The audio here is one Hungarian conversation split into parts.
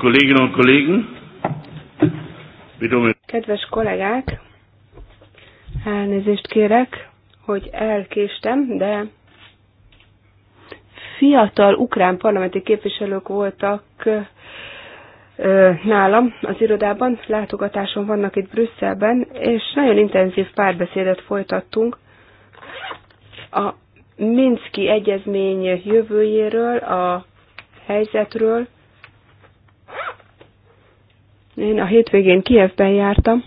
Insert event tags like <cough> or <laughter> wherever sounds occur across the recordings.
Kolleginnen und Kollegen, um Kedves kollégák, elnézést kérek, hogy elkéstem, de fiatal ukrán parlamenti képviselők voltak nálam az irodában, látogatáson vannak itt Brüsszelben, és nagyon intenzív párbeszédet folytattunk a Minszki egyezmény jövőjéről, a helyzetről, én a hétvégén Kievben jártam,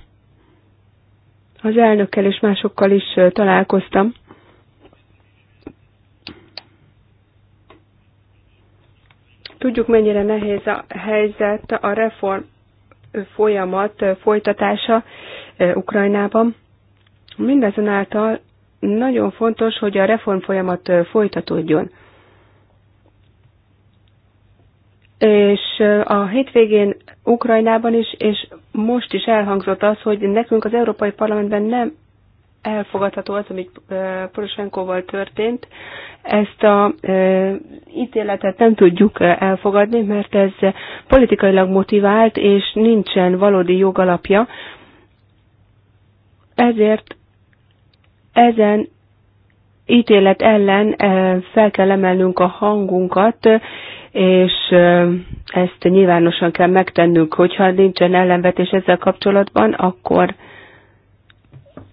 az elnökkel és másokkal is találkoztam. Tudjuk, mennyire nehéz a helyzet a reform folyamat folytatása Ukrajnában. Mindezonáltal nagyon fontos, hogy a reform folyamat folytatódjon. és a hétvégén Ukrajnában is, és most is elhangzott az, hogy nekünk az Európai Parlamentben nem elfogadható az, amit Poroshenkoval történt. Ezt a ítéletet nem tudjuk elfogadni, mert ez politikailag motivált, és nincsen valódi jogalapja. Ezért ezen ítélet ellen fel kell emelnünk a hangunkat, és ezt nyilvánosan kell megtennünk, hogyha nincsen ellenvetés ezzel kapcsolatban, akkor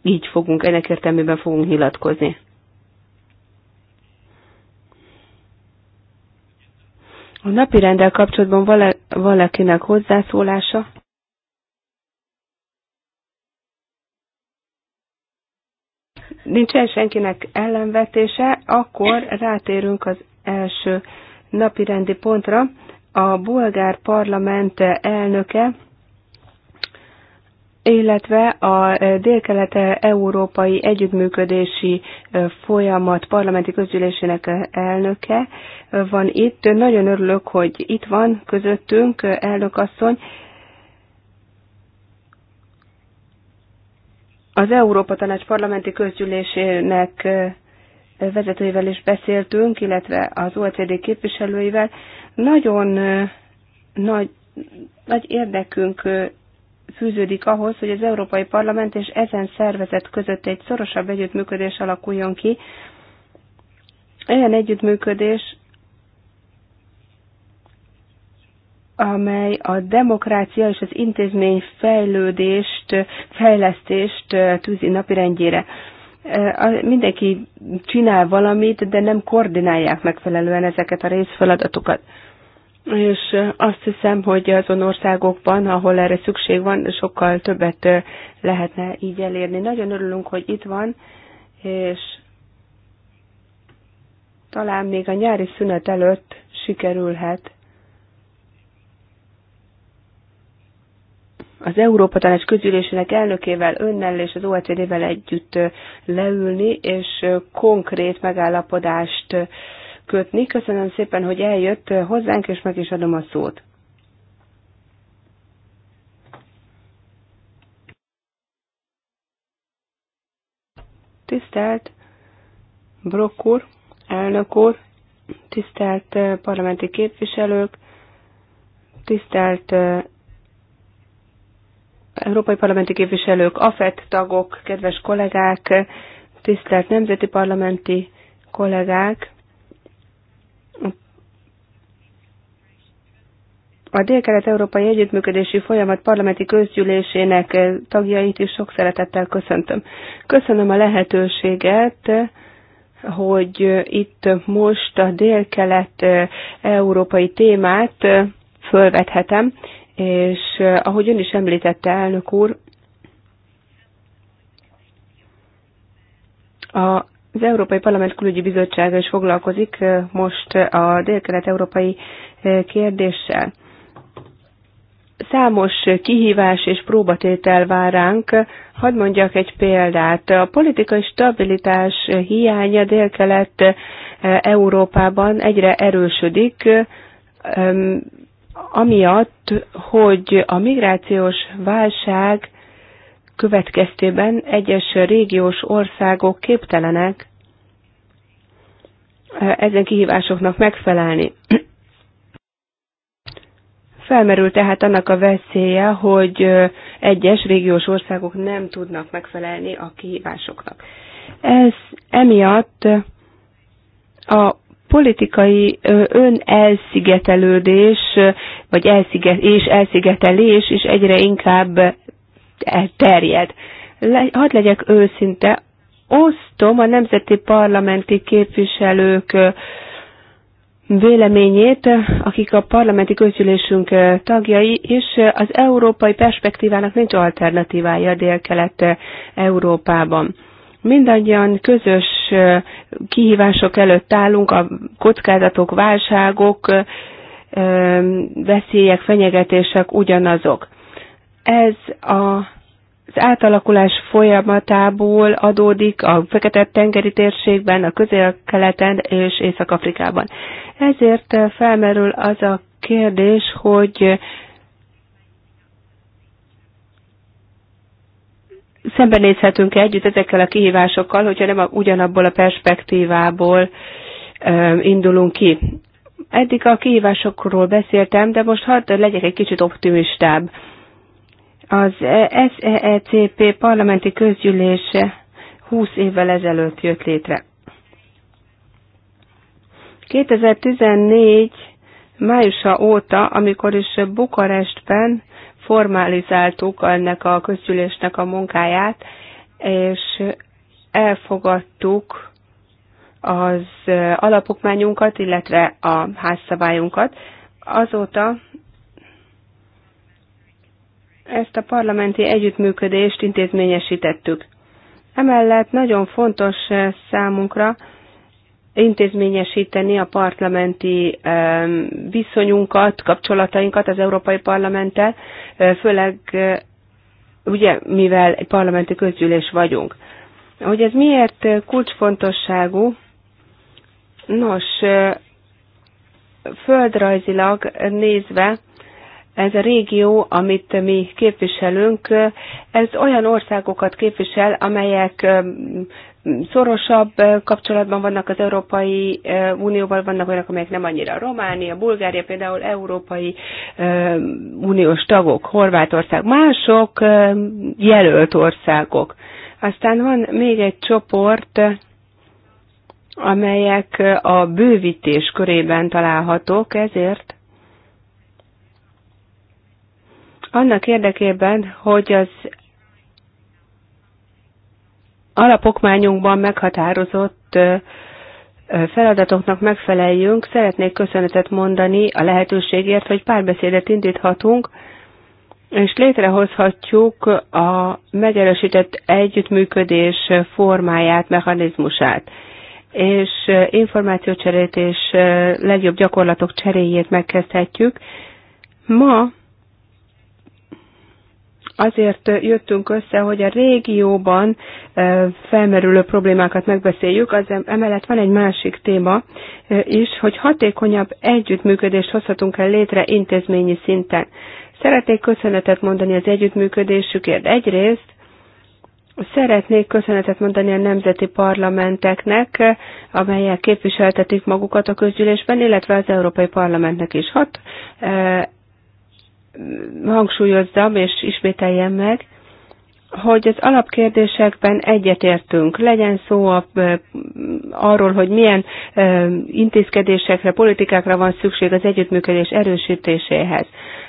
így fogunk, ennek értelmében fogunk nyilatkozni. A napi rendel kapcsolatban vala, valakinek hozzászólása? Nincsen senkinek ellenvetése, akkor rátérünk az első napirendi pontra. A bulgár parlament elnöke, illetve a délkelet európai együttműködési folyamat parlamenti közgyűlésének elnöke van itt. Nagyon örülök, hogy itt van közöttünk asszony. Az Európa Tanács parlamenti közgyűlésének vezetőivel is beszéltünk, illetve az OECD képviselőivel. Nagyon nagy, nagy érdekünk fűződik ahhoz, hogy az Európai Parlament és ezen szervezet között egy szorosabb együttműködés alakuljon ki. Olyan együttműködés, amely a demokrácia és az intézmény fejlődést, fejlesztést tűzi napirendjére mindenki csinál valamit, de nem koordinálják megfelelően ezeket a részfeladatokat. És azt hiszem, hogy azon országokban, ahol erre szükség van, sokkal többet lehetne így elérni. Nagyon örülünk, hogy itt van, és talán még a nyári szünet előtt sikerülhet az Európa Tanács közülésének elnökével, önnel és az OECD-vel együtt leülni, és konkrét megállapodást kötni. Köszönöm szépen, hogy eljött hozzánk, és meg is adom a szót. Tisztelt Brokk úr, elnök úr, tisztelt parlamenti képviselők, tisztelt európai parlamenti képviselők, AFET tagok, kedves kollégák, tisztelt nemzeti parlamenti kollégák, A Dél-Kelet-Európai Együttműködési Folyamat Parlamenti Közgyűlésének tagjait is sok szeretettel köszöntöm. Köszönöm a lehetőséget, hogy itt most a dél-kelet-európai témát fölvethetem, és eh, ahogy ön is említette, elnök úr, a az Európai Parlament Külügyi Bizottsága is foglalkozik eh, most eh, a dél-kelet-európai kérdéssel. Számos kihívás és próbatétel vár ránk. Hadd mondjak egy példát. A politikai stabilitás hiánya dél-kelet-európában egyre erősödik amiatt, hogy a migrációs válság következtében egyes régiós országok képtelenek e, ezen kihívásoknak megfelelni. Felmerül tehát annak a veszélye, hogy e, egyes régiós országok nem tudnak megfelelni a kihívásoknak. Ez emiatt a politikai önelszigetelődés, vagy elsziget, és elszigetelés is egyre inkább terjed. Le, hadd legyek őszinte, osztom a nemzeti parlamenti képviselők véleményét, akik a parlamenti közgyűlésünk tagjai, és az európai perspektívának nincs alternatívája Dél-Kelet-Európában. Mindannyian közös kihívások előtt állunk, a kockázatok, válságok, veszélyek, fenyegetések ugyanazok. Ez a az átalakulás folyamatából adódik a Fekete-tengeri térségben, a közel-keleten és Észak-Afrikában. Ezért felmerül az a kérdés, hogy szembenézhetünk -e együtt ezekkel a kihívásokkal, hogyha nem a, ugyanabból a perspektívából ö, indulunk ki. Eddig a kihívásokról beszéltem, de most hadd legyek egy kicsit optimistább. Az SEECP parlamenti közgyűlése 20 évvel ezelőtt jött létre. 2014 májusa óta, amikor is Bukarestben formalizáltuk ennek a közgyűlésnek a munkáját, és elfogadtuk az alapokmányunkat, illetve a házszabályunkat. Azóta ezt a parlamenti együttműködést intézményesítettük. Emellett nagyon fontos számunkra, intézményesíteni a parlamenti viszonyunkat, kapcsolatainkat az Európai Parlamenttel, főleg ugye, mivel egy parlamenti közgyűlés vagyunk. Hogy ez miért kulcsfontosságú? Nos, földrajzilag nézve, ez a régió, amit mi képviselünk, ez olyan országokat képvisel, amelyek szorosabb kapcsolatban vannak az Európai Unióval, vannak olyanok, amelyek nem annyira Románia, Bulgária például Európai Uniós tagok, Horvátország, mások jelölt országok. Aztán van még egy csoport, amelyek a bővítés körében találhatók, ezért annak érdekében, hogy az alapokmányunkban meghatározott feladatoknak megfeleljünk. Szeretnék köszönetet mondani a lehetőségért, hogy párbeszédet indíthatunk, és létrehozhatjuk a megerősített együttműködés formáját, mechanizmusát és információcserét és legjobb gyakorlatok cseréjét megkezdhetjük. Ma azért jöttünk össze, hogy a régióban e, felmerülő problémákat megbeszéljük, az emellett van egy másik téma e, is, hogy hatékonyabb együttműködést hozhatunk el létre intézményi szinten. Szeretnék köszönetet mondani az együttműködésükért egyrészt, Szeretnék köszönetet mondani a nemzeti parlamenteknek, amelyek képviseltetik magukat a közgyűlésben, illetve az Európai Parlamentnek is. Hat e, hangsúlyozzam és ismételjem meg, hogy az alapkérdésekben egyetértünk. Legyen szó a, arról, hogy milyen intézkedésekre, politikákra van szükség az együttműködés erősítéséhez.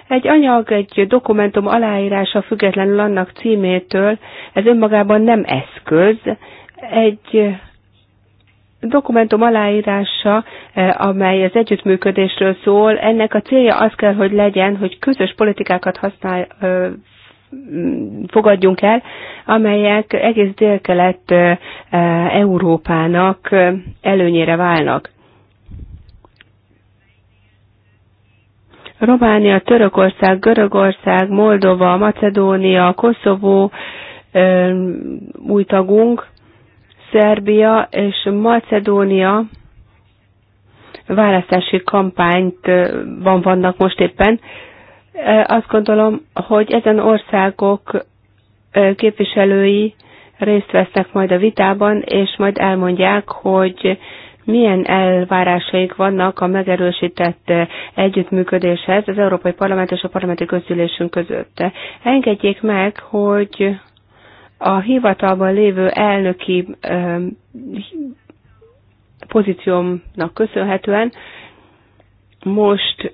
Egy anyag, egy dokumentum aláírása függetlenül annak címétől, ez önmagában nem eszköz, egy dokumentum aláírása, eh, amely az együttműködésről szól, ennek a célja az kell, hogy legyen, hogy közös politikákat használ, mm, fogadjunk el, amelyek egész délkelet Európának előnyére válnak. Románia, Törökország, Görögország, Moldova, Macedónia, Koszovó új tagunk, Szerbia és Macedónia választási van vannak most éppen. Azt gondolom, hogy ezen országok képviselői részt vesznek majd a vitában, és majd elmondják, hogy milyen elvárásaik vannak a megerősített együttműködéshez az Európai Parlament és a Parlamenti Közülésünk között. Engedjék meg, hogy a hivatalban lévő elnöki pozíciómnak köszönhetően most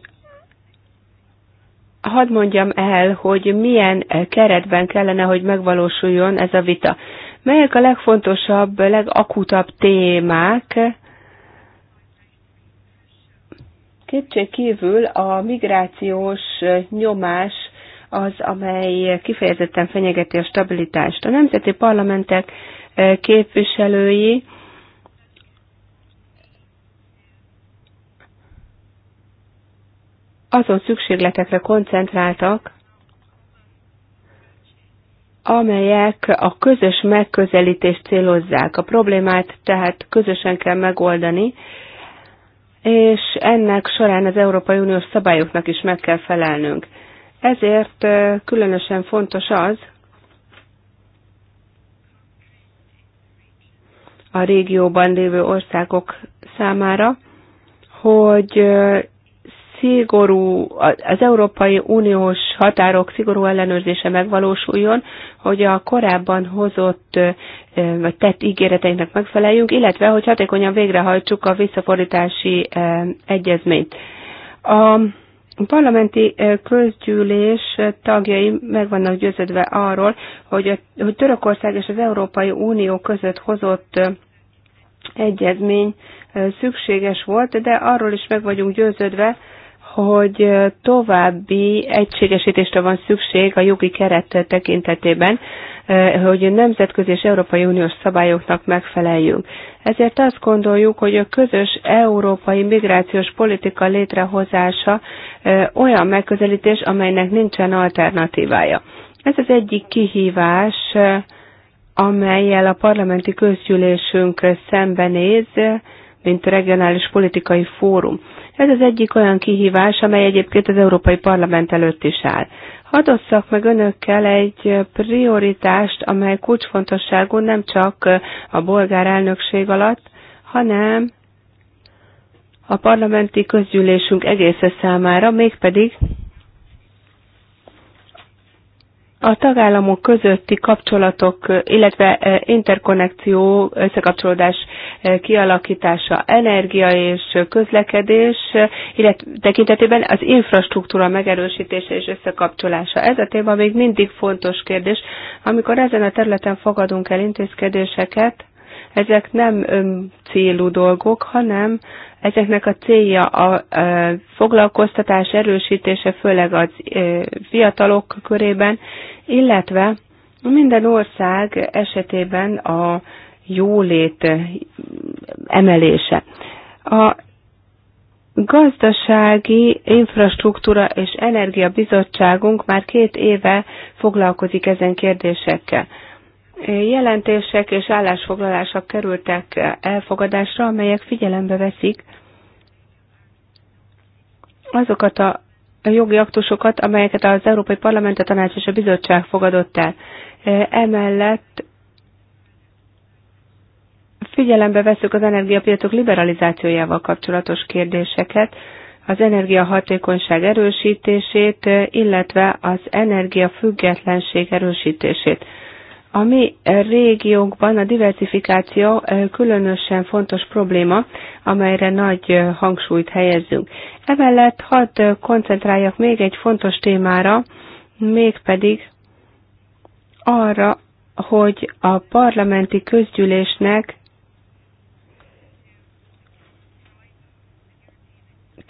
hadd mondjam el, hogy milyen keretben kellene, hogy megvalósuljon ez a vita. Melyek a legfontosabb, legakutabb témák? Kétség kívül a migrációs nyomás az, amely kifejezetten fenyegeti a stabilitást. A nemzeti parlamentek e, képviselői azon szükségletekre koncentráltak, amelyek a közös megközelítést célozzák. A problémát tehát közösen kell megoldani, és ennek során az Európai Uniós szabályoknak is meg kell felelnünk. Ezért különösen fontos az, a régióban lévő országok számára, hogy szigorú, az Európai Uniós határok szigorú ellenőrzése megvalósuljon, hogy a korábban hozott vagy tett ígéreteinknek megfeleljünk, illetve hogy hatékonyan végrehajtsuk a visszafordítási egyezményt. A a parlamenti eh, közgyűlés eh, tagjai meg vannak győződve arról, hogy, a, hogy Törökország és az Európai Unió között hozott eh, egyezmény szükséges volt, de arról is meg vagyunk győződve, hogy további egységesítésre van szükség a jogi keret tekintetében, hogy nemzetközi és Európai Uniós szabályoknak megfeleljünk. Ezért azt gondoljuk, hogy a közös európai migrációs politika létrehozása olyan megközelítés, amelynek nincsen alternatívája. Ez az egyik kihívás, amelyel a parlamenti közgyűlésünk szembenéz, mint regionális politikai fórum. Ez az egyik olyan kihívás, amely egyébként az Európai Parlament előtt is áll. Hadd osszak meg önökkel egy prioritást, amely kulcsfontosságú nem csak a bolgár elnökség alatt, hanem a parlamenti közgyűlésünk egésze számára, mégpedig a tagállamok közötti kapcsolatok, illetve e, interkonnekció, összekapcsolódás e, kialakítása, energia és közlekedés, illetve tekintetében az infrastruktúra megerősítése és összekapcsolása. Ez a téma még mindig fontos kérdés. Amikor ezen a területen fogadunk el intézkedéseket, ezek nem célú dolgok, hanem ezeknek a célja a foglalkoztatás erősítése, főleg az fiatalok körében, illetve minden ország esetében a jólét emelése. A Gazdasági Infrastruktúra és Energia Bizottságunk már két éve foglalkozik ezen kérdésekkel jelentések és állásfoglalások kerültek elfogadásra, amelyek figyelembe veszik azokat a jogi aktusokat, amelyeket az Európai Parlament, a Tanács és a Bizottság fogadott el. Emellett figyelembe veszük az energiapiacok liberalizációjával kapcsolatos kérdéseket, az energiahatékonyság erősítését, illetve az energiafüggetlenség erősítését. A mi régiónkban a diversifikáció különösen fontos probléma, amelyre nagy hangsúlyt helyezünk. Emellett hadd koncentráljak még egy fontos témára, mégpedig arra, hogy a parlamenti közgyűlésnek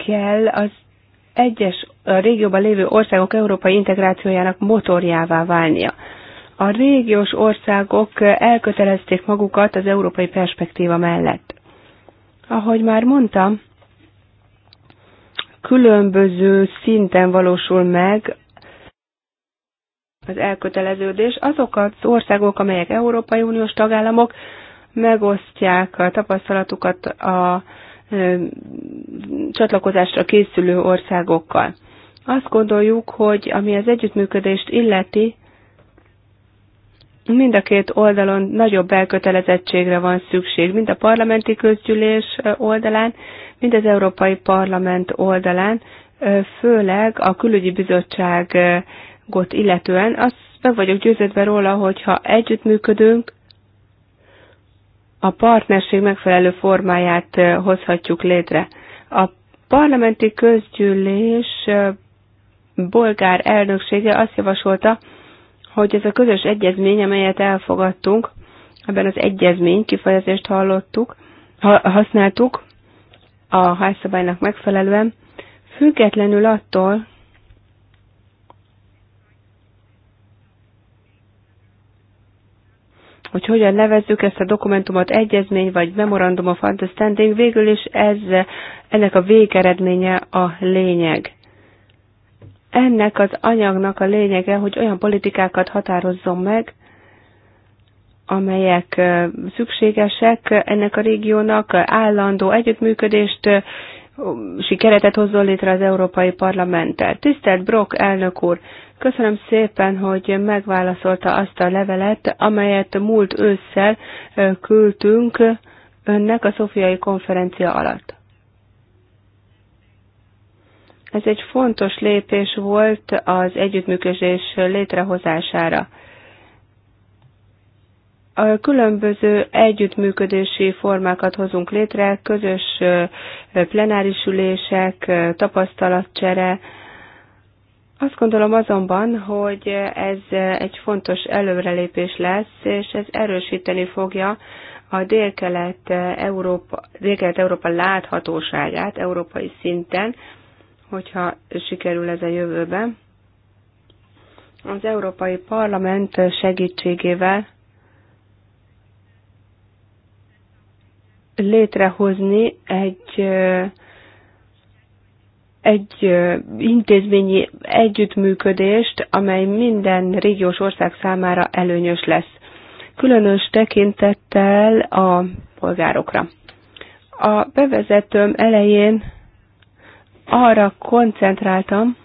kell az egyes a régióban lévő országok európai integrációjának motorjává válnia. A régiós országok elkötelezték magukat az európai perspektíva mellett. Ahogy már mondtam, különböző szinten valósul meg az elköteleződés. Azok az országok, amelyek Európai Uniós tagállamok, megosztják a tapasztalatukat a csatlakozásra készülő országokkal. Azt gondoljuk, hogy ami az együttműködést illeti, mind a két oldalon nagyobb elkötelezettségre van szükség, mind a parlamenti közgyűlés oldalán, mind az Európai Parlament oldalán, főleg a külügyi bizottságot illetően. Azt meg vagyok győződve róla, hogyha együttműködünk, a partnerség megfelelő formáját hozhatjuk létre. A parlamenti közgyűlés bolgár elnöksége azt javasolta, hogy ez a közös egyezmény, amelyet elfogadtunk, ebben az egyezmény kifejezést hallottuk, használtuk a házszabálynak megfelelően, függetlenül attól, hogy hogyan nevezzük ezt a dokumentumot, egyezmény vagy memorandum of understanding, végül is ez, ennek a végeredménye a lényeg. Ennek az anyagnak a lényege, hogy olyan politikákat határozzon meg, amelyek szükségesek ennek a régiónak, állandó együttműködést, sikeretet hozzon létre az Európai Parlamenttel. Tisztelt Brock elnök úr, köszönöm szépen, hogy megválaszolta azt a levelet, amelyet múlt ősszel küldtünk önnek a Szofiai konferencia alatt. Ez egy fontos lépés volt az együttműködés létrehozására. A különböző együttműködési formákat hozunk létre, közös plenáris ülések, tapasztalatcsere. Azt gondolom azonban, hogy ez egy fontos előrelépés lesz, és ez erősíteni fogja a délkelet-európa dél, -Kelet -Európa, dél -Kelet Európa láthatóságát európai szinten, hogyha sikerül ez a jövőben. Az Európai Parlament segítségével létrehozni egy egy intézményi együttműködést, amely minden régiós ország számára előnyös lesz, különös tekintettel a polgárokra. A bevezetőm elején arra koncentráltam,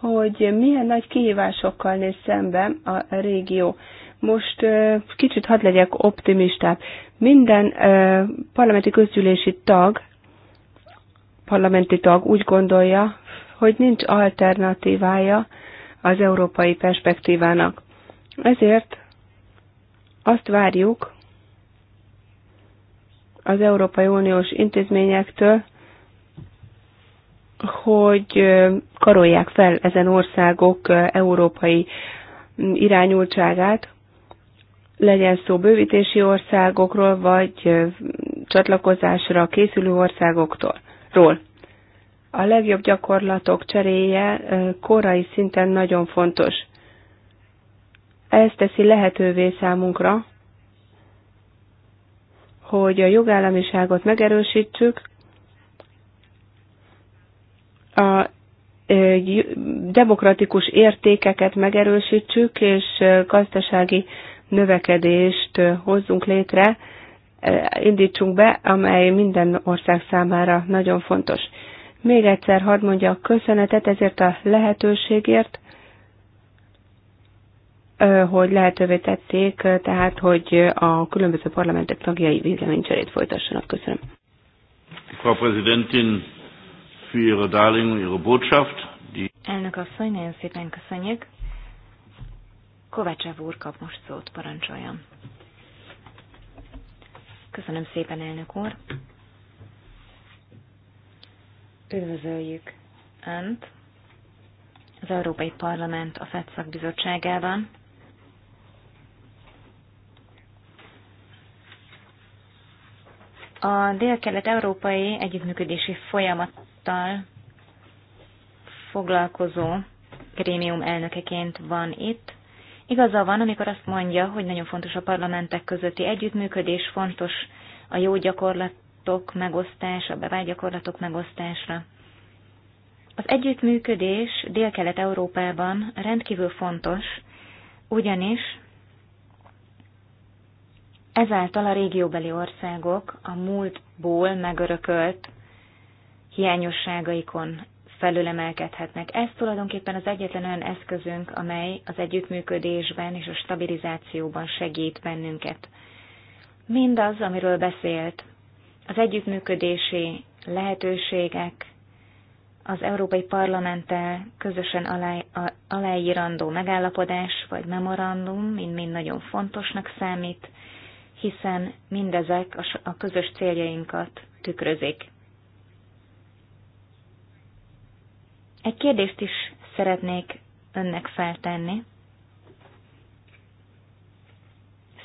hogy milyen nagy kihívásokkal néz szembe a régió. Most kicsit hadd legyek optimistább. Minden parlamenti közgyűlési tag, parlamenti tag úgy gondolja, hogy nincs alternatívája az európai perspektívának. Ezért azt várjuk az Európai Uniós intézményektől, hogy karolják fel ezen országok európai irányultságát, legyen szó bővítési országokról, vagy csatlakozásra készülő országoktól. A legjobb gyakorlatok cseréje korai szinten nagyon fontos. Ez teszi lehetővé számunkra, hogy a jogállamiságot megerősítsük, a demokratikus értékeket megerősítsük, és gazdasági növekedést hozzunk létre, indítsunk be, amely minden ország számára nagyon fontos. Még egyszer hadd mondja a köszönetet ezért a lehetőségért, hogy lehetővé tették, tehát, hogy a különböző parlamentek tagjai véleménycserét folytassanak. Köszönöm. Frau Präsidentin, für Ihre Darlegung, Ihre Botschaft. Die Elnök asszony, nagyon szépen köszönjük. Kovácsev úr kap most szót, parancsoljon. Köszönöm szépen, elnök úr. Üdvözöljük Önt az Európai Parlament a FED szakbizottságában. A dél-kelet-európai együttműködési folyamat javaslattal foglalkozó grémium elnökeként van itt. Igaza van, amikor azt mondja, hogy nagyon fontos a parlamentek közötti együttműködés, fontos a jó gyakorlatok megosztása, a bevált gyakorlatok megosztásra. Az együttműködés Dél-Kelet-Európában rendkívül fontos, ugyanis ezáltal a régióbeli országok a múltból megörökölt hiányosságaikon felülemelkedhetnek. Ez tulajdonképpen az egyetlen olyan eszközünk, amely az együttműködésben és a stabilizációban segít bennünket. Mindaz, amiről beszélt, az együttműködési lehetőségek, az Európai Parlamenttel közösen alá, aláírandó megállapodás vagy memorandum mind-mind nagyon fontosnak számít, hiszen mindezek a, a közös céljainkat tükrözik. Egy kérdést is szeretnék önnek feltenni.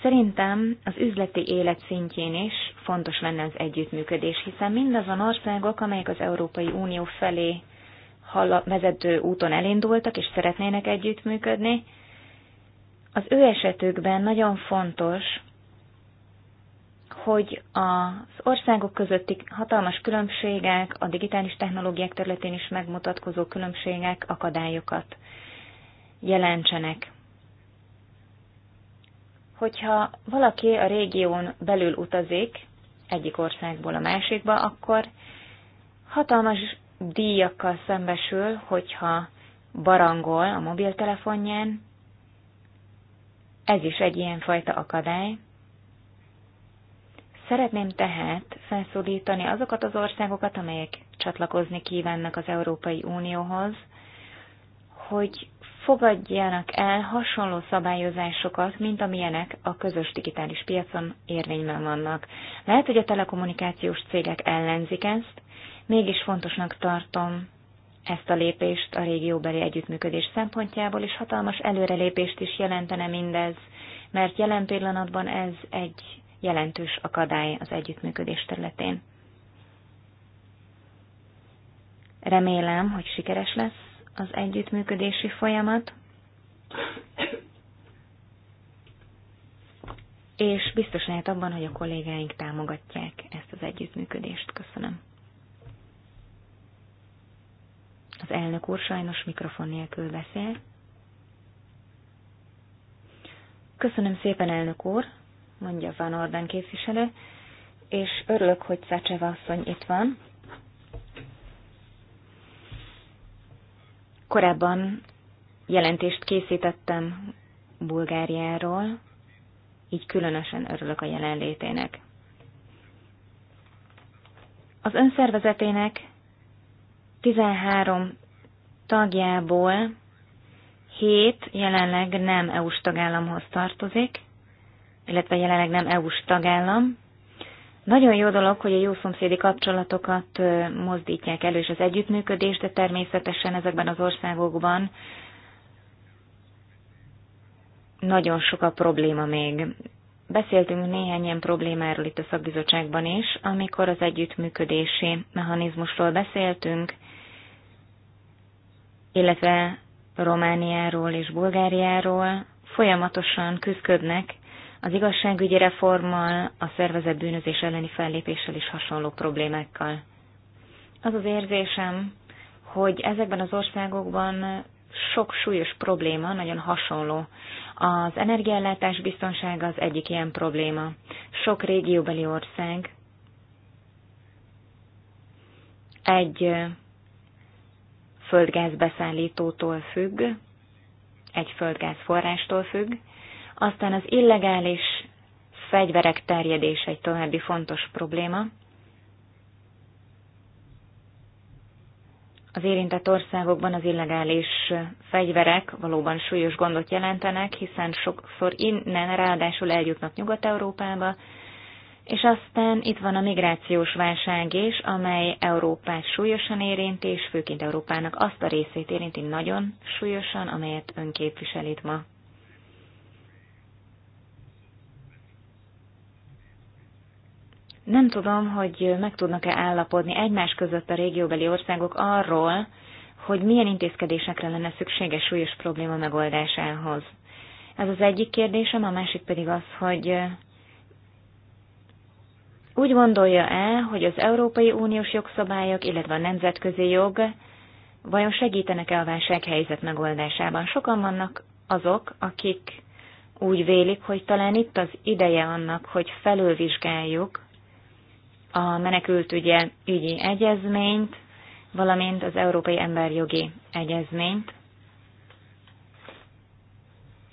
Szerintem az üzleti élet szintjén is fontos lenne az együttműködés, hiszen mindaz a országok, amelyek az Európai Unió felé vezető úton elindultak és szeretnének együttműködni, az ő esetükben nagyon fontos, hogy az országok közötti hatalmas különbségek, a digitális technológiák területén is megmutatkozó különbségek akadályokat jelentsenek. Hogyha valaki a régión belül utazik egyik országból a másikba, akkor hatalmas díjakkal szembesül, hogyha barangol a mobiltelefonján. Ez is egy ilyenfajta akadály. Szeretném tehát felszólítani azokat az országokat, amelyek csatlakozni kívánnak az Európai Unióhoz, hogy fogadjanak el hasonló szabályozásokat, mint amilyenek a közös digitális piacon érvényben vannak. Lehet, hogy a telekommunikációs cégek ellenzik ezt, mégis fontosnak tartom ezt a lépést a régióbeli együttműködés szempontjából, és hatalmas előrelépést is jelentene mindez, mert jelen pillanatban ez egy jelentős akadály az együttműködés területén. Remélem, hogy sikeres lesz az együttműködési folyamat, és biztos lehet abban, hogy a kollégáink támogatják ezt az együttműködést. Köszönöm. Az elnök úr sajnos mikrofon nélkül beszél. Köszönöm szépen, elnök úr! mondja Van Orden képviselő, és örülök, hogy Szecseva asszony itt van. Korábban jelentést készítettem Bulgáriáról, így különösen örülök a jelenlétének. Az önszervezetének 13 tagjából 7 jelenleg nem EU-s tagállamhoz tartozik, illetve jelenleg nem EU-s tagállam. Nagyon jó dolog, hogy a jó szomszédi kapcsolatokat mozdítják elő, és az együttműködést, de természetesen ezekben az országokban nagyon sok a probléma még. Beszéltünk néhány ilyen problémáról itt a szakbizottságban is, amikor az együttműködési mechanizmusról beszéltünk, illetve Romániáról és Bulgáriáról folyamatosan küzdködnek az igazságügyi reformmal, a szervezett bűnözés elleni fellépéssel is hasonló problémákkal. Az az érzésem, hogy ezekben az országokban sok súlyos probléma nagyon hasonló. Az energiállátás biztonsága az egyik ilyen probléma. Sok régióbeli ország egy földgázbeszállítótól függ, egy földgázforrástól függ, aztán az illegális fegyverek terjedése egy további fontos probléma. Az érintett országokban az illegális fegyverek valóban súlyos gondot jelentenek, hiszen sokszor innen ráadásul eljutnak Nyugat-Európába, és aztán itt van a migrációs válság is, amely Európát súlyosan érinti, és főként Európának azt a részét érinti nagyon súlyosan, amelyet önképviselít ma. Nem tudom, hogy meg tudnak-e állapodni egymás között a régióbeli országok arról, hogy milyen intézkedésekre lenne szükséges súlyos probléma megoldásához. Ez az egyik kérdésem, a másik pedig az, hogy úgy gondolja-e, hogy az Európai Uniós jogszabályok, illetve a nemzetközi jog vajon segítenek-e a válsághelyzet megoldásában? Sokan vannak azok, akik úgy vélik, hogy talán itt az ideje annak, hogy felülvizsgáljuk a menekültügyi ügyi egyezményt, valamint az Európai Emberjogi Egyezményt.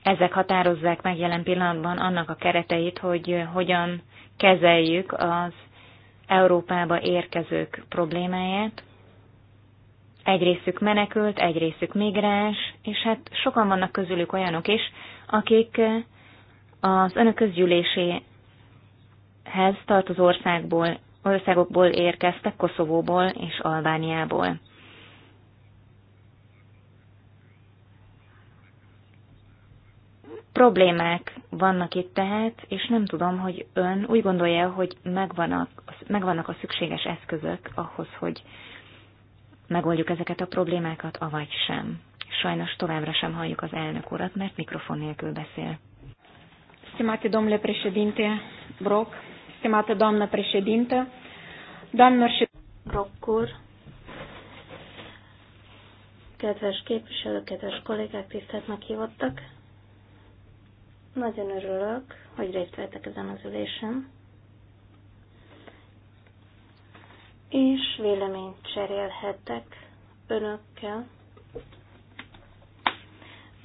Ezek határozzák meg jelen pillanatban annak a kereteit, hogy hogyan kezeljük az Európába érkezők problémáját. Egy részük menekült, egy részük migráns, és hát sokan vannak közülük olyanok is, akik az önök közgyűlési hez tartozó országból, országokból érkeztek, Koszovóból és Albániából. Problémák vannak itt tehát, és nem tudom, hogy ön úgy gondolja, hogy megvannak, megvannak a szükséges eszközök ahhoz, hogy megoldjuk ezeket a problémákat, avagy sem. Sajnos továbbra sem halljuk az elnök urat, mert mikrofon nélkül beszél. Stimati domnule președinte Brock, estimată doamnă președintă, doamnă și procur, kedves képviselő, kedves kollégák, tisztelt meghívottak. Nagyon örülök, hogy részt vettek ezen az ülésen. És véleményt cserélhetek önökkel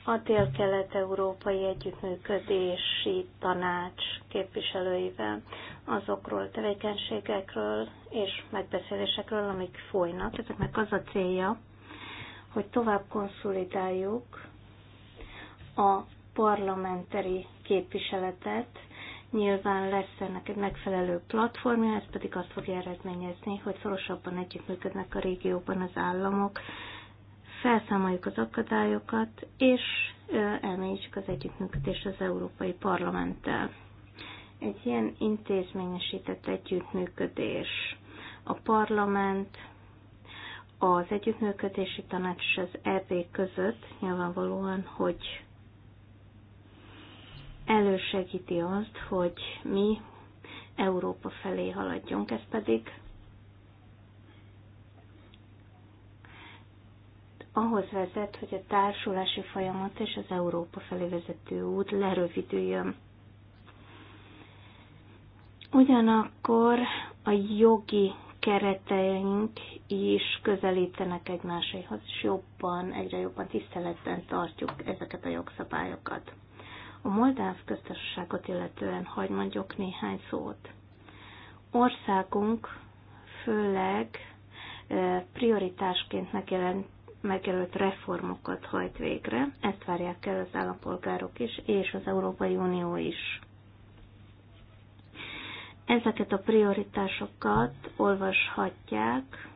a Dél-Kelet-Európai Együttműködési Tanács képviselőivel azokról tevékenységekről és megbeszélésekről, amik folynak. Ezeknek az a célja, hogy tovább konszolidáljuk a parlamenteri képviseletet, nyilván lesz ennek egy megfelelő platformja, ez pedig azt fogja eredményezni, hogy szorosabban együttműködnek a régióban az államok, felszámoljuk az akadályokat, és elmélyítsük az együttműködést az Európai Parlamenttel egy ilyen intézményesített együttműködés, a parlament, az együttműködési tanács és az EB között nyilvánvalóan, hogy elősegíti azt, hogy mi Európa felé haladjunk, ez pedig ahhoz vezet, hogy a társulási folyamat és az Európa felé vezető út lerövidüljön. Ugyanakkor a jogi kereteink is közelítenek egymáshoz, és jobban, egyre jobban tiszteletben tartjuk ezeket a jogszabályokat. A moldáv köztársaságot illetően hagyd mondjuk néhány szót. Országunk főleg prioritásként megjelent, megjelölt reformokat hajt végre, ezt várják el az állampolgárok is, és az Európai Unió is. Ezeket a prioritásokat olvashatják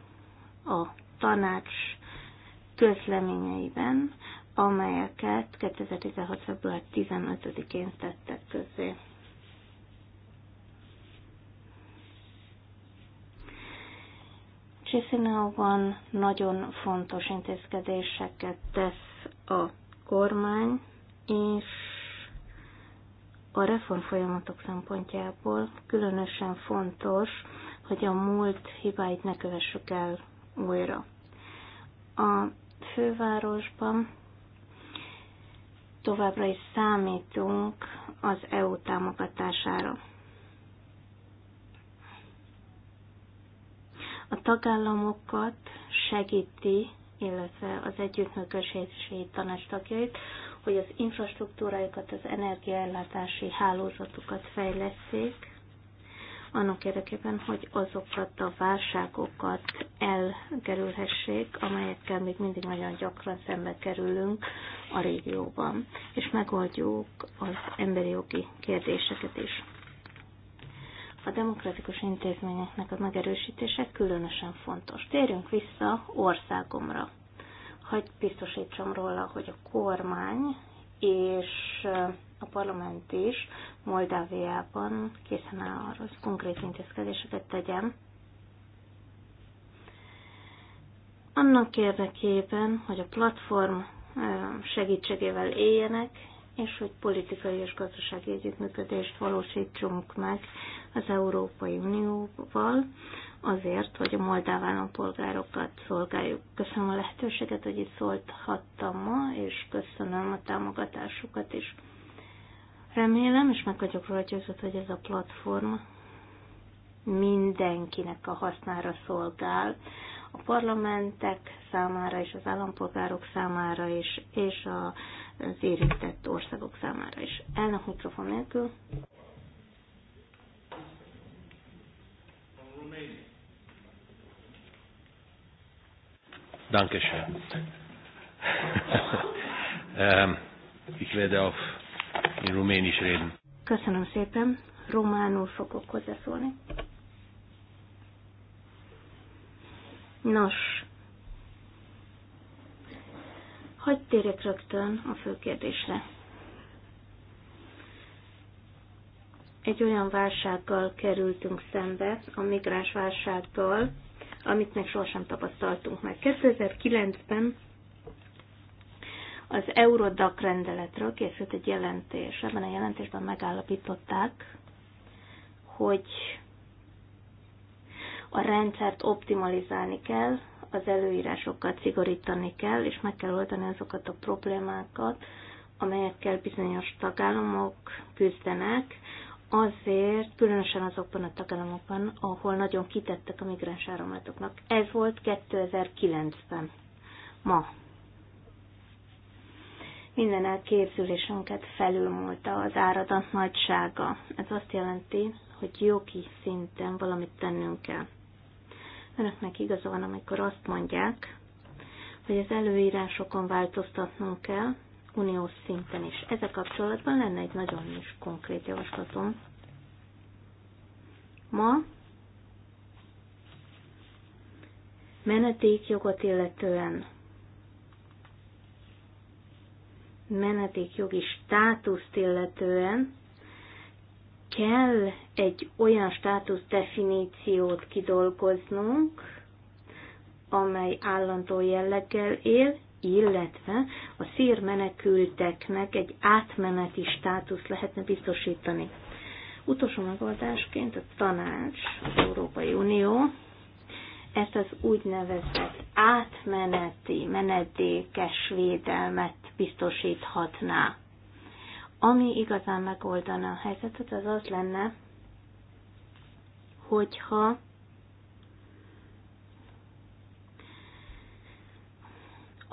a tanács közleményeiben, amelyeket 2016. február 15-én tettek közé. chisinau nagyon fontos intézkedéseket tesz a kormány, és a reformfolyamatok szempontjából különösen fontos, hogy a múlt hibáit ne kövessük el újra. A fővárosban továbbra is számítunk az EU támogatására. A tagállamokat segíti, illetve az együttműködési tanács tagjait, hogy az infrastruktúrájukat, az energiaellátási hálózatukat fejleszték, annak érdekében, hogy azokat a válságokat elkerülhessék, amelyekkel még mindig nagyon gyakran szembe kerülünk a régióban, és megoldjuk az emberi jogi kérdéseket is. A demokratikus intézményeknek a megerősítése különösen fontos. Térjünk vissza országomra hogy biztosítsam róla, hogy a kormány és a parlament is Moldáviában készen áll arra, hogy konkrét intézkedéseket tegyen. Annak érdekében, hogy a platform segítségével éljenek, és hogy politikai és gazdasági együttműködést valósítsunk meg az Európai Unióval, azért, hogy a moldáv állampolgárokat szolgáljuk. Köszönöm a lehetőséget, hogy itt szólhattam ma, és köszönöm a támogatásukat is. Remélem, és meg vagyok róla győzött, hogy ez a platform mindenkinek a hasznára szolgál, a parlamentek számára és az állampolgárok számára is, és az érintett országok számára is. Elnök mikrofon nélkül. Danke schön. <laughs> Ähm, ich werde auf in Rumänisch reden. Köszönöm szépen. Románul fogok hozzászólni. Nos, hagyd térjek rögtön a fő kérdésre. Egy olyan válsággal kerültünk szembe, a migráns válsággal, amit meg sohasem tapasztaltunk meg. 2009-ben az Eurodac rendeletről készült egy jelentés. Ebben a jelentésben megállapították, hogy a rendszert optimalizálni kell, az előírásokat szigorítani kell, és meg kell oldani azokat a problémákat, amelyekkel bizonyos tagállamok küzdenek azért, különösen azokban a tagállamokban, ahol nagyon kitettek a migráns áramlatoknak. Ez volt 2009-ben, ma. Minden elképzelésünket felülmúlta az áradat nagysága. Ez azt jelenti, hogy jogi szinten valamit tennünk kell. Önöknek igaza van, amikor azt mondják, hogy az előírásokon változtatnunk kell, uniós szinten is. Ezzel kapcsolatban lenne egy nagyon is konkrét javaslatom. Ma menetékjogot illetően menetékjogi státuszt illetően kell egy olyan státusz definíciót kidolgoznunk, amely állandó jelleggel él, illetve a szír menekülteknek egy átmeneti státusz lehetne biztosítani. Utolsó megoldásként a tanács, az Európai Unió ezt az úgynevezett átmeneti, menedékes védelmet biztosíthatná. Ami igazán megoldana a helyzetet, az az lenne, hogyha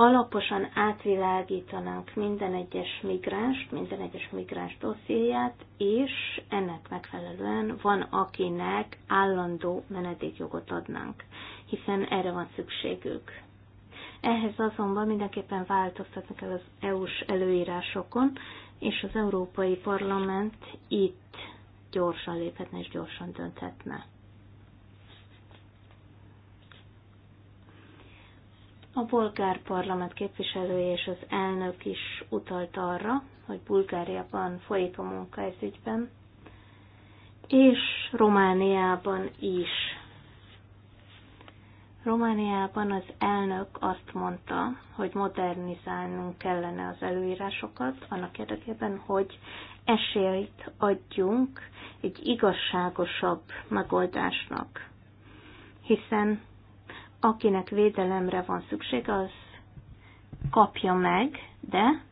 alaposan átvilágítanak minden egyes migráns, minden egyes migráns dossziéját, és ennek megfelelően van, akinek állandó menedékjogot adnánk, hiszen erre van szükségük. Ehhez azonban mindenképpen változtatni kell az EU-s előírásokon, és az Európai Parlament itt gyorsan léphetne és gyorsan dönthetne. A bolgár parlament képviselője és az elnök is utalt arra, hogy Bulgáriában folyik a munka ez ügyben, és Romániában is. Romániában az elnök azt mondta, hogy modernizálnunk kellene az előírásokat annak érdekében, hogy esélyt adjunk egy igazságosabb megoldásnak. Hiszen akinek védelemre van szükség, az kapja meg, de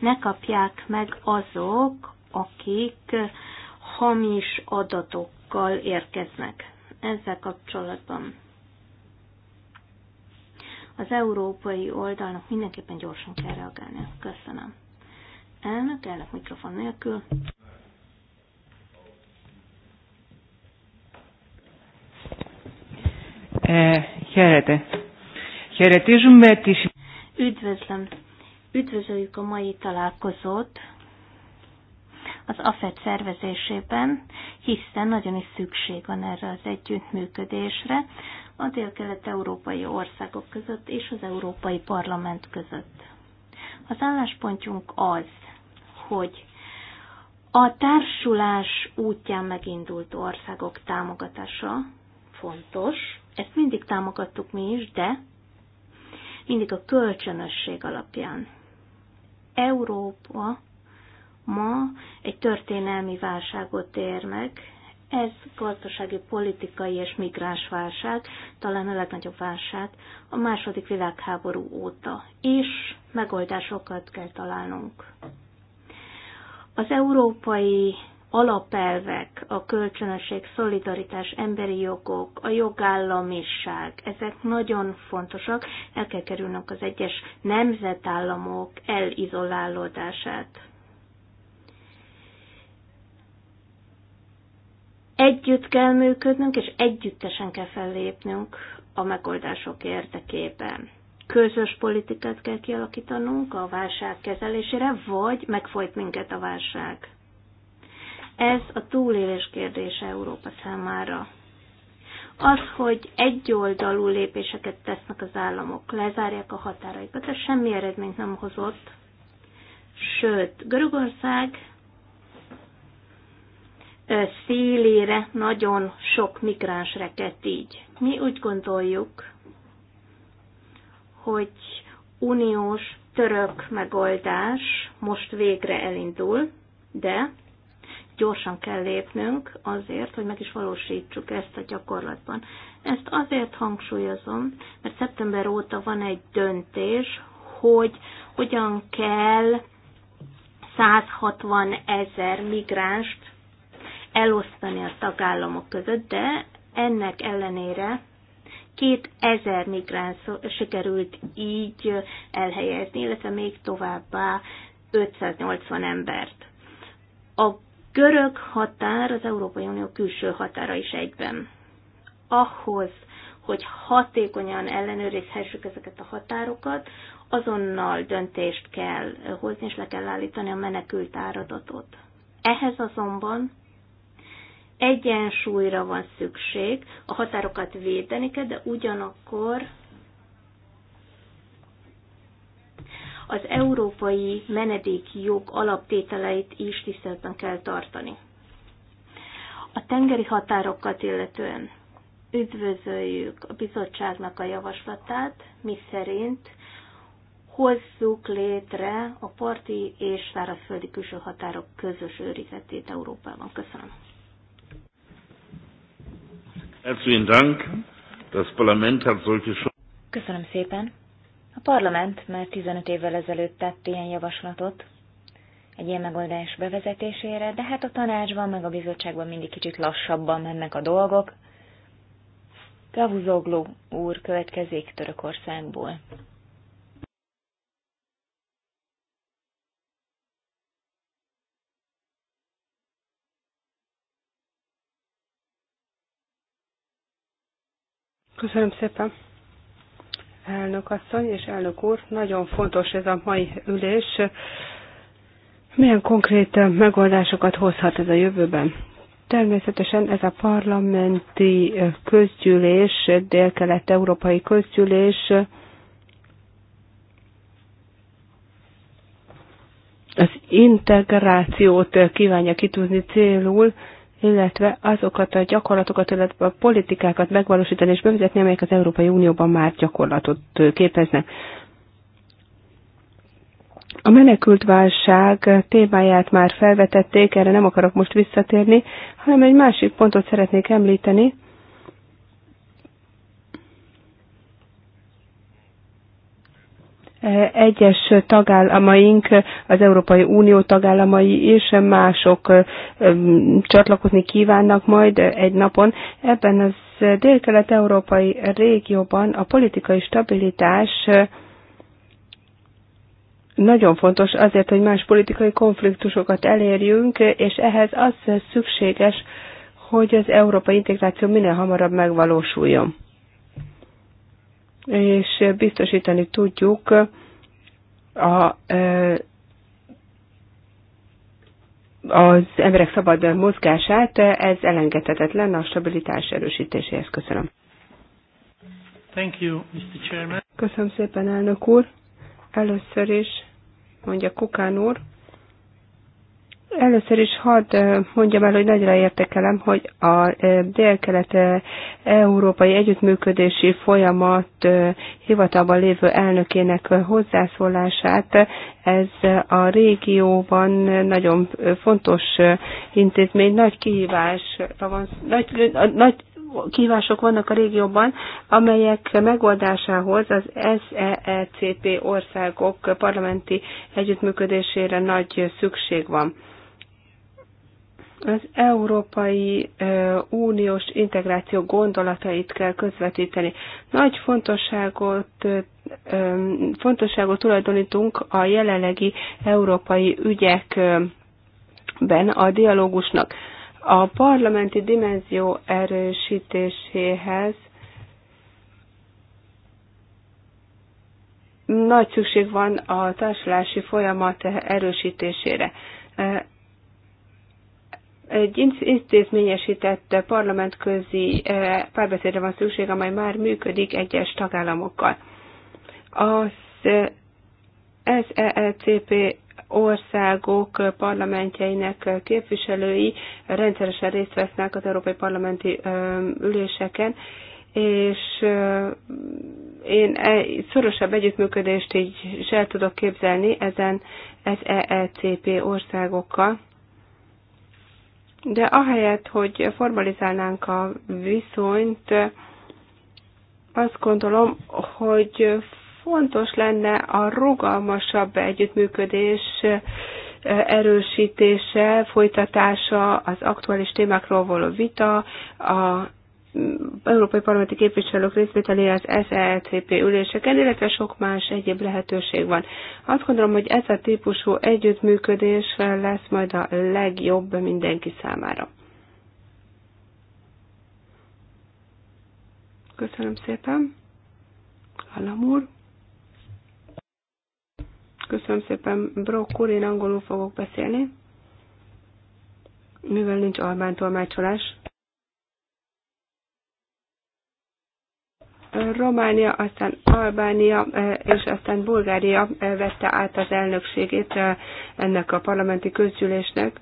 ne kapják meg azok, akik hamis adatokkal érkeznek. Ezzel kapcsolatban az európai oldalnak mindenképpen gyorsan kell reagálni. Köszönöm. Elnök, elnök mikrofon nélkül. Eh, Χαίρετε. Χαιρετίζουμε τη Üdvözlöm. Üdvözöljük a mai találkozót az AFET szervezésében, hiszen nagyon is szükség van erre az együttműködésre a dél-kelet-európai országok között és az Európai Parlament között. Az álláspontjunk az, hogy a társulás útján megindult országok támogatása fontos, ezt mindig támogattuk mi is, de mindig a kölcsönösség alapján. Európa ma egy történelmi válságot ér meg, ez gazdasági, politikai és migráns válság, talán a legnagyobb válság a második világháború óta, és megoldásokat kell találnunk. Az európai alapelvek, a kölcsönösség, szolidaritás, emberi jogok, a jogállamiság, ezek nagyon fontosak, el kell kerülnünk az egyes nemzetállamok elizolálódását. Együtt kell működnünk, és együttesen kell fellépnünk a megoldások érdekében közös politikát kell kialakítanunk a válság kezelésére, vagy megfojt minket a válság. Ez a túlélés kérdése Európa számára. Az, hogy egyoldalú lépéseket tesznek az államok, lezárják a határaikat, ez semmi eredményt nem hozott. Sőt, Görögország szélére nagyon sok migráns reket így. Mi úgy gondoljuk, hogy uniós török megoldás most végre elindul, de gyorsan kell lépnünk azért, hogy meg is valósítsuk ezt a gyakorlatban. Ezt azért hangsúlyozom, mert szeptember óta van egy döntés, hogy hogyan kell 160 ezer migránst elosztani a tagállamok között, de ennek ellenére 2000 migráns sikerült így elhelyezni, illetve még továbbá 580 embert. A görög határ az Európai Unió külső határa is egyben. Ahhoz, hogy hatékonyan ellenőrizhessük ezeket a határokat, azonnal döntést kell hozni, és le kell állítani a menekült áradatot. Ehhez azonban egyensúlyra van szükség, a határokat védeni kell, de ugyanakkor az európai menedéki jog alaptételeit is tiszteletben kell tartani. A tengeri határokat illetően üdvözöljük a bizottságnak a javaslatát, mi szerint hozzuk létre a parti és szárazföldi külső határok közös őrizetét Európában. Köszönöm. Köszönöm szépen. A parlament már 15 évvel ezelőtt tett ilyen javaslatot egy ilyen megoldás bevezetésére, de hát a tanácsban meg a bizottságban mindig kicsit lassabban mennek a dolgok. Kavuzogló úr következik Törökországból. Köszönöm szépen elnök asszony és elnök úr. Nagyon fontos ez a mai ülés. Milyen konkrét megoldásokat hozhat ez a jövőben? Természetesen ez a parlamenti közgyűlés, dél-kelet-európai közgyűlés az integrációt kívánja kitűzni célul, illetve azokat a gyakorlatokat, illetve a politikákat megvalósítani és bevezetni, amelyek az Európai Unióban már gyakorlatot képeznek. A menekült válság témáját már felvetették, erre nem akarok most visszatérni, hanem egy másik pontot szeretnék említeni, Egyes tagállamaink, az Európai Unió tagállamai és mások csatlakozni kívánnak majd egy napon. Ebben az délkelet-európai régióban a politikai stabilitás nagyon fontos azért, hogy más politikai konfliktusokat elérjünk, és ehhez az szükséges, hogy az európai integráció minél hamarabb megvalósuljon és biztosítani tudjuk a, az emberek szabad mozgását, ez elengedhetetlen a stabilitás erősítéséhez. Köszönöm. Thank you, Mr. Chairman. Köszönöm szépen, elnök úr. Először is mondja Kukán úr, Először is hadd mondjam el, hogy nagyra értékelem, hogy a dél-kelet-európai együttműködési folyamat hivatalban lévő elnökének hozzászólását. Ez a régióban nagyon fontos intézmény, nagy kihívás, van, nagy, nagy kívások vannak a régióban, amelyek megoldásához az SEECP országok parlamenti együttműködésére nagy szükség van. Az Európai Uniós integráció gondolatait kell közvetíteni. Nagy fontosságot, fontosságot tulajdonítunk a jelenlegi európai ügyekben a dialógusnak. A parlamenti dimenzió erősítéséhez nagy szükség van a társulási folyamat erősítésére egy intézményesített parlamentközi eh, párbeszédre van szükség, amely már működik egyes tagállamokkal. Az SELCP eh, e e országok parlamentjeinek képviselői rendszeresen részt vesznek az európai parlamenti eh, üléseken, és én szorosabb együttműködést így el tudok képzelni ezen SELCP e országokkal de ahelyett, hogy formalizálnánk a viszonyt, azt gondolom, hogy fontos lenne a rugalmasabb együttműködés eh, erősítése, folytatása, az aktuális témákról való vita, a európai parlamenti képviselők részvételé az SELCP üléseken, illetve sok más egyéb lehetőség van. Azt gondolom, hogy ez a típusú együttműködés lesz majd a legjobb mindenki számára. Köszönöm szépen. Hallam úr. Köszönöm szépen, Brock úr, én angolul fogok beszélni, mivel nincs albán tolmácsolás. Románia, aztán Albánia e, és aztán Bulgária e, vette át az elnökségét e, ennek a parlamenti közgyűlésnek,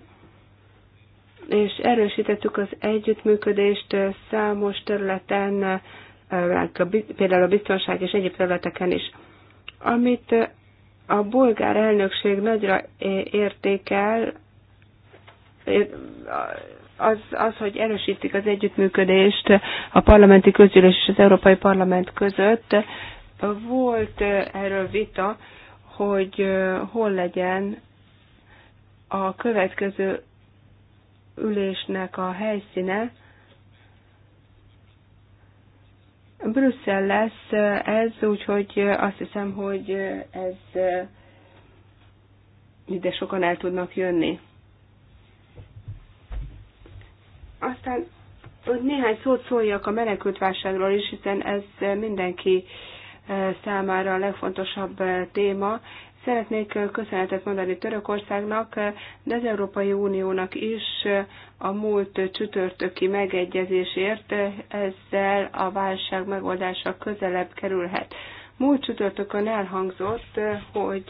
és erősítettük az együttműködést számos területen, például a biztonság és egyéb területeken is. Amit a bulgár elnökség nagyra értékel, az, az, hogy erősítik az együttműködést a parlamenti közgyűlés és az Európai Parlament között. Volt erről vita, hogy hol legyen a következő ülésnek a helyszíne. Brüsszel lesz ez, úgyhogy azt hiszem, hogy ez ide sokan el tudnak jönni. Aztán, hogy néhány szót szóljak a menekültválságról is, hiszen ez mindenki e, számára a legfontosabb e, téma. Szeretnék e, köszönetet mondani Törökországnak, de az Európai Uniónak is a múlt csütörtöki megegyezésért ezzel a válság megoldása közelebb kerülhet. Múlt csütörtökön elhangzott, hogy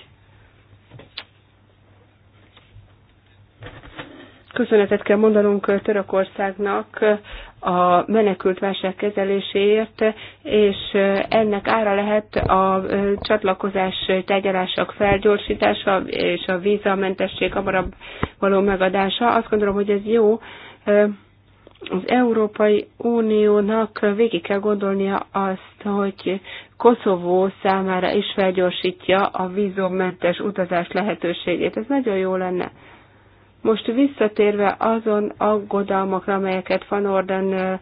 köszönetet kell mondanunk Törökországnak a menekült válság kezeléséért, és ennek ára lehet a csatlakozás tárgyalások felgyorsítása és a vízamentesség hamarabb való megadása. Azt gondolom, hogy ez jó. Az Európai Uniónak végig kell gondolnia azt, hogy Koszovó számára is felgyorsítja a vízummentes utazás lehetőségét. Ez nagyon jó lenne. Most visszatérve azon aggodalmakra, amelyeket Van Orden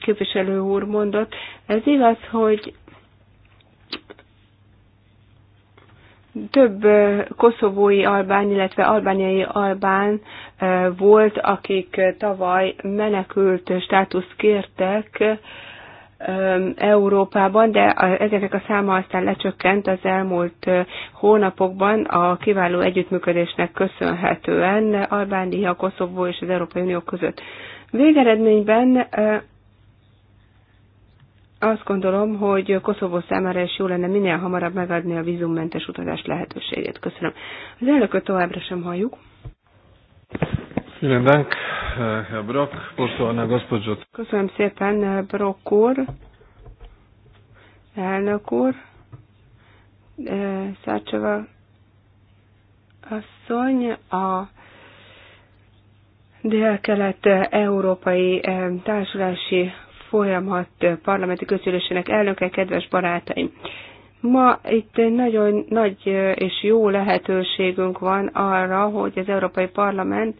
képviselő úr mondott, ez igaz, hogy több koszovói albán, illetve albániai albán volt, akik tavaly menekült státuszt kértek, Európában, de ezeknek a száma aztán lecsökkent az elmúlt hónapokban a kiváló együttműködésnek köszönhetően Albánia, Koszovó és az Európai Unió között. Végeredményben azt gondolom, hogy Koszovó számára is jó lenne minél hamarabb megadni a vízummentes utazás lehetőségét. Köszönöm. Az elnököt továbbra sem halljuk. Vielen Dank. Brock, poštovana gospođo. Köszönöm szépen, Brock úr, elnök úr, e, Szácsova asszony, a dél-kelet-európai e, társulási folyamat parlamenti közülésének elnöke, kedves barátaim! Ma itt nagyon nagy és jó lehetőségünk van arra, hogy az Európai Parlament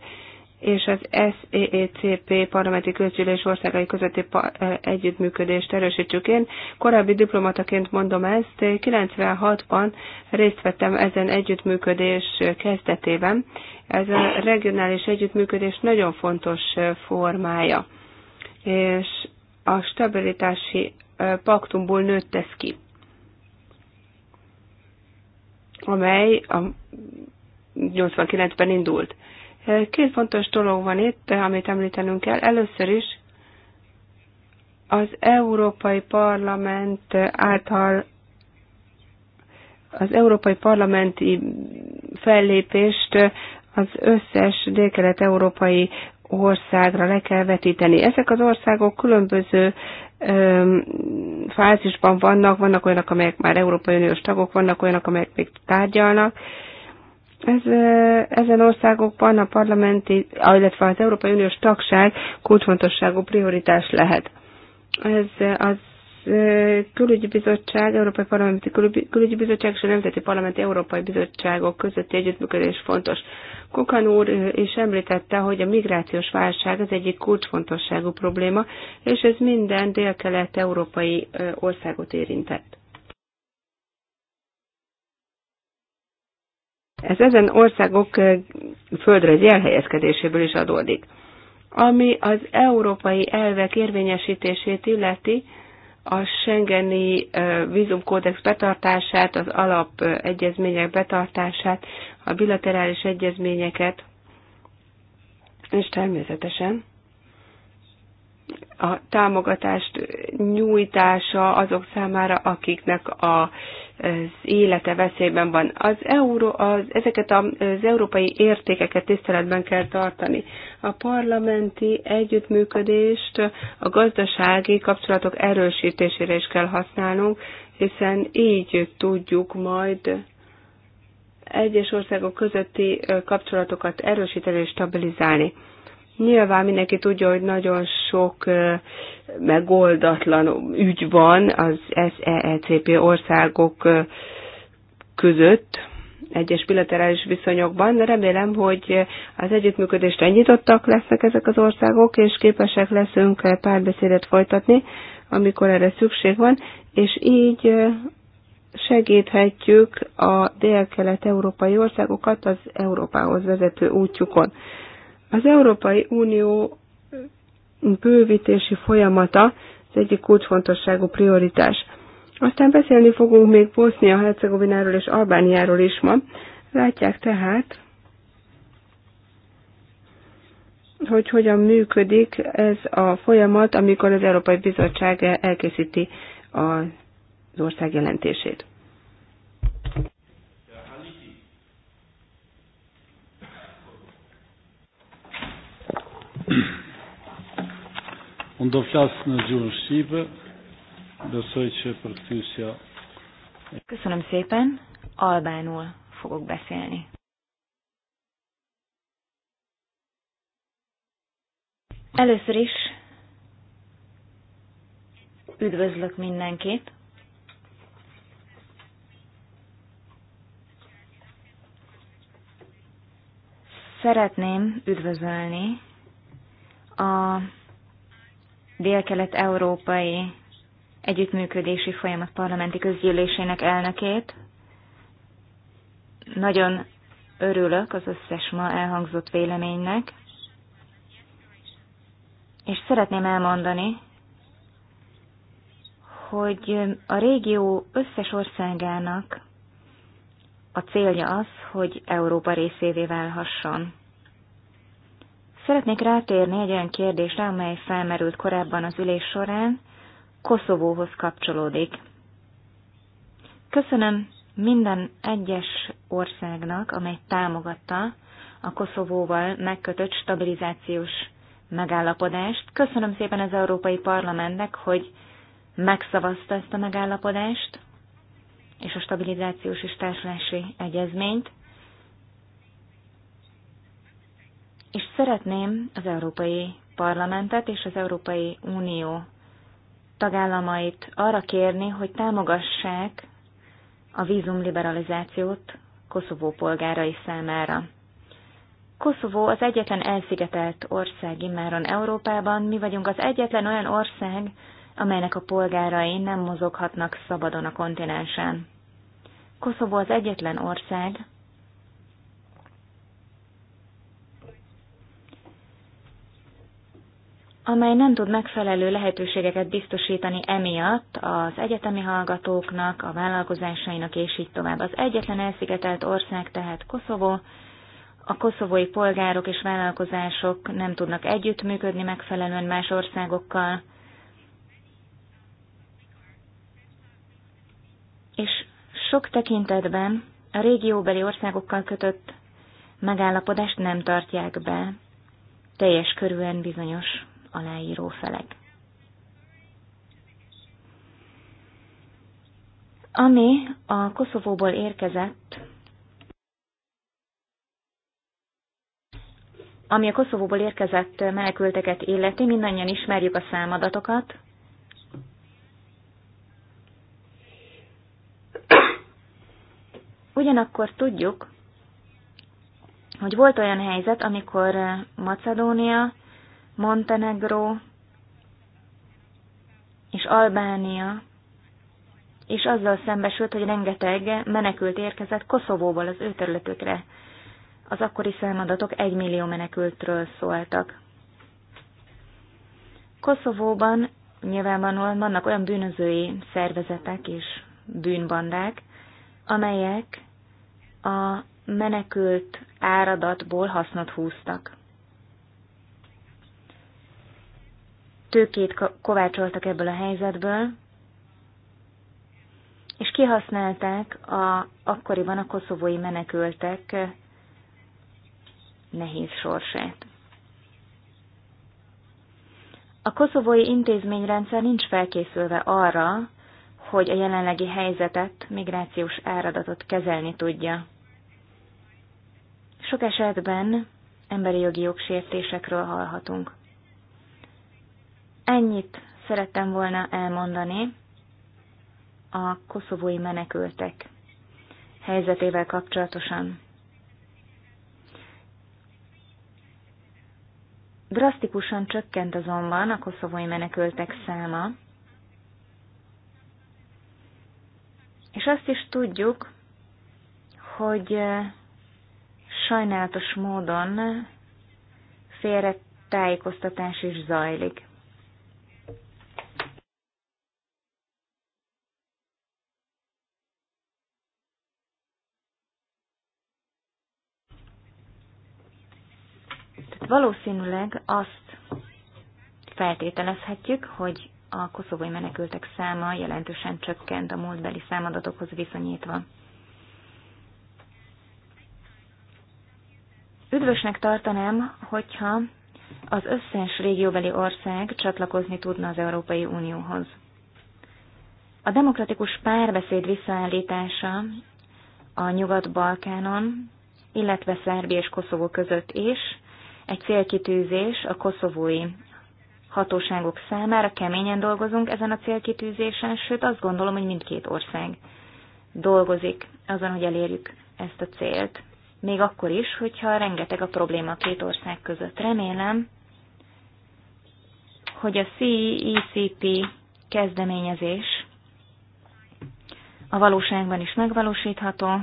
és az SEECP parlamenti közgyűlés országai közötti e, együttműködést erősítsük. Én korábbi diplomataként mondom ezt, 96-ban részt vettem ezen együttműködés kezdetében. Ez a regionális együttműködés nagyon fontos e, formája, és a stabilitási e, paktumból nőtt ez ki, amely a 89-ben indult. Két fontos dolog van itt, amit említenünk kell. Először is az Európai Parlament által az Európai Parlamenti fellépést az összes délkelet-európai országra le kell vetíteni. Ezek az országok különböző fázisban vannak, vannak olyanok, amelyek már Európai Uniós tagok, vannak olyanok, amelyek még tárgyalnak, ez, ezen országokban a parlamenti, illetve az Európai Uniós tagság kulcsfontosságú prioritás lehet. Ez az külügyi bizottság, Európai Parlamenti Külügyi Bizottság és a Nemzeti Parlamenti Európai Bizottságok közötti együttműködés fontos. Kokan úr is említette, hogy a migrációs válság az egyik kulcsfontosságú probléma, és ez minden dél-kelet-európai országot érintett. Ez ezen országok földrajzi elhelyezkedéséből is adódik. Ami az európai elvek érvényesítését illeti, a Schengeni vízumkódex betartását, az alapegyezmények betartását, a bilaterális egyezményeket, és természetesen a támogatást nyújtása azok számára, akiknek a az élete veszélyben van. Az euró, az, ezeket az európai értékeket tiszteletben kell tartani. A parlamenti együttműködést a gazdasági kapcsolatok erősítésére is kell használnunk, hiszen így tudjuk majd egyes országok közötti kapcsolatokat erősíteni és stabilizálni. Nyilván mindenki tudja, hogy nagyon sok megoldatlan ügy van az SEECP országok között, egyes bilaterális viszonyokban, de remélem, hogy az együttműködésre nyitottak lesznek ezek az országok, és képesek leszünk párbeszédet folytatni, amikor erre szükség van, és így segíthetjük a dél-kelet-európai országokat az Európához vezető útjukon. Az Európai Unió bővítési folyamata az egyik kulcsfontosságú prioritás. Aztán beszélni fogunk még Bosznia-Hercegovináról és Albániáról is ma. Látják tehát, hogy hogyan működik ez a folyamat, amikor az Európai Bizottság elkészíti az ország jelentését. Und auf jasne Gyursibe, beszélj Patricia. Köszönöm szépen, albánul fogok beszélni. Először is üdvözlök mindenkit. Szeretném üdvözölni a dél-kelet-európai együttműködési folyamat parlamenti közgyűlésének elnökét. Nagyon örülök az összes ma elhangzott véleménynek, és szeretném elmondani, hogy a régió összes országának a célja az, hogy Európa részévé válhasson. Szeretnék rátérni egy olyan kérdésre, amely felmerült korábban az ülés során, Koszovóhoz kapcsolódik. Köszönöm minden egyes országnak, amely támogatta a Koszovóval megkötött stabilizációs megállapodást. Köszönöm szépen az Európai Parlamentnek, hogy megszavazta ezt a megállapodást és a stabilizációs és társulási egyezményt. és szeretném az Európai Parlamentet és az Európai Unió tagállamait arra kérni, hogy támogassák a vízumliberalizációt Koszovó polgárai számára. Koszovó az egyetlen elszigetelt ország immáron Európában, mi vagyunk az egyetlen olyan ország, amelynek a polgárai nem mozoghatnak szabadon a kontinensen. Koszovó az egyetlen ország, amely nem tud megfelelő lehetőségeket biztosítani emiatt az egyetemi hallgatóknak, a vállalkozásainak és így tovább. Az egyetlen elszigetelt ország tehát Koszovó, a koszovói polgárok és vállalkozások nem tudnak együttműködni megfelelően más országokkal, és sok tekintetben a régióbeli országokkal kötött megállapodást nem tartják be teljes körülön bizonyos aláíró felek. Ami a Koszovóból érkezett, ami a Koszovóból érkezett menekülteket illeti, mindannyian ismerjük a számadatokat, Ugyanakkor tudjuk, hogy volt olyan helyzet, amikor Macedónia Montenegro és Albánia és azzal szembesült, hogy rengeteg menekült érkezett Koszovóból az ő területükre. Az akkori számadatok egy millió menekültről szóltak. Koszovóban nyilvánvalóan vannak olyan bűnözői szervezetek és bűnbandák, amelyek a menekült áradatból hasznot húztak. tőkét kovácsoltak ebből a helyzetből, és kihasználták a, akkoriban a koszovói menekültek nehéz sorsát. A koszovói intézményrendszer nincs felkészülve arra, hogy a jelenlegi helyzetet, migrációs áradatot kezelni tudja. Sok esetben emberi jogi jogsértésekről hallhatunk. Ennyit szerettem volna elmondani a koszovói menekültek helyzetével kapcsolatosan. Drasztikusan csökkent azonban a koszovói menekültek száma, és azt is tudjuk, hogy eh, sajnálatos módon tájékoztatás is zajlik. valószínűleg azt feltételezhetjük, hogy a koszovói menekültek száma jelentősen csökkent a múltbeli számadatokhoz viszonyítva. Üdvösnek tartanám, hogyha az összes régióbeli ország csatlakozni tudna az Európai Unióhoz. A demokratikus párbeszéd visszaállítása a Nyugat-Balkánon, illetve Szerbia és Koszovó között is egy célkitűzés a koszovói hatóságok számára. Keményen dolgozunk ezen a célkitűzésen, sőt azt gondolom, hogy mindkét ország dolgozik azon, hogy elérjük ezt a célt. Még akkor is, hogyha rengeteg a probléma a két ország között. Remélem, hogy a CECP kezdeményezés a valóságban is megvalósítható,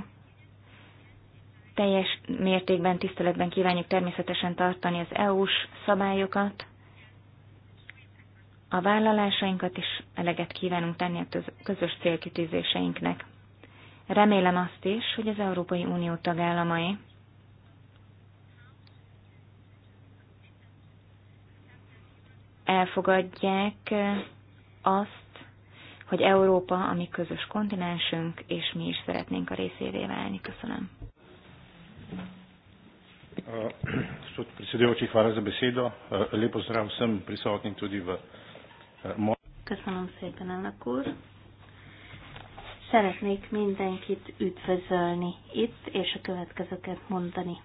teljes mértékben tiszteletben kívánjuk természetesen tartani az EU-s szabályokat, a vállalásainkat is eleget kívánunk tenni a közös célkitűzéseinknek. Remélem azt is, hogy az Európai Unió tagállamai elfogadják eh, azt, hogy Európa a mi közös kontinensünk, és mi is szeretnénk a részévé válni. Köszönöm. Gospod predsedujoči, hvala za besedo. Lep pozdrav vsem prisotnim tudi v mojem. Köszönöm szépen, elnök úr. Szeretnék mindenkit üdvözölni itt, és a következőket mondani.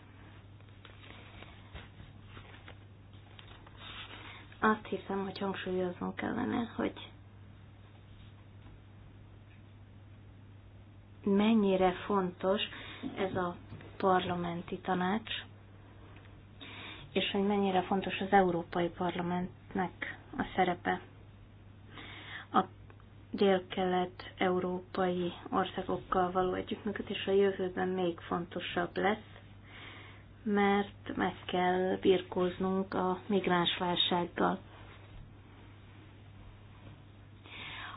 Azt hiszem, hogy hangsúlyoznunk kellene, hogy mennyire fontos ez a parlamenti tanács, és hogy mennyire fontos az Európai Parlamentnek a szerepe a dél-kelet-európai országokkal való együttműködés a jövőben még fontosabb lesz, mert meg kell birkóznunk a migránsválsággal.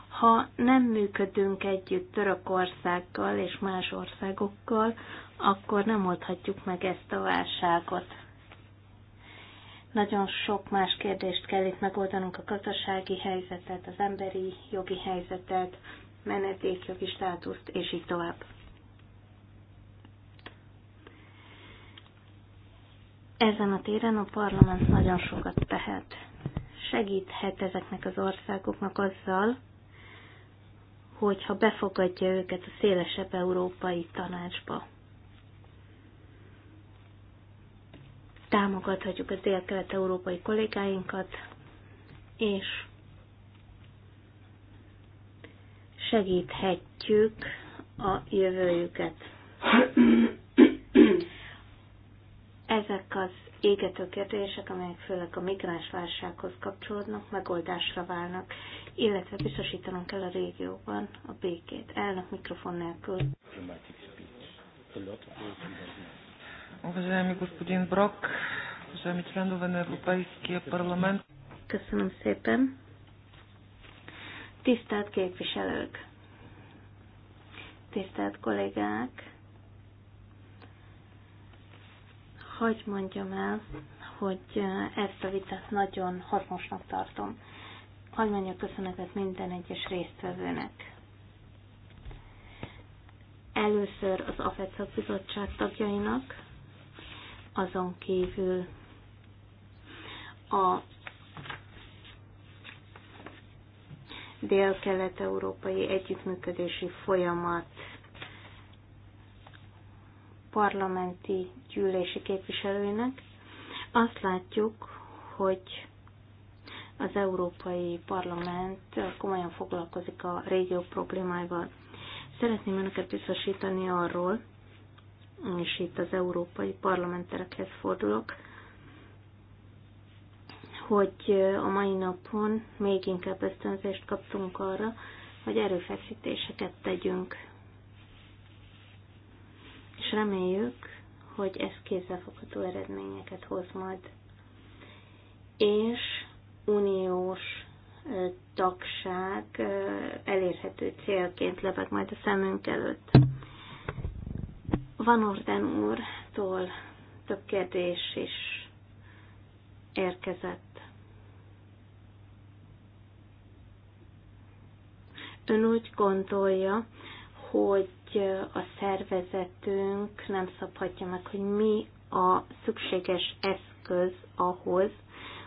Ha nem működünk együtt Törökországgal és más országokkal, akkor nem oldhatjuk meg ezt a válságot. Nagyon sok más kérdést kell itt megoldanunk, a gazdasági helyzetet, az emberi jogi helyzetet, menedékjogi státuszt, és így tovább. Ezen a téren a parlament nagyon sokat tehet. Segíthet ezeknek az országoknak azzal, hogyha befogadja őket a szélesebb európai tanácsba. támogathatjuk az dél-kelet-európai kollégáinkat, és segíthetjük a jövőjüket. Ezek az égető kérdések, amelyek főleg a migráns válsághoz kapcsolódnak, megoldásra válnak, illetve biztosítanunk kell a régióban a békét. Elnök mikrofon nélkül. Уважаеми господин Брок, уважаеми членове на Европейския парламент. Köszönöm szépen. Tisztelt képviselők, tisztelt kollégák, Хоч mondjam el, hogy ezt a vitát nagyon hasznosnak tartom. Hagy mondjak köszönetet minden egyes résztvevőnek. Először az afec szakbizottság tagjainak, azon kívül a dél-kelet-európai együttműködési folyamat parlamenti gyűlési képviselőinek, azt látjuk, hogy az Európai Parlament komolyan foglalkozik a régió problémáival. Szeretném önöket biztosítani arról, és itt az európai parlamenterekhez fordulok, hogy a mai napon még inkább ösztönzést kaptunk arra, hogy erőfeszítéseket tegyünk. És reméljük, hogy ez kézzelfogható eredményeket hoz majd. És uniós tagság elérhető célként lebeg majd a szemünk előtt. Van Orden úrtól több kérdés is érkezett. Ön úgy gondolja, hogy a szervezetünk nem szabhatja meg, hogy mi a szükséges eszköz ahhoz,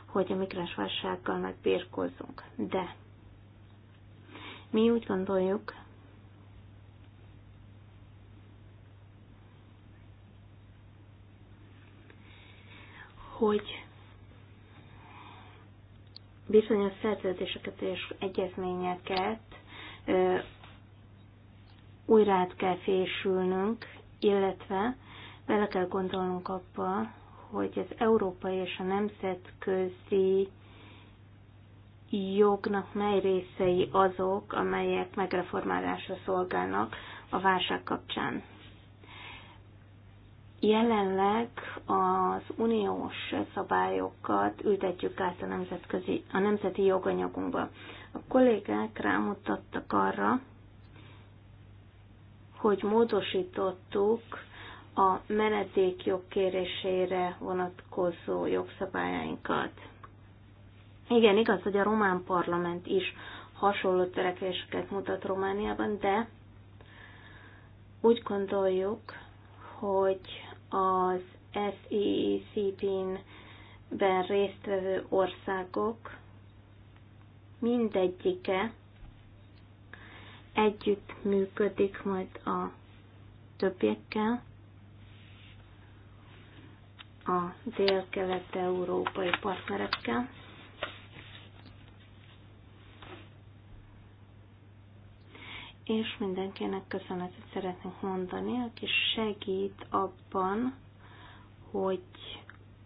hogy a migráns válsággal megbírkozzunk. De mi úgy gondoljuk, hogy bizonyos szerződéseket és egyezményeket újra át kell fésülnünk, illetve bele kell gondolnunk abba, hogy az európai és a nemzetközi jognak mely részei azok, amelyek megreformálásra szolgálnak a válság kapcsán. Jelenleg az uniós szabályokat ültetjük át a, nemzetközi, a nemzeti joganyagunkba. A kollégák rámutattak arra, hogy módosítottuk a menedék jogkérésére vonatkozó jogszabályainkat. Igen, igaz, hogy a román parlament is hasonló törekvéseket mutat Romániában, de úgy gondoljuk, hogy az SEECP-n ben résztvevő országok mindegyike együtt működik majd a többiekkel, a dél-kelet-európai partnerekkel, és mindenkinek köszönetet szeretnék mondani, aki segít abban, hogy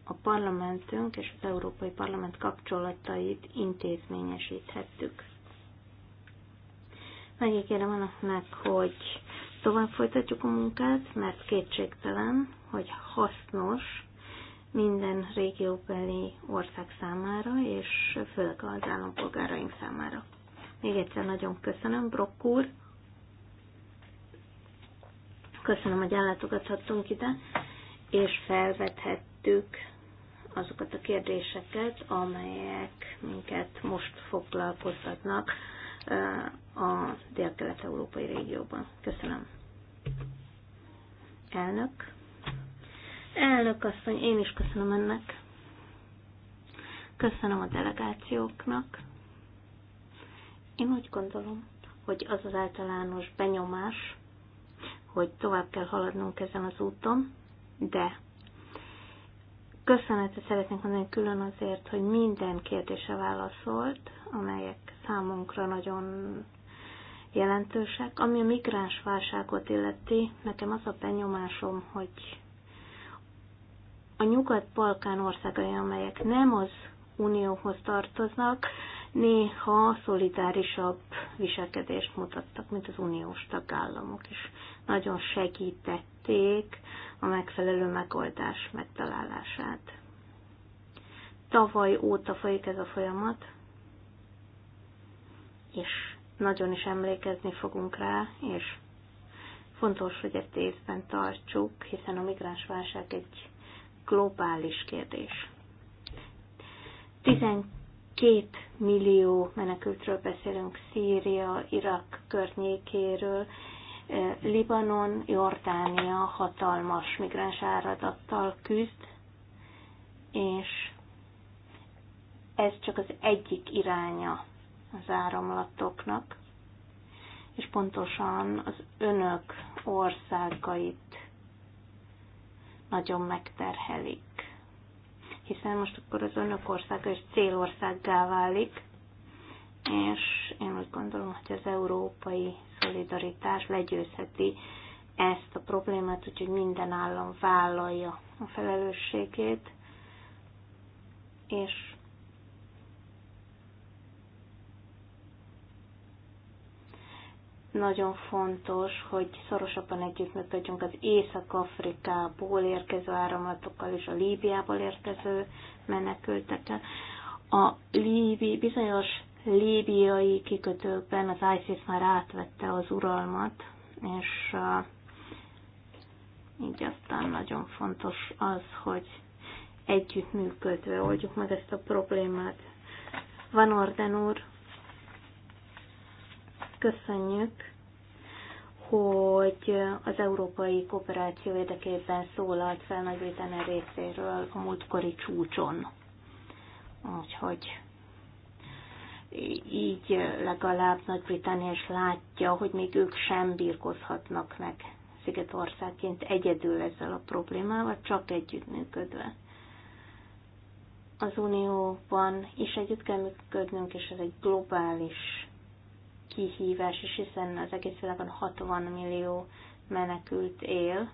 a parlamentünk és az Európai Parlament kapcsolatait intézményesíthettük. Megígérem önöknek, hogy tovább folytatjuk a munkát, mert kétségtelen, hogy hasznos minden régióbeli ország számára, és főleg az állampolgáraink számára. Még egyszer nagyon köszönöm, Brock úr, Köszönöm, hogy ellátogathattunk ide, és felvethettük azokat a kérdéseket, amelyek minket most foglalkoztatnak eh, a dél-kelet-európai régióban. Köszönöm. Elnök. Elnök asszony, én is köszönöm ennek. Köszönöm a delegációknak. Én úgy gondolom, hogy az az általános benyomás, hogy tovább kell haladnunk ezen az úton, de köszönetet szeretnék mondani külön azért, hogy minden kérdése válaszolt, amelyek számunkra nagyon jelentősek. Ami a migráns válságot illeti, nekem az a benyomásom, hogy a nyugat-balkán országai, amelyek nem az unióhoz tartoznak, néha szolidárisabb viselkedést mutattak, mint az uniós tagállamok is nagyon segítették a megfelelő megoldás megtalálását. Tavaly óta folyik ez a folyamat, és nagyon is emlékezni fogunk rá, és fontos, hogy ezt észben tartsuk, hiszen a migránsválság egy globális kérdés. 12 millió menekültről beszélünk Szíria, Irak környékéről, Libanon, Jordánia hatalmas migráns áradattal küzd, és ez csak az egyik iránya az áramlatoknak, és pontosan az önök országait nagyon megterhelik. Hiszen most akkor az önök országa is célországgá válik, és én úgy gondolom, hogy az európai szolidaritás legyőzheti ezt a problémát, úgyhogy minden állam vállalja a felelősségét, és nagyon fontos, hogy szorosabban együttműködjünk az Észak-Afrikából érkező áramlatokkal és a Líbiából érkező menekültekkel. A Líbi bizonyos líbiai kikötőkben az ISIS már átvette az uralmat, és uh, így aztán nagyon fontos az, hogy együttműködve oldjuk meg ezt a problémát. Van Orden úr, köszönjük, hogy az európai kooperáció érdekében szólalt fel Nagy-Britannia részéről a múltkori csúcson. Úgyhogy így legalább Nagy-Britannia is látja, hogy még ők sem birkozhatnak meg szigetországként egyedül ezzel a problémával, csak együttműködve. Az Unióban is együtt kell működnünk, és ez egy globális kihívás, is, hiszen az egész világon 60 millió menekült él,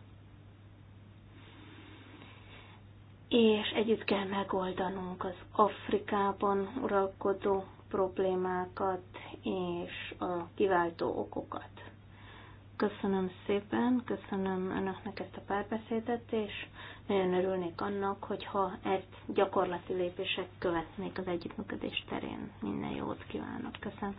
és együtt kell megoldanunk az Afrikában uralkodó problémákat és a kiváltó okokat. Köszönöm szépen, köszönöm Önöknek ezt a párbeszédet, és nagyon örülnék annak, hogyha ezt gyakorlati lépések követnék az együttműködés terén. Minden jót kívánok, köszönöm.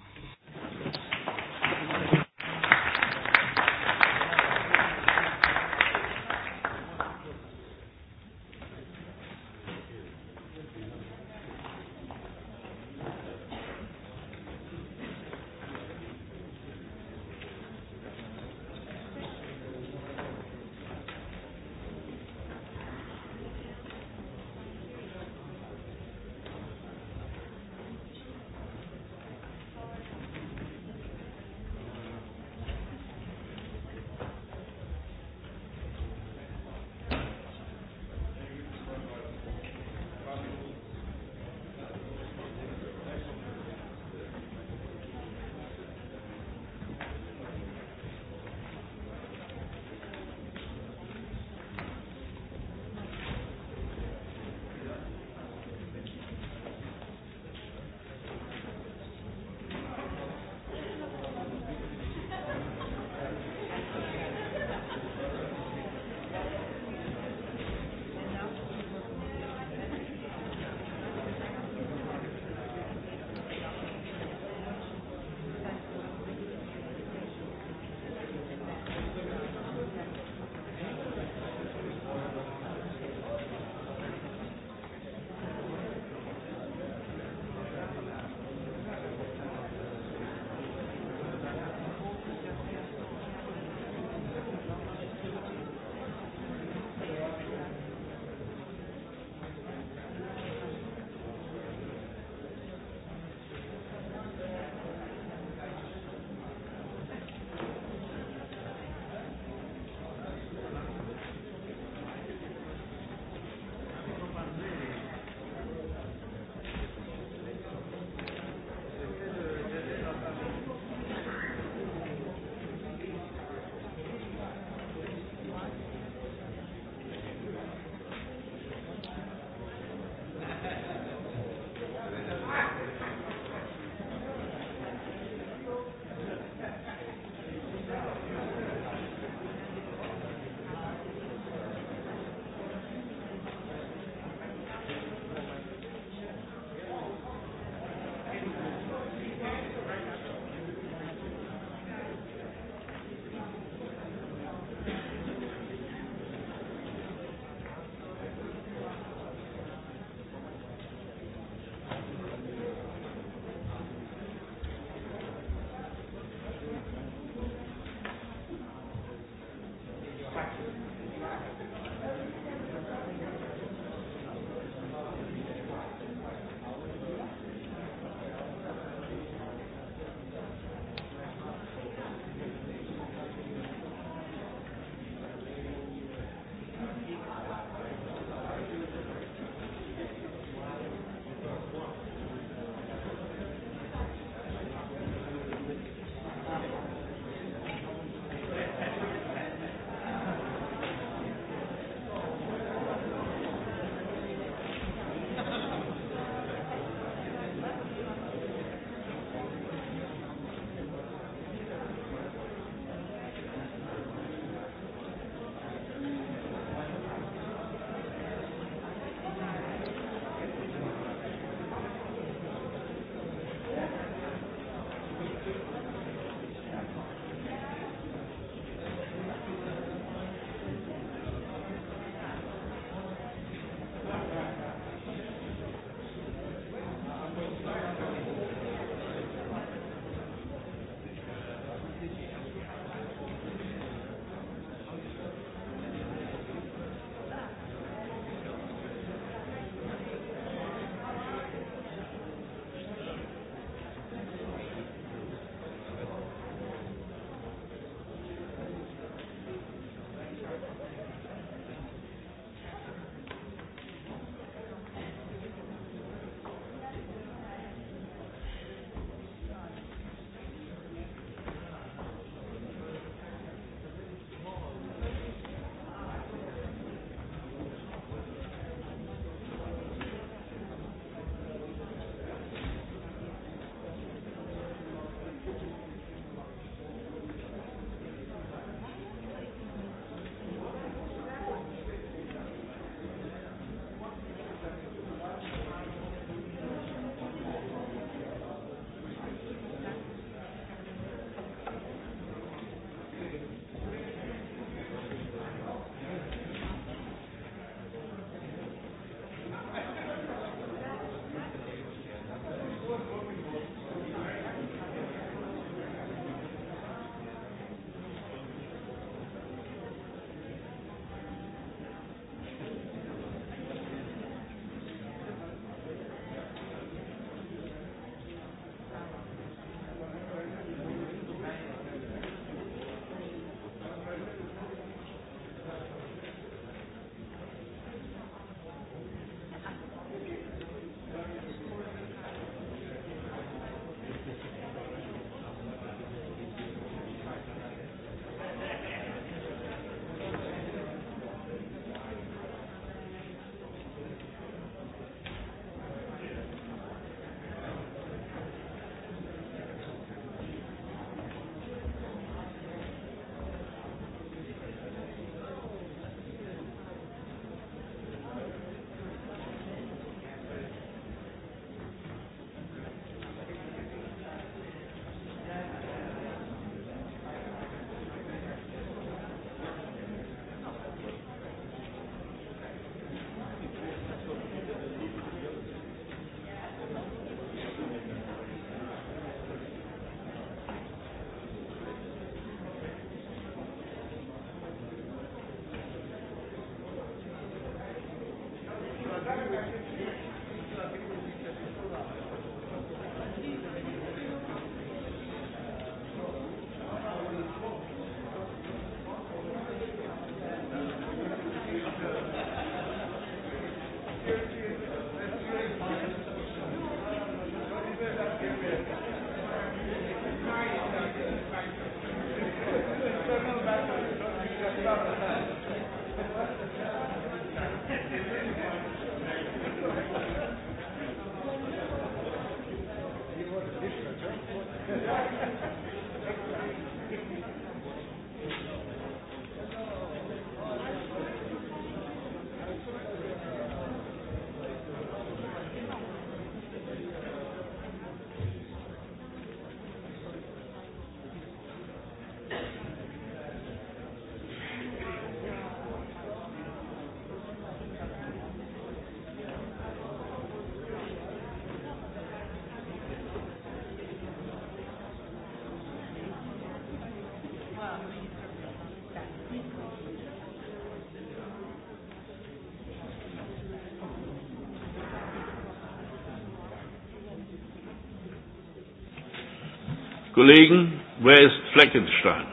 Kollegen, wer ist Fleckenstein?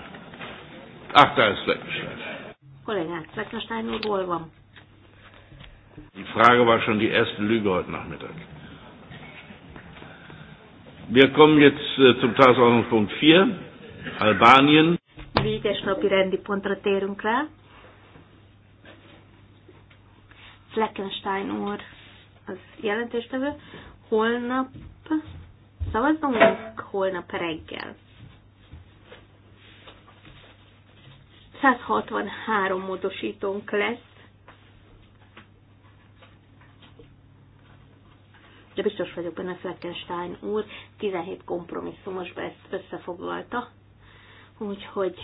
Ach, da ist Fleckenstein. Kollégák, Fleckenstein úr hol van? Die Frage war schon die erste Lüge heute Nachmittag. Wir kommen jetzt äh, zum Tagesordnungspunkt 4, Albanien. Négyes napi rendi pontra térünk rá. Fleckenstein úr az jelentéstevő. Holnap szavazzunk? holnap reggel. 163 módosítónk lesz, de biztos vagyok benne, Fleckenstein úr 17 kompromisszumosba ezt összefoglalta, úgyhogy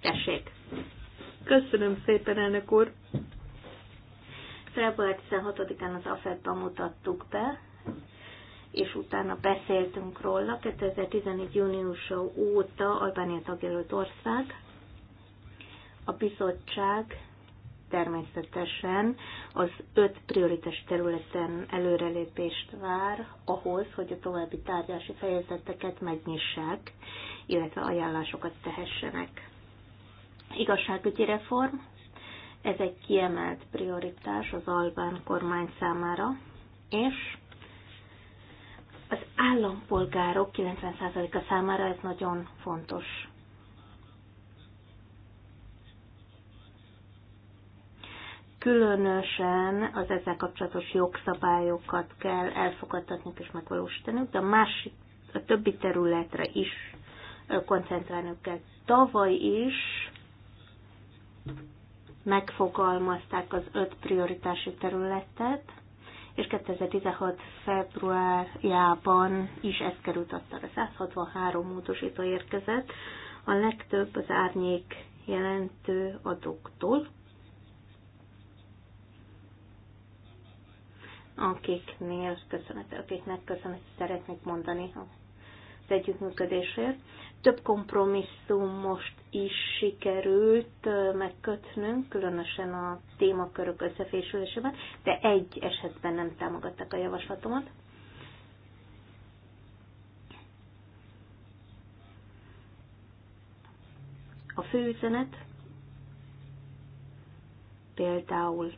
tessék. Köszönöm szépen, elnök úr! Február 16-án az AFED-ben mutattuk be, és utána beszéltünk róla. 2014. június óta Albánia tagjelölt ország. A bizottság természetesen az öt prioritás területen előrelépést vár ahhoz, hogy a további tárgyási fejezeteket megnyissák, illetve ajánlásokat tehessenek. Igazságügyi reform, ez egy kiemelt prioritás az albán kormány számára, és az állampolgárok 90%-a számára ez nagyon fontos. Különösen az ezzel kapcsolatos jogszabályokat kell elfogadtatni és megvalósítani, de a másik, a többi területre is koncentrálnunk kell. Tavaly is megfogalmazták az öt prioritási területet, és 2016. februárjában is ez került A 163 módosító érkezett, a legtöbb az árnyék jelentő adóktól, akiknél köszönet, akiknek köszönet szeretnék mondani az együttműködésért több kompromisszum most is sikerült megkötnünk, különösen a témakörök összefésülésében, de egy esetben nem támogatták a javaslatomat. A főüzenet például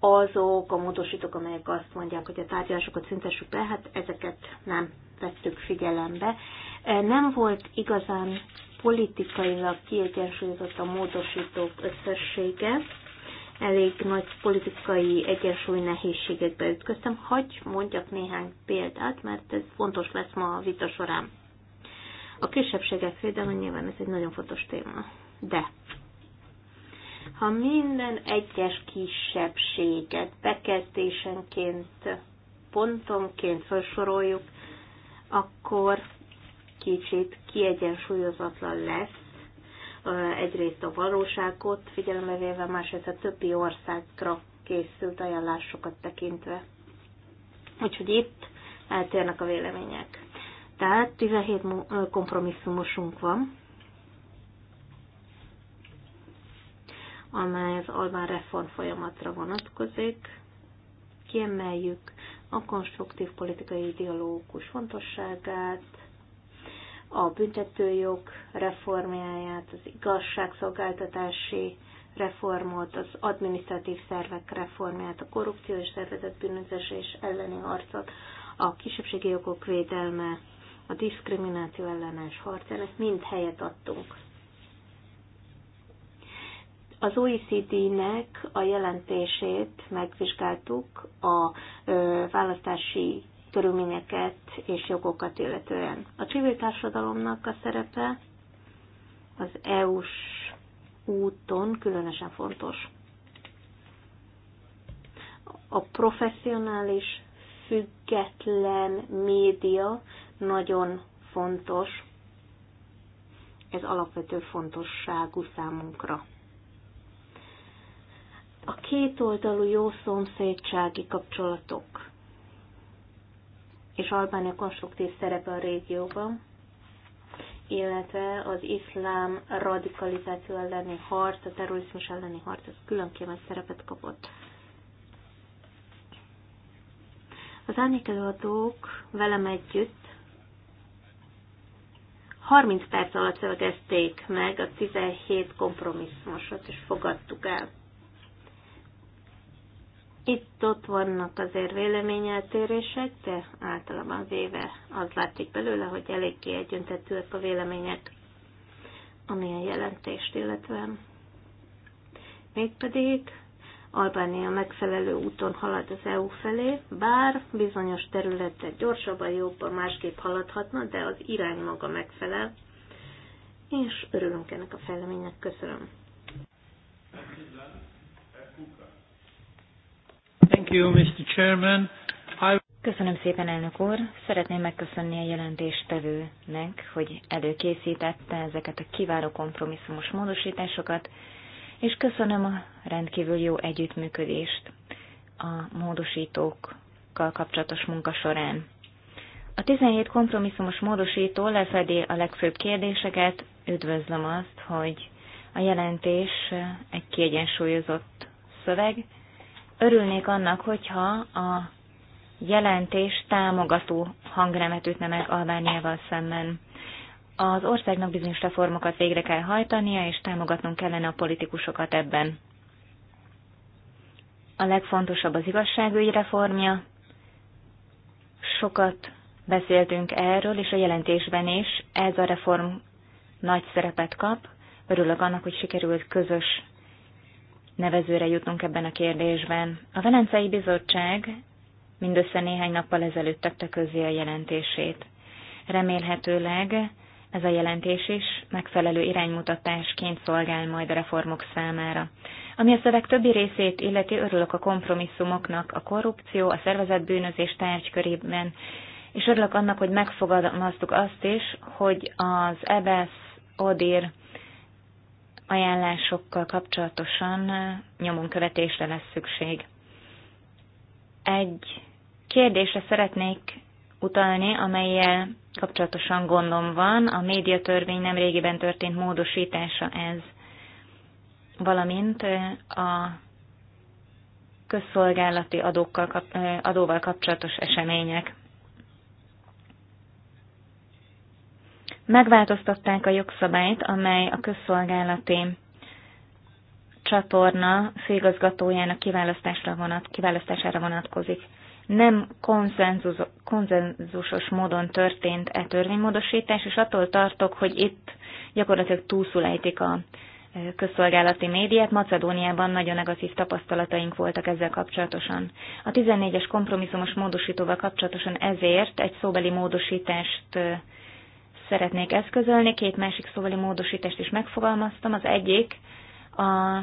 azok a módosítók, amelyek azt mondják, hogy a tárgyalásokat szüntessük be, hát ezeket nem vettük figyelembe, E, nem volt igazán politikailag kiegyensúlyozott a módosítók összessége, elég nagy politikai egyensúly nehézségekbe ütköztem. Hagy mondjak néhány példát, mert ez fontos lesz ma a vita során. A kisebbségek védelme nyilván ez egy nagyon fontos téma. De ha minden egyes kisebbséget bekezdésenként, pontonként felsoroljuk, akkor kicsit kiegyensúlyozatlan lesz, egyrészt a valóságot figyelembe véve, másrészt a többi országra készült ajánlásokat tekintve. Úgyhogy itt eltérnek a vélemények. Tehát 17 kompromisszumosunk van, amely az Albán reform folyamatra vonatkozik. Kiemeljük a konstruktív politikai dialógus fontosságát, a büntetőjog reformjáját, az igazságszolgáltatási reformot, az adminisztratív szervek reformját, a korrupció és szervezett bűnözés elleni harcot, a kisebbségi jogok védelme, a diszkrimináció ellenes harc, ennek mind helyet adtunk. Az OECD-nek a jelentését megvizsgáltuk a választási körülményeket és jogokat illetően. A civil társadalomnak a szerepe az EU-s úton különösen fontos. A professzionális, független média nagyon fontos. Ez alapvető fontosságú számunkra. A kétoldalú jó szomszédsági kapcsolatok és Albánia konstruktív szerepe a régióban, illetve az iszlám radikalizáció elleni harc, a terrorizmus elleni harc, az külön kiemelt szerepet kapott. Az árnyékelőadók velem együtt 30 perc alatt szövegezték meg a 17 kompromisszumosat, és fogadtuk el. Itt-ott vannak azért véleményeltérések, de általában véve az látszik belőle, hogy eléggé egyöntetőek a vélemények, ami a jelentést illetve. Mégpedig Albánia megfelelő úton halad az EU felé, bár bizonyos területek gyorsabban, jobban, másképp haladhatna, de az irány maga megfelel, és örülünk ennek a fejleménynek. Köszönöm. Köszönöm. Thank you, Mr. Chairman. I... Köszönöm szépen, elnök úr. Szeretném megköszönni a jelentéstevőnek, hogy előkészítette ezeket a kiváló kompromisszumos módosításokat, és köszönöm a rendkívül jó együttműködést a módosítókkal kapcsolatos munka során. A 17 kompromisszumos módosító lefedi a legfőbb kérdéseket, üdvözlöm azt, hogy a jelentés egy kiegyensúlyozott szöveg, Örülnék annak, hogyha a jelentés támogató hangremet ütne meg Albániával szemben. Az országnak bizonyos reformokat végre kell hajtania, és támogatnunk kellene a politikusokat ebben. A legfontosabb az igazságügyi reformja. Sokat beszéltünk erről, és a jelentésben is ez a reform nagy szerepet kap. Örülök annak, hogy sikerült közös nevezőre jutnunk ebben a kérdésben. A Velencei Bizottság mindössze néhány nappal ezelőtt tette közé a jelentését. Remélhetőleg ez a jelentés is megfelelő iránymutatásként szolgál majd a reformok számára. Ami a szöveg többi részét illeti, örülök a kompromisszumoknak a korrupció, a szervezetbűnözés tárgykörében, és örülök annak, hogy megfogalmaztuk azt is, hogy az EBS e ODIR ajánlásokkal kapcsolatosan nyomon követésre lesz szükség. Egy kérdésre szeretnék utalni, amelyel kapcsolatosan gondom van. A médiatörvény nem régiben történt módosítása ez, valamint a közszolgálati adókkal, adóval kapcsolatos események. Megváltoztatták a jogszabályt, amely a közszolgálati csatorna főigazgatójának kiválasztásra vonat, kiválasztására vonatkozik. Nem konszenzus, konszenzusos módon történt e törvénymódosítás, és attól tartok, hogy itt gyakorlatilag túlszulejtik a e, közszolgálati médiát. Macedóniában nagyon negatív tapasztalataink voltak ezzel kapcsolatosan. A 14-es kompromisszumos módosítóval kapcsolatosan ezért egy szóbeli módosítást e, szeretnék eszközölni. Két másik szóvali módosítást is megfogalmaztam. Az egyik a,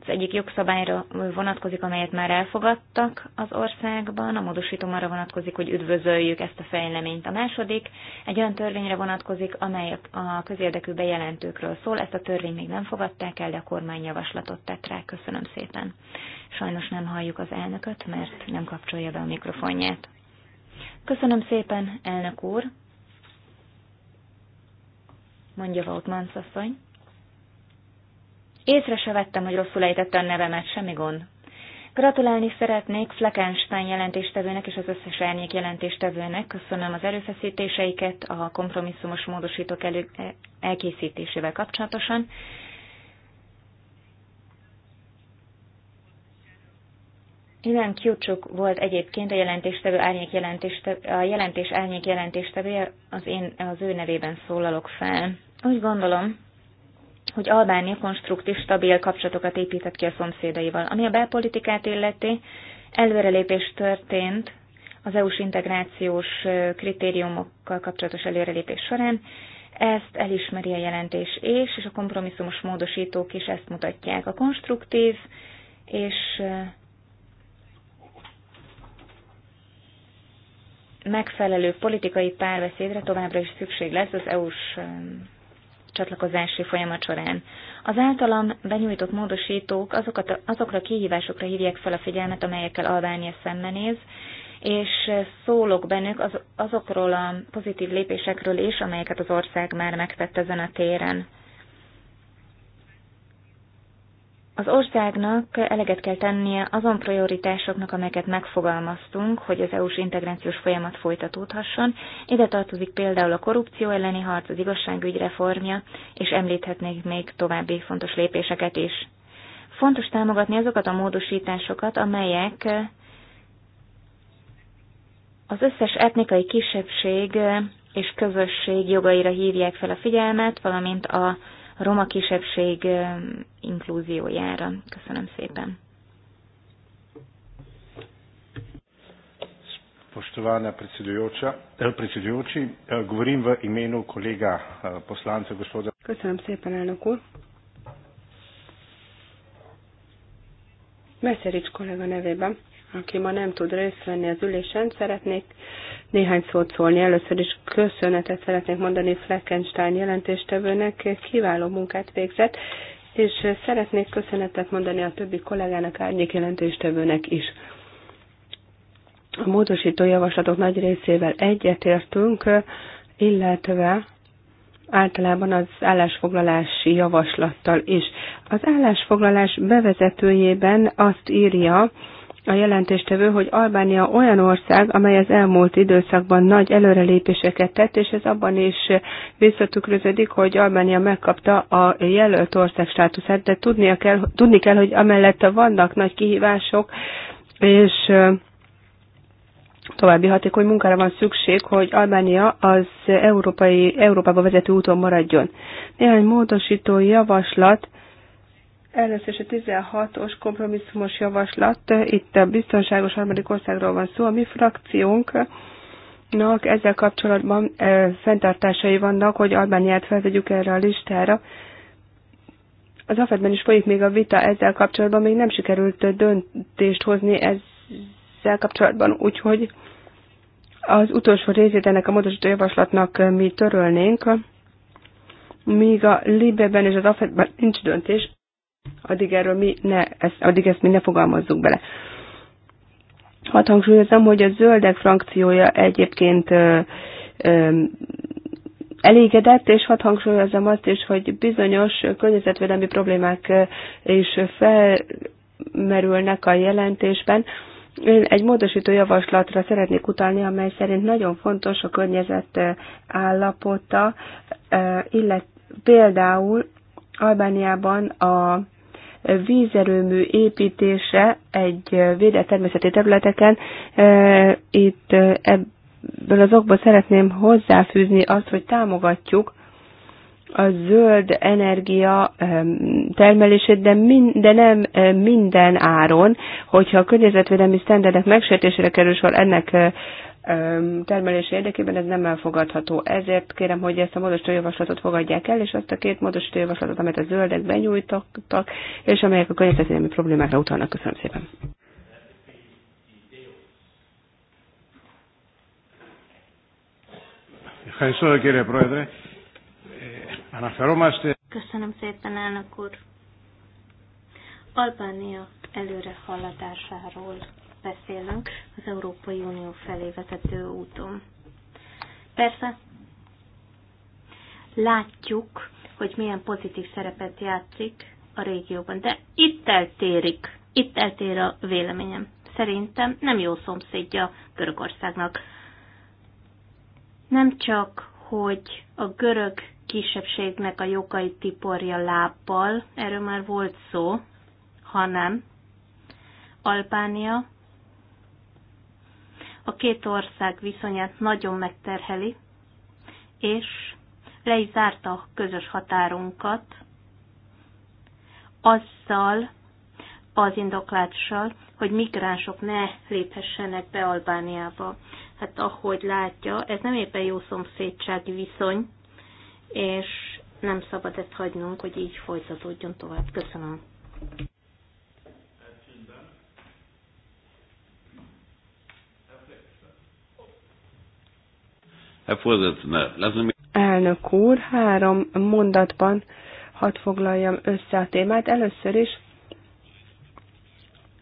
az egyik jogszabályra vonatkozik, amelyet már elfogadtak az országban. A módosítom arra vonatkozik, hogy üdvözöljük ezt a fejleményt. A második egy olyan törvényre vonatkozik, amely a közérdekű bejelentőkről szól. Ezt a törvényt még nem fogadták el, de a kormány javaslatot tett rá. Köszönöm szépen. Sajnos nem halljuk az elnököt, mert nem kapcsolja be a mikrofonját. Köszönöm szépen, elnök úr! mondja Vaut Mansasszony. Észre se vettem, hogy rosszul ejtette a nevemet, semmi gond. Gratulálni szeretnék Fleckenstein jelentéstevőnek és az összes árnyék jelentéstevőnek. Köszönöm az erőfeszítéseiket a kompromisszumos módosítók elő, e, elkészítésével kapcsolatosan. Ilyen Kyucsuk volt egyébként a jelentéstevő, árnyék jelentéstevő, a jelentés árnyék jelentéstevője, az, én, az ő nevében szólalok fel. Úgy gondolom, hogy Albánia konstruktív, stabil kapcsolatokat épített ki a szomszédaival. Ami a belpolitikát illeti, előrelépés történt az EU-s integrációs kritériumokkal kapcsolatos előrelépés során. Ezt elismeri a jelentés és, és a kompromisszumos módosítók is ezt mutatják. A konstruktív és megfelelő politikai párbeszédre továbbra is szükség lesz az EU-s csatlakozási folyamat során. Az általam benyújtott módosítók azokat, azokra a kihívásokra hívják fel a figyelmet, amelyekkel Albánia szembenéz, és szólok bennük az, azokról a pozitív lépésekről is, amelyeket az ország már megtett ezen a téren. Az országnak eleget kell tennie azon prioritásoknak, amelyeket megfogalmaztunk, hogy az EU-s integrációs folyamat folytatódhasson. Ide tartozik például a korrupció elleni harc, az igazságügy reformja, és említhetnék még további fontos lépéseket is. Fontos támogatni azokat a módosításokat, amelyek az összes etnikai kisebbség és közösség jogaira hívják fel a figyelmet, valamint a roma kisebbség inklúziójára. Köszönöm szépen. Spoštovana eh, predsedujoči, eh, govorim v imenu kolega eh, poslanca gospoda. Köszönöm szépen, elnök úr. Meszerics kollega nevében, aki ma nem tud részt venni az ülésen, szeretnék néhány szót szólni. Először is köszönetet szeretnék mondani Fleckenstein jelentéstevőnek, kiváló munkát végzett, és szeretnék köszönetet mondani a többi kollégának, árnyék jelentéstevőnek is. A módosító javaslatok nagy részével egyetértünk, illetve általában az állásfoglalási javaslattal is. Az állásfoglalás bevezetőjében azt írja, a jelentéstevő, hogy Albánia olyan ország, amely az elmúlt időszakban nagy előrelépéseket tett, és ez abban is visszatükröződik, hogy Albánia megkapta a jelölt ország státuszát, de tudnia kell, tudni kell, hogy amellett vannak nagy kihívások, és további hatékony munkára van szükség, hogy Albánia az európai, Európába vezető úton maradjon. Néhány módosító javaslat Először is a 16-os kompromisszumos javaslat, itt a biztonságos harmadik országról van szó. A mi frakciónknak ezzel kapcsolatban e, fenntartásai vannak, hogy Albániát felvegyük erre a listára. Az afed is folyik még a vita ezzel kapcsolatban, még nem sikerült döntést hozni ezzel kapcsolatban, úgyhogy az utolsó részét ennek a módosító javaslatnak mi törölnénk, míg a Libeben és az afed nincs döntés, addig erről mi ne, ezt, addig ezt mi ne fogalmazzuk bele. Hadd hangsúlyozom, hogy a zöldek frakciója egyébként ö, ö, elégedett, és hadd hangsúlyozom azt is, hogy bizonyos környezetvédelmi problémák is felmerülnek a jelentésben. Én egy módosító javaslatra szeretnék utalni, amely szerint nagyon fontos a környezet állapota, illetve például Albániában a vízerőmű építése egy védett természeti területeken. E, itt e, ebből az okból szeretném hozzáfűzni azt, hogy támogatjuk a zöld energia e, termelését, de, min, de nem minden áron, hogyha a környezetvédelmi sztenderdek megsértésére kerül sor ennek termelés érdekében ez nem elfogadható. Ezért kérem, hogy ezt a módosítójavaslatot javaslatot fogadják el, és azt a két módosítójavaslatot, amelyet a zöldek benyújtottak, és amelyek a környezetvédelmi problémákra utalnak. Köszönöm szépen. Köszönöm szépen, elnök úr. Albánia haladásáról beszélünk az Európai Unió felé vezető úton. Persze, látjuk, hogy milyen pozitív szerepet játszik a régióban, de itt eltérik, itt eltér a véleményem. Szerintem nem jó szomszédja Görögországnak. Nem csak, hogy a görög kisebbségnek a jogait tiporja lábbal, erről már volt szó, hanem Albánia a két ország viszonyát nagyon megterheli, és le is zárta a közös határunkat azzal az indoklással, hogy migránsok ne léphessenek be Albániába. Hát ahogy látja, ez nem éppen jó szomszédsági viszony, és nem szabad ezt hagynunk, hogy így folytatódjon tovább. Köszönöm. Elnök úr, három mondatban hadd foglaljam össze a témát. Először is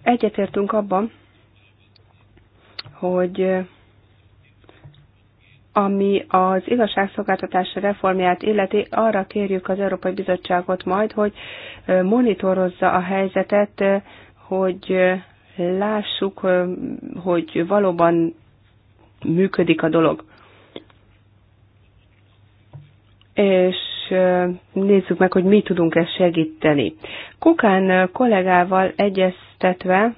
egyetértünk abban, hogy eh, ami az igazságszolgáltatás reformját illeti, arra kérjük az Európai Bizottságot majd, hogy eh, monitorozza a helyzetet, eh, hogy lássuk, hogy valóban működik a dolog és nézzük meg, hogy mi tudunk ezt segíteni. Kukán kollégával egyeztetve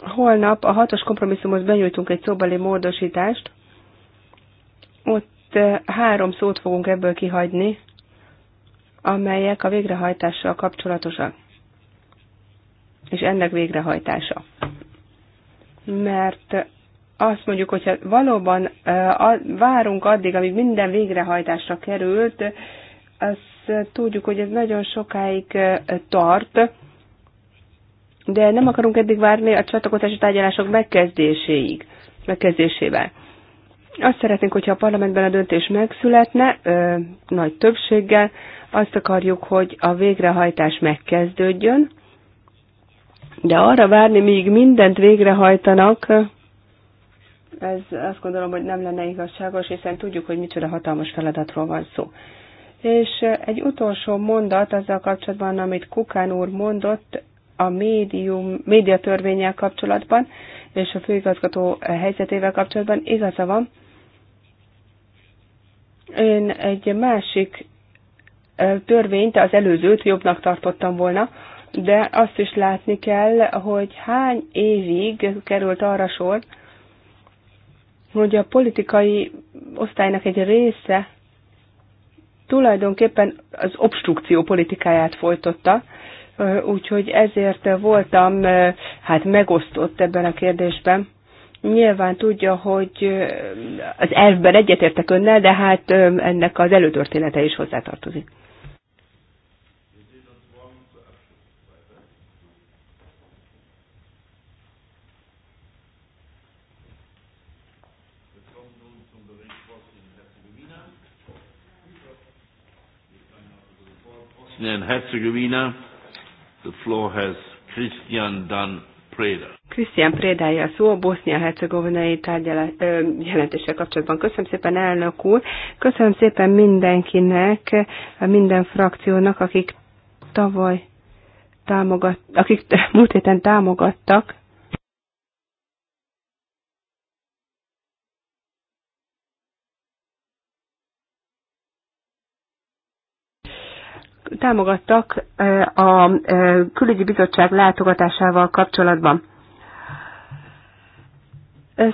holnap a hatos kompromisszumhoz benyújtunk egy szóbeli módosítást. Ott három szót fogunk ebből kihagyni, amelyek a végrehajtással kapcsolatosak. És ennek végrehajtása. Mert azt mondjuk, hogyha valóban várunk addig, amíg minden végrehajtásra került, azt tudjuk, hogy ez nagyon sokáig tart, de nem akarunk eddig várni a csatlakozási tárgyalások megkezdéséig, megkezdésével. Azt szeretnénk, hogyha a parlamentben a döntés megszületne, ö, nagy többséggel, azt akarjuk, hogy a végrehajtás megkezdődjön, de arra várni, míg mindent végrehajtanak, ez azt gondolom, hogy nem lenne igazságos, hiszen tudjuk, hogy micsoda hatalmas feladatról van szó. És egy utolsó mondat azzal kapcsolatban, amit Kukán úr mondott a médium, médiatörvényel kapcsolatban, és a főigazgató helyzetével kapcsolatban igaza van. Én egy másik törvényt, az előzőt jobbnak tartottam volna, de azt is látni kell, hogy hány évig került arra sor, hogy a politikai osztálynak egy része tulajdonképpen az obstrukció politikáját folytotta, úgyhogy ezért voltam hát megosztott ebben a kérdésben. Nyilván tudja, hogy az elvben egyetértek önnel, de hát ennek az előtörténete is hozzátartozik. Bosnia and Herzegovina. The floor has Christian Dan Preda. Christian preda a szó, Bosznia-Hercegovinai jelentéssel kapcsolatban. Köszönöm szépen, elnök úr! Köszönöm szépen mindenkinek, minden frakciónak, akik tavaly támogat, akik múlt héten támogattak támogattak a külügyi bizottság látogatásával kapcsolatban.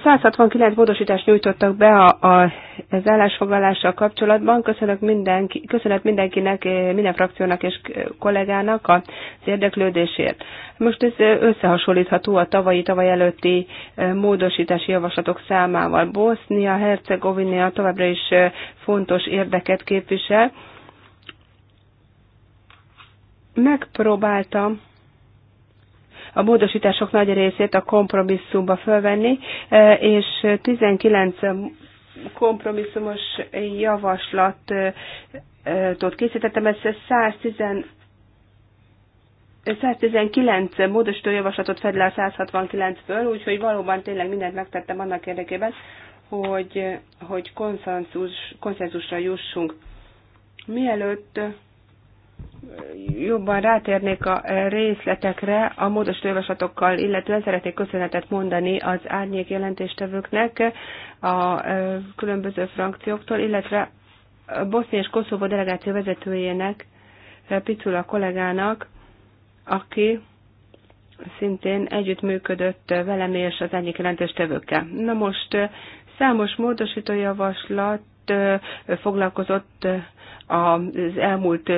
169 módosítást nyújtottak be a, a, az állásfoglalással kapcsolatban. Köszönök mindenki, köszönet mindenkinek, minden frakciónak és kollégának az érdeklődésért. Most ez összehasonlítható a tavalyi, tavaly előtti módosítási javaslatok számával. Bosznia, Hercegovina továbbra is fontos érdeket képvisel megpróbáltam a módosítások nagy részét a kompromisszumba fölvenni, e, és 19 kompromisszumos javaslatot e, e, készítettem, ez 110 119 módosító javaslatot fed le a 169-ből, úgyhogy valóban tényleg mindent megtettem annak érdekében, hogy, hogy konszenzus, konszenzusra jussunk. Mielőtt jobban rátérnék a részletekre a módosító javaslatokkal, illetően szeretnék köszönetet mondani az árnyék jelentéstevőknek a különböző frakcióktól, illetve Bosznia és Koszovó delegáció vezetőjének, Picula kollégának, aki szintén együttműködött velem és az egyik jelentéstevőkkel. Na most számos módosítójavaslat foglalkozott az elmúlt,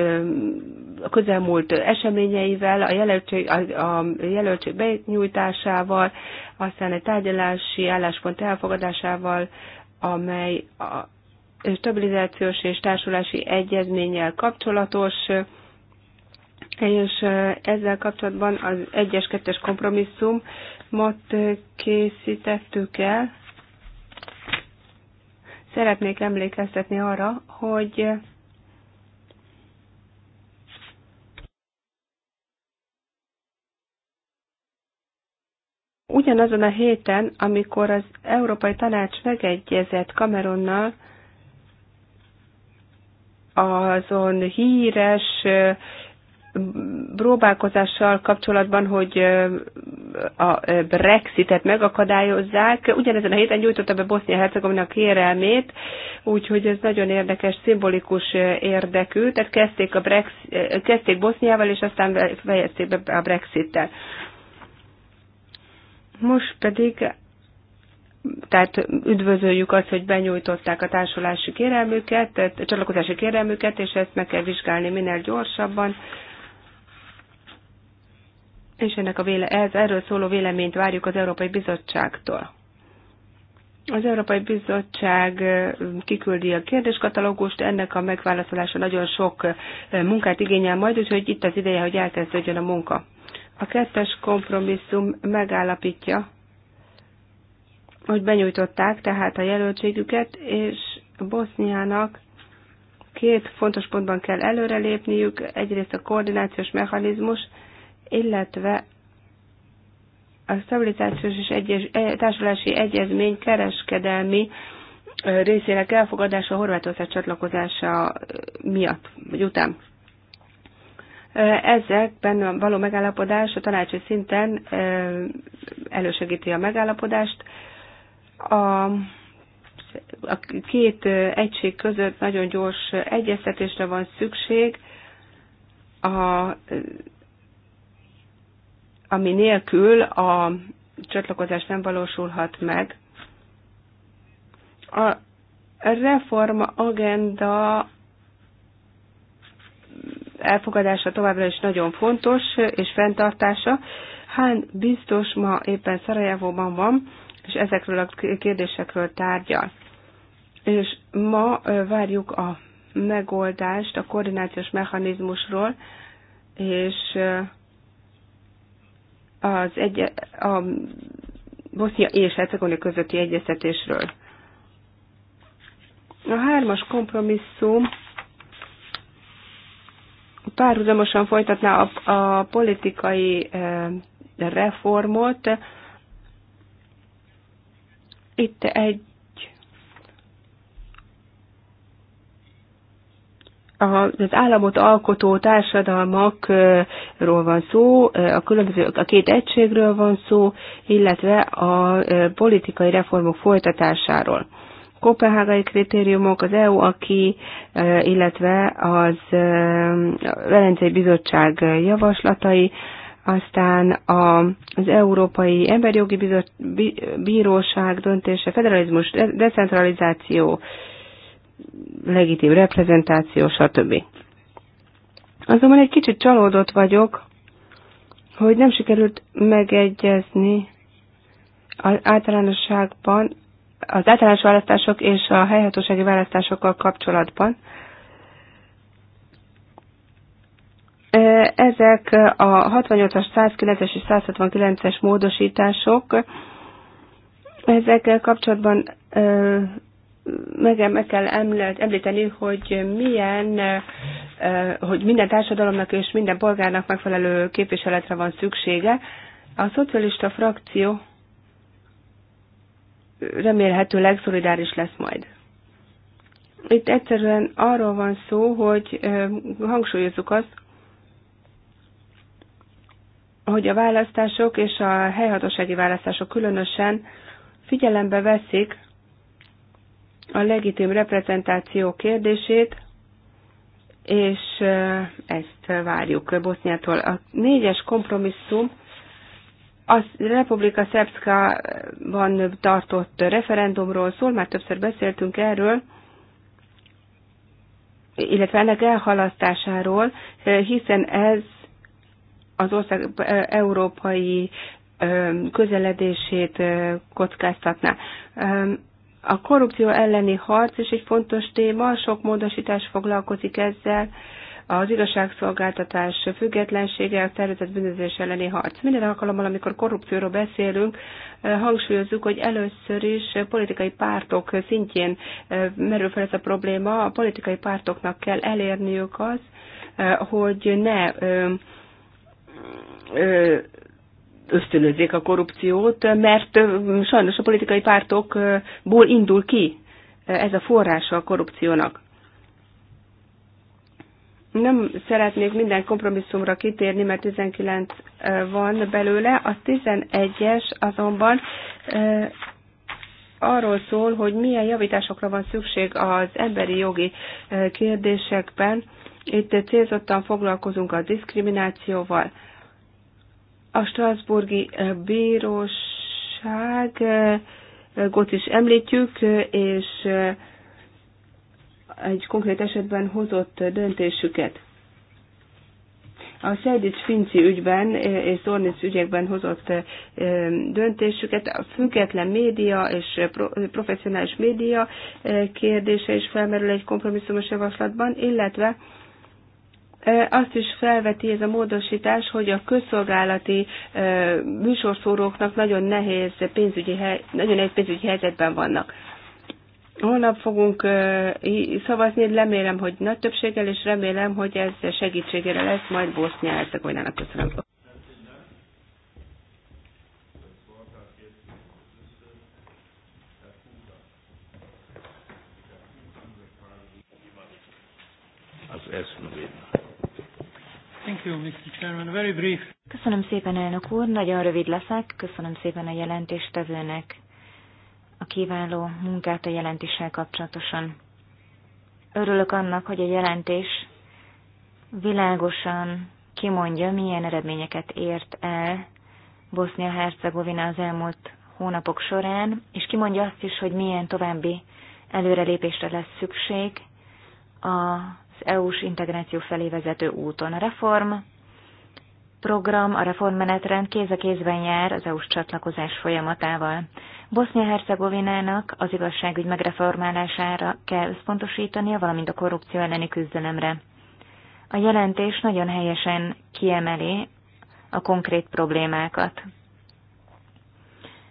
a közelmúlt eseményeivel, a jelöltség, a, a jelöltség benyújtásával, aztán egy tárgyalási álláspont elfogadásával, amely a stabilizációs és társulási egyezménnyel kapcsolatos, és ezzel kapcsolatban az 1-es, 2-es kompromisszumot készítettük el, Szeretnék emlékeztetni arra, hogy ugyanazon a héten, amikor az Európai Tanács megegyezett Cameronnal, azon híres próbálkozással kapcsolatban, hogy a Brexitet megakadályozzák. Ugyanezen a héten gyújtotta be Bosznia-Hercegovina kérelmét, úgyhogy ez nagyon érdekes, szimbolikus érdekű. Tehát kezdték, a Brexit, kezdték Boszniával, és aztán fejezték be a Brexittel. Most pedig tehát üdvözöljük azt, hogy benyújtották a társulási kérelmüket, a csatlakozási kérelmüket, és ezt meg kell vizsgálni minél gyorsabban és ennek a véle, ez, erről szóló véleményt várjuk az Európai Bizottságtól. Az Európai Bizottság kiküldi a kérdéskatalógust, ennek a megválaszolása nagyon sok munkát igényel majd, úgyhogy itt az ideje, hogy elkezdődjön a munka. A kettes kompromisszum megállapítja, hogy benyújtották tehát a jelöltségüket, és Boszniának két fontos pontban kell előrelépniük, egyrészt a koordinációs mechanizmus, illetve a stabilizációs és egyes, e, társulási egyezmény kereskedelmi részének elfogadása Horvátország csatlakozása miatt, vagy után. Ezekben a való megállapodás a tanácsi szinten elősegíti a megállapodást. A a két egység között nagyon gyors egyeztetésre van szükség. A ami nélkül a csatlakozás nem valósulhat meg. A reforma agenda elfogadása továbbra is nagyon fontos, és fenntartása. Hán biztos ma éppen Szarajevóban van, és ezekről a kérdésekről tárgyal. És ma várjuk a megoldást a koordinációs mechanizmusról, és az egy, a Bosznia és Hercegovina közötti egyeztetésről. A hármas kompromisszum párhuzamosan folytatná a, a politikai e, reformot. Itt egy az államot alkotó társadalmakról van szó, a, különböző, a két egységről van szó, illetve a politikai reformok folytatásáról. Kopenhágai kritériumok, az EU, aki, illetve az Velencei Bizottság javaslatai, aztán az Európai Emberjogi Bizott, Bíróság döntése, federalizmus, decentralizáció, legitim reprezentáció, stb. Azonban egy kicsit csalódott vagyok, hogy nem sikerült megegyezni az általánosságban, az általános választások és a helyhatósági választásokkal kapcsolatban. Ezek a 68-as, 109-es és 169-es módosítások, ezekkel kapcsolatban meg, meg kell említeni, hogy milyen, hogy minden társadalomnak és minden polgárnak megfelelő képviseletre van szüksége. A szocialista frakció remélhetőleg szolidáris lesz majd. Itt egyszerűen arról van szó, hogy hangsúlyozzuk azt, hogy a választások és a helyhatósági választások különösen figyelembe veszik a legitim reprezentáció kérdését, és ezt várjuk Boszniától. A négyes kompromisszum a Republika Szerbszkában tartott referendumról szól, már többször beszéltünk erről, illetve ennek elhalasztásáról, hiszen ez az ország európai közeledését kockáztatná. A korrupció elleni harc is egy fontos téma, sok módosítás foglalkozik ezzel, az igazságszolgáltatás függetlensége, a szervezet bűnözés elleni harc. Minden alkalommal, amikor korrupcióról beszélünk, eh, hangsúlyozzuk, hogy először is politikai pártok szintjén eh, merül fel ez a probléma, a politikai pártoknak kell elérniük az, eh, hogy ne ösztönözzék a korrupciót, mert sajnos a politikai pártokból indul ki ez a forrása a korrupciónak. Nem szeretnék minden kompromisszumra kitérni, mert 19 van belőle, a 11-es azonban arról szól, hogy milyen javításokra van szükség az emberi jogi kérdésekben. Itt célzottan foglalkozunk a diszkriminációval a Strasburgi eh, Bíróságot eh, eh, is említjük, és egy konkrét esetben hozott döntésüket. A Szerdics Finci ügyben és Zornic ügyekben hozott döntésüket a független média és professzionális média kérdése is felmerül egy kompromisszumos javaslatban, illetve azt is felveti ez a módosítás, hogy a közszolgálati műsorszóróknak nagyon nehéz pénzügyi, nagyon nehéz pénzügyi helyzetben vannak. Holnap fogunk szavazni, remélem, hogy nagy többséggel, és remélem, hogy ez segítségére lesz majd Bosznia-Hercegovinának. Köszönöm. essen. Thank you, Mr. Chairman. Very brief. Köszönöm szépen, elnök úr. Nagyon rövid leszek. Köszönöm szépen a jelentéstevőnek a kiváló munkát a jelentéssel kapcsolatosan. Örülök annak, hogy a jelentés világosan kimondja, milyen eredményeket ért el Bosznia-Hercegovina az elmúlt hónapok során, és kimondja azt is, hogy milyen további előrelépésre lesz szükség a az EU-s integráció felé vezető úton. A reform program, a reformmenetrend kéz a kézben jár az EU-s csatlakozás folyamatával. Bosznia-Hercegovinának az igazságügy megreformálására kell összpontosítania, valamint a korrupció elleni küzdelemre. A jelentés nagyon helyesen kiemeli a konkrét problémákat.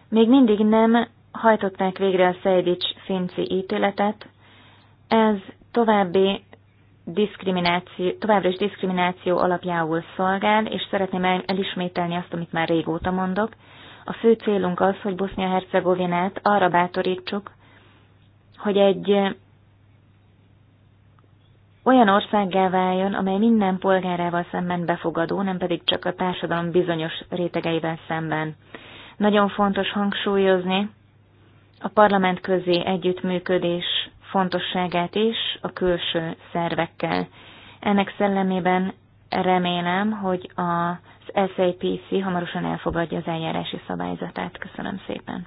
Még mindig nem hajtották végre a Szejdics Finci ítéletet, ez további diszkrimináció, továbbra is diszkrimináció alapjául szolgál, és szeretném elismételni azt, amit már régóta mondok. A fő célunk az, hogy Bosznia-Hercegovinát arra bátorítsuk, hogy egy olyan országgá váljon, amely minden polgárával szemben befogadó, nem pedig csak a társadalom bizonyos rétegeivel szemben. Nagyon fontos hangsúlyozni a parlament közé együttműködés fontosságát is a külső szervekkel. Ennek szellemében remélem, hogy az SAPC hamarosan elfogadja az eljárási szabályzatát. Köszönöm szépen.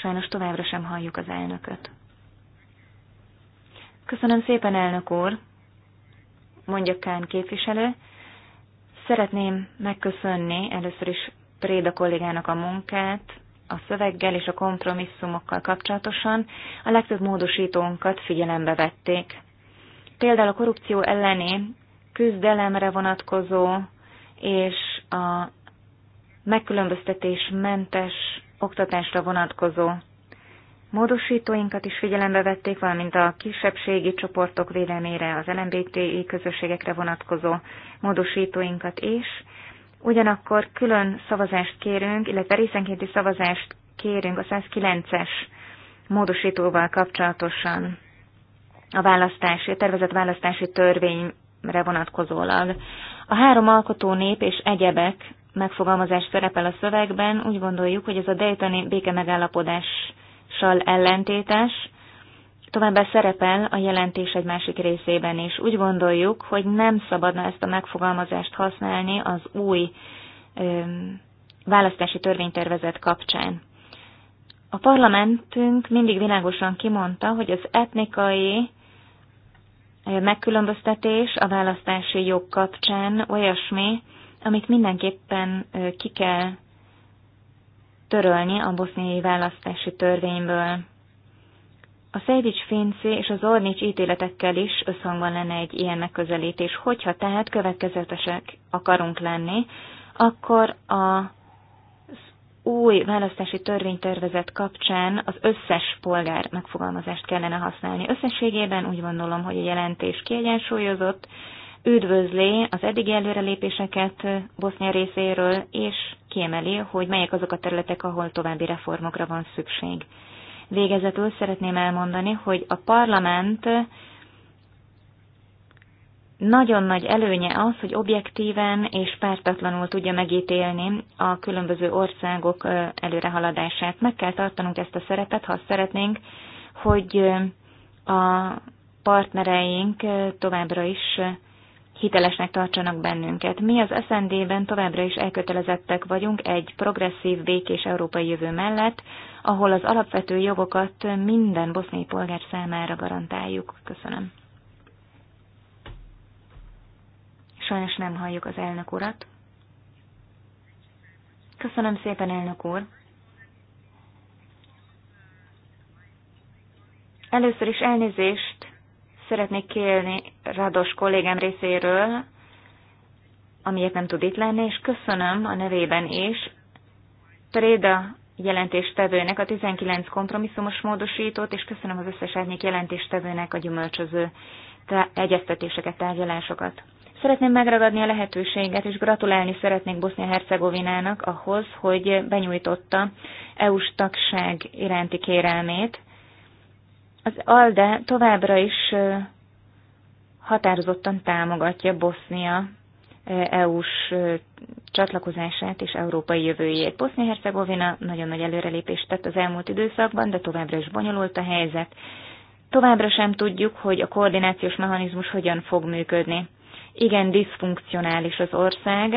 Sajnos továbbra sem halljuk az elnököt. Köszönöm szépen, elnök úr, mondja Kán képviselő. Szeretném megköszönni először is Préda kollégának a munkát, a szöveggel és a kompromisszumokkal kapcsolatosan a legtöbb módosítónkat figyelembe vették. Például a korrupció elleni küzdelemre vonatkozó és a megkülönböztetés mentes oktatásra vonatkozó módosítóinkat is figyelembe vették, valamint a kisebbségi csoportok védelmére, az LMBTI közösségekre vonatkozó módosítóinkat is, Ugyanakkor külön szavazást kérünk, illetve részenkénti szavazást kérünk a 109-es módosítóval kapcsolatosan a választási, a tervezett választási törvényre vonatkozólag. A három alkotó nép és egyebek megfogalmazás szerepel a szövegben, úgy gondoljuk, hogy ez a Daytoni béke megállapodással ellentétes, Továbbá szerepel a jelentés egy másik részében is. Úgy gondoljuk, hogy nem szabadna ezt a megfogalmazást használni az új ö, választási törvénytervezet kapcsán. A parlamentünk mindig világosan kimondta, hogy az etnikai megkülönböztetés a választási jog kapcsán olyasmi, amit mindenképpen ki kell törölni a boszniai választási törvényből. A Szejdics fénci és az Ornics ítéletekkel is összhangban lenne egy ilyen megközelítés. Hogyha tehát következetesek akarunk lenni, akkor a új választási törvénytervezet kapcsán az összes polgár megfogalmazást kellene használni. Összességében úgy gondolom, hogy a jelentés kiegyensúlyozott, üdvözli az eddigi előrelépéseket Bosznia részéről, és kiemeli, hogy melyek azok a területek, ahol további reformokra van szükség. Végezetül szeretném elmondani, hogy a parlament nagyon nagy előnye az, hogy objektíven és pártatlanul tudja megítélni a különböző országok előrehaladását. Meg kell tartanunk ezt a szerepet, ha szeretnénk, hogy a partnereink továbbra is hitelesnek tartsanak bennünket. Mi az SND-ben továbbra is elkötelezettek vagyunk egy progresszív, békés európai jövő mellett, ahol az alapvető jogokat minden boszniai polgár számára garantáljuk. Köszönöm. Sajnos nem halljuk az elnök urat. Köszönöm szépen, elnök úr. Először is elnézést szeretnék kérni Rados kollégám részéről, amiért nem tud itt lenni, és köszönöm a nevében is Tréda jelentéstevőnek a 19 kompromisszumos módosítót, és köszönöm az összes árnyék jelentéstevőnek a gyümölcsöző egyeztetéseket, tárgyalásokat. Szeretném megragadni a lehetőséget, és gratulálni szeretnék Bosznia-Hercegovinának ahhoz, hogy benyújtotta EU-s tagság iránti kérelmét. Az ALDE továbbra is határozottan támogatja Bosznia EU-s e csatlakozását és európai jövőjét. Bosznia-Hercegovina nagyon nagy előrelépést tett az elmúlt időszakban, de továbbra is bonyolult a helyzet. Továbbra sem tudjuk, hogy a koordinációs mechanizmus hogyan fog működni. Igen, diszfunkcionális az ország,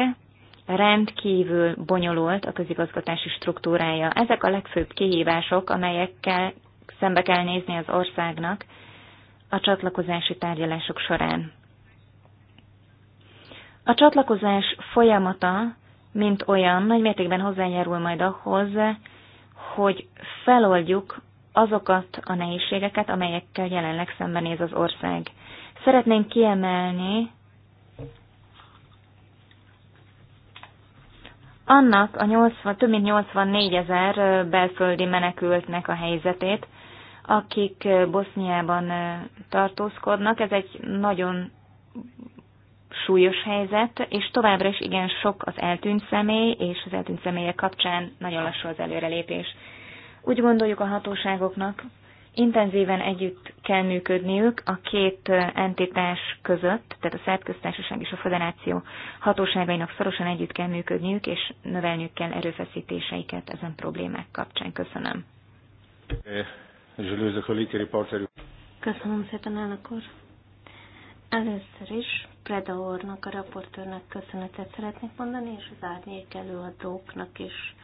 rendkívül bonyolult a közigazgatási struktúrája. Ezek a legfőbb kihívások, amelyekkel szembe kell nézni az országnak a csatlakozási tárgyalások során. A csatlakozás folyamata, mint olyan, nagy mértékben hozzájárul majd ahhoz, hogy feloldjuk azokat a nehézségeket, amelyekkel jelenleg szembenéz az ország. Szeretném kiemelni annak a 80, több mint 84 ezer belföldi menekültnek a helyzetét, akik Boszniában tartózkodnak. Ez egy nagyon súlyos helyzet, és továbbra is igen sok az eltűnt személy, és az eltűnt személyek kapcsán nagyon lassú az előrelépés. Úgy gondoljuk a hatóságoknak, intenzíven együtt kell működniük a két entitás között, tehát a Szerb Köztársaság és a Föderáció hatóságainak szorosan együtt kell működniük, és növelniük kell erőfeszítéseiket ezen problémák kapcsán. Köszönöm. Eh, Köszönöm szépen, elnök úr. Először is Preda Ornak, a raportőrnek köszönetet szeretnék mondani, és az árnyék előadóknak is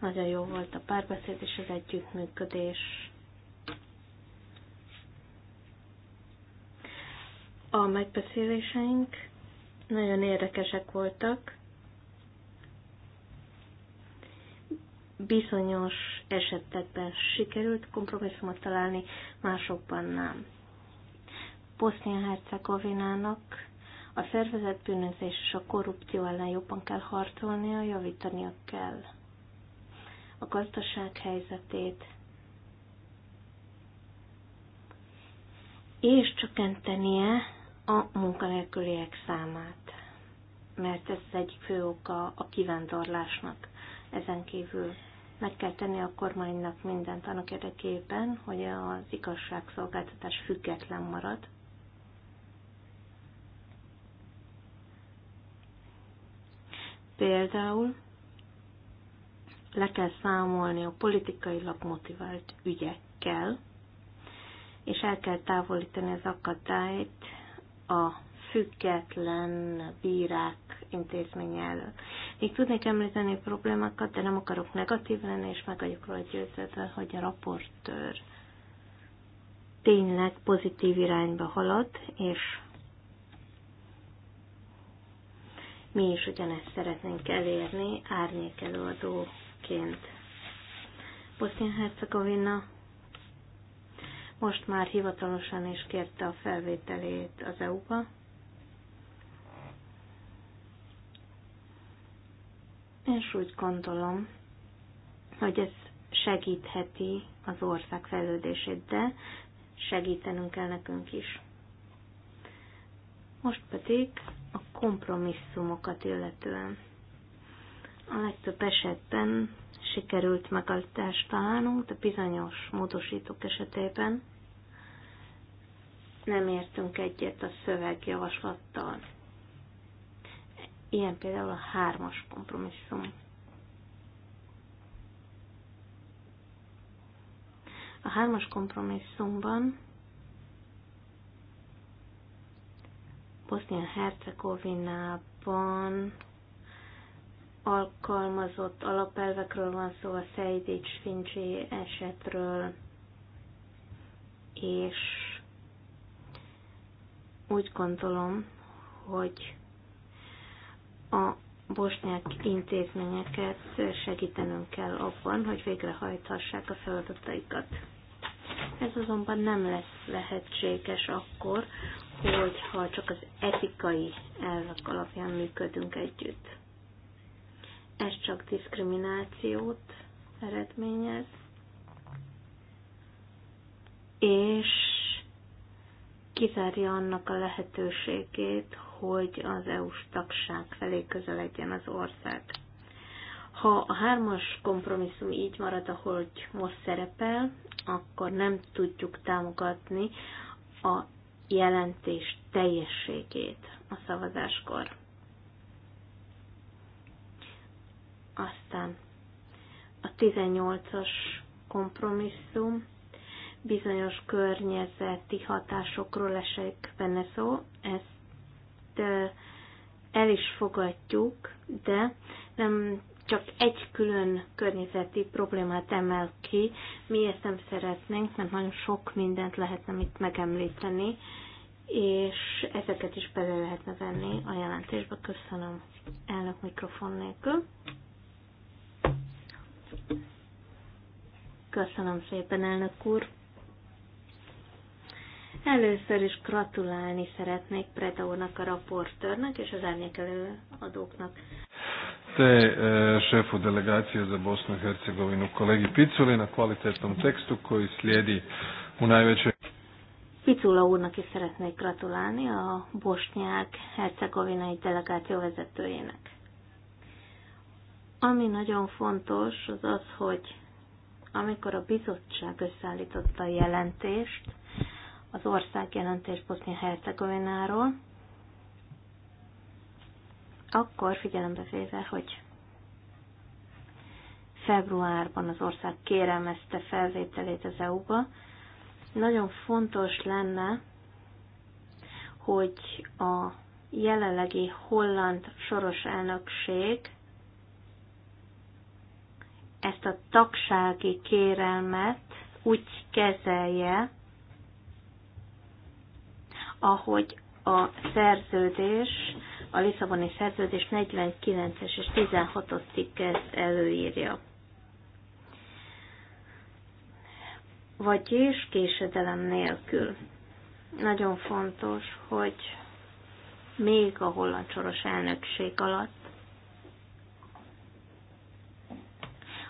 nagyon jó volt a párbeszéd és az együttműködés. A megbeszéléseink nagyon érdekesek voltak. Bizonyos esetekben sikerült kompromisszumot találni, másokban nem. Bosznia-Hercegovinának a szervezett bűnözés és a korrupció ellen jobban kell harcolnia, javítania kell a gazdaság helyzetét, és csökkentenie a munkanélküliek számát, mert ez az egyik fő oka a kivándorlásnak. Ezen kívül meg kell tenni a kormánynak mindent annak érdekében, hogy az igazságszolgáltatás független marad, Például le kell számolni a politikailag motivált ügyekkel, és el kell távolítani az akadályt a független bírák intézménye elől. Még tudnék említeni problémákat, de nem akarok negatív lenni, és meg vagyok róla győződve, hogy a raportőr tényleg pozitív irányba halad, és Mi is ugyanezt szeretnénk elérni árnyékelőadóként. Bosznia-Hercegovina most már hivatalosan is kérte a felvételét az EU-ba. És úgy gondolom, hogy ez segítheti az ország fejlődését, de segítenünk kell nekünk is. Most pedig a kompromisszumokat illetően. A legtöbb esetben sikerült megadást találnunk, de bizonyos módosítók esetében nem értünk egyet a szövegjavaslattal. Ilyen például a hármas kompromisszum. A hármas kompromisszumban Bosznia-Hercegovinában alkalmazott alapelvekről van szó, a Szejdics Fincsi esetről, és úgy gondolom, hogy a bosnyák intézményeket segítenünk kell abban, hogy végrehajthassák a feladataikat. Ez azonban nem lesz lehetséges akkor, hogyha csak az etikai elvek alapján működünk együtt. Ez csak diszkriminációt eredményez, és kizárja annak a lehetőségét, hogy az EU-s tagság felé közeledjen az ország. Ha a hármas kompromisszum így marad, ahogy most szerepel, akkor nem tudjuk támogatni a jelentés teljességét a szavazáskor. Aztán a 18-as kompromisszum bizonyos környezeti hatásokról esik benne szó, ezt el is fogadjuk, de nem csak egy külön környezeti problémát emel ki. Mi ezt nem szeretnénk, mert nagyon sok mindent lehetne itt megemlíteni, és ezeket is bele lehetne venni a jelentésbe. Köszönöm. Elnök mikrofon nélkül. Köszönöm szépen, elnök úr. Először is gratulálni szeretnék Preda úrnak, a raportőrnek és az árnyékelő adóknak te e, šefu delegacije za Bosnu i Hercegovinu kolegi Piculi na kvalitetnom tekstu koji slijedi u najvećoj... Picula úrnak is szeretnék gratulálni a bosnyák za delegáció vezetőjének. Ami nagyon fontos, az az, hogy amikor a bizottság összeállította a jelentést, az ország jelentés Bosznia-Hercegovináról, akkor figyelembe véve, hogy februárban az ország kérelmezte felvételét az EU-ba, nagyon fontos lenne, hogy a jelenlegi holland soros elnökség ezt a tagsági kérelmet úgy kezelje, ahogy a szerződés a Lisszaboni szerződés 49-es és 16-os cikke előírja. Vagyis késedelem nélkül. Nagyon fontos, hogy még a holland soros elnökség alatt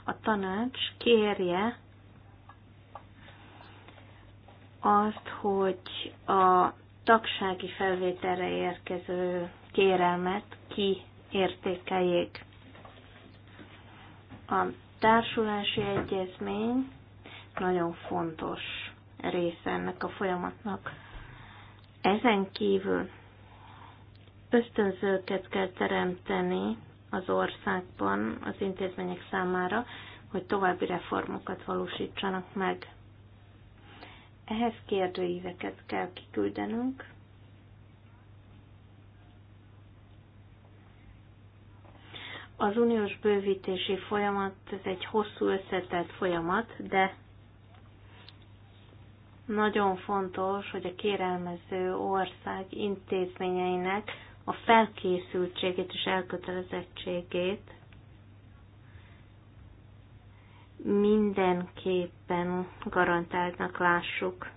a tanács kérje azt, hogy a tagsági felvételre érkező kérelmet kiértékeljék. A társulási egyezmény nagyon fontos része ennek a folyamatnak. Ezen kívül ösztönzőket kell teremteni az országban az intézmények számára, hogy további reformokat valósítsanak meg. Ehhez kérdőíveket kell kiküldenünk, Az uniós bővítési folyamat, ez egy hosszú összetett folyamat, de nagyon fontos, hogy a kérelmező ország intézményeinek a felkészültségét és elkötelezettségét mindenképpen garantáltnak lássuk.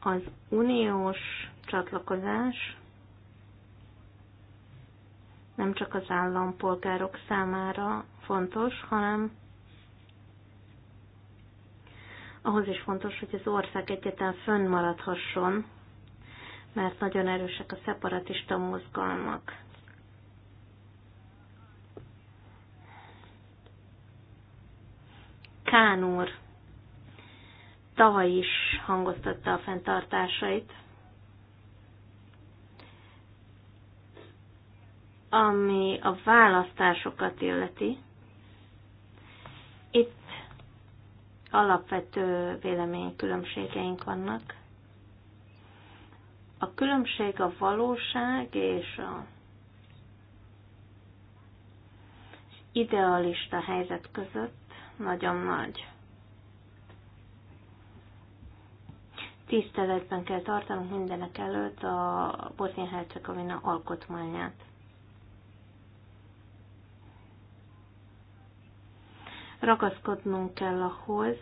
Az uniós csatlakozás nem csak az állampolgárok számára fontos, hanem ahhoz is fontos, hogy az ország egyetlen fönnmaradhasson, mert nagyon erősek a szeparatista mozgalmak. Kán úr tavaly is hangoztatta a fenntartásait, ami a választásokat illeti, itt alapvető véleménykülönbségeink vannak. A különbség a valóság és a idealista helyzet között nagyon nagy. Tiszteletben kell tartanunk mindenek előtt a bosnia hercegovina alkotmányát. ragaszkodnunk kell ahhoz,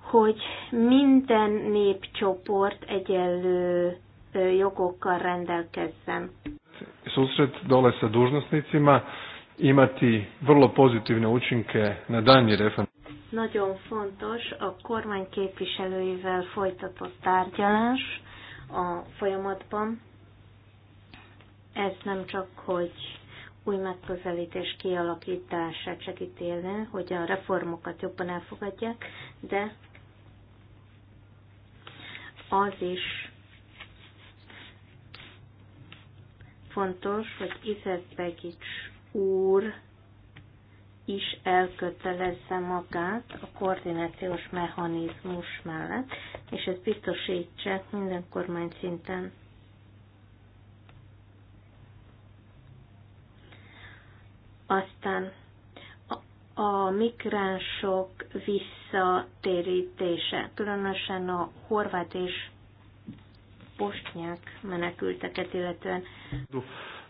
hogy minden népcsoport egyenlő jogokkal rendelkezzen. Susret dole sa dužnostnicima imati vrlo pozitívne učinke na danji reform. Nagyon fontos a kormány képviselőivel folytatott tárgyalás a folyamatban. Ez nem csak, hogy új megközelítés kialakítását segíti elő, hogy a reformokat jobban elfogadják, de az is fontos, hogy Begics úr is elkötelezze magát a koordinációs mechanizmus mellett, és ez biztosítsák minden kormány szinten. Aztán a, migránsok visszatérítése, különösen a horvát és bosnyák menekülteket illetően.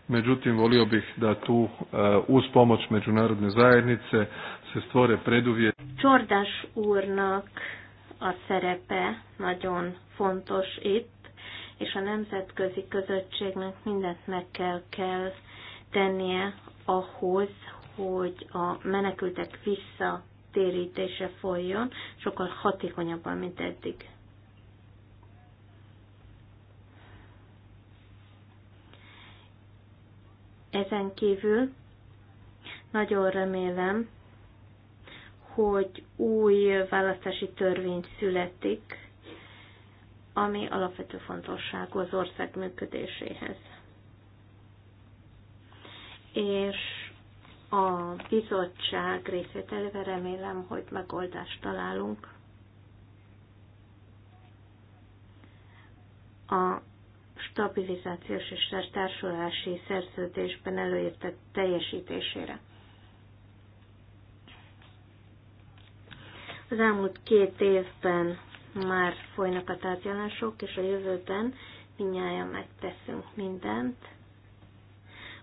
Međutim, volio bih da tu e, uz pomoć međunarodne zajednice se stvore preduvjet. Csordás úrnak a szerepe nagyon fontos itt, és a nemzetközi közösségnek mindent meg kell, kell tennie ahhoz, hogy a menekültek visszatérítése folyjon, sokkal hatékonyabban, mint eddig. Ezen kívül nagyon remélem, hogy új választási törvény születik, ami alapvető fontosságú az ország működéséhez és a bizottság részvételével remélem, hogy megoldást találunk. A stabilizációs és társulási szerződésben előírtak teljesítésére. Az elmúlt két évben már folynak a tárgyalások, és a jövőben minnyáján megteszünk mindent,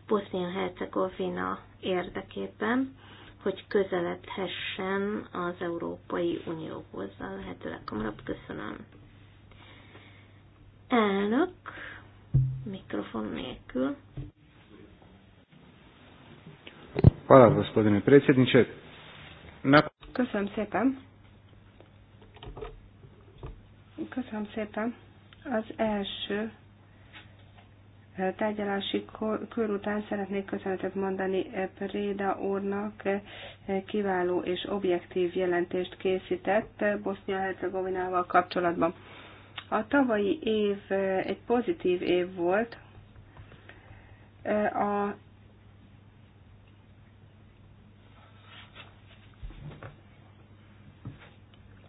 Bosznia-Hercegovina érdekében, hogy közeledhessen az Európai Unióhoz a lehető leghamarabb. Köszönöm. Elnök, mikrofon nélkül. Hvala, gospodine predsjedniče. Na... Köszönöm szépen. Köszönöm szépen. Az első tárgyalási kör után szeretnék köszönetet mondani e, Préda úrnak, e, kiváló és objektív jelentést készített Bosznia-Hercegovinával kapcsolatban. A tavalyi év e, egy pozitív év volt. A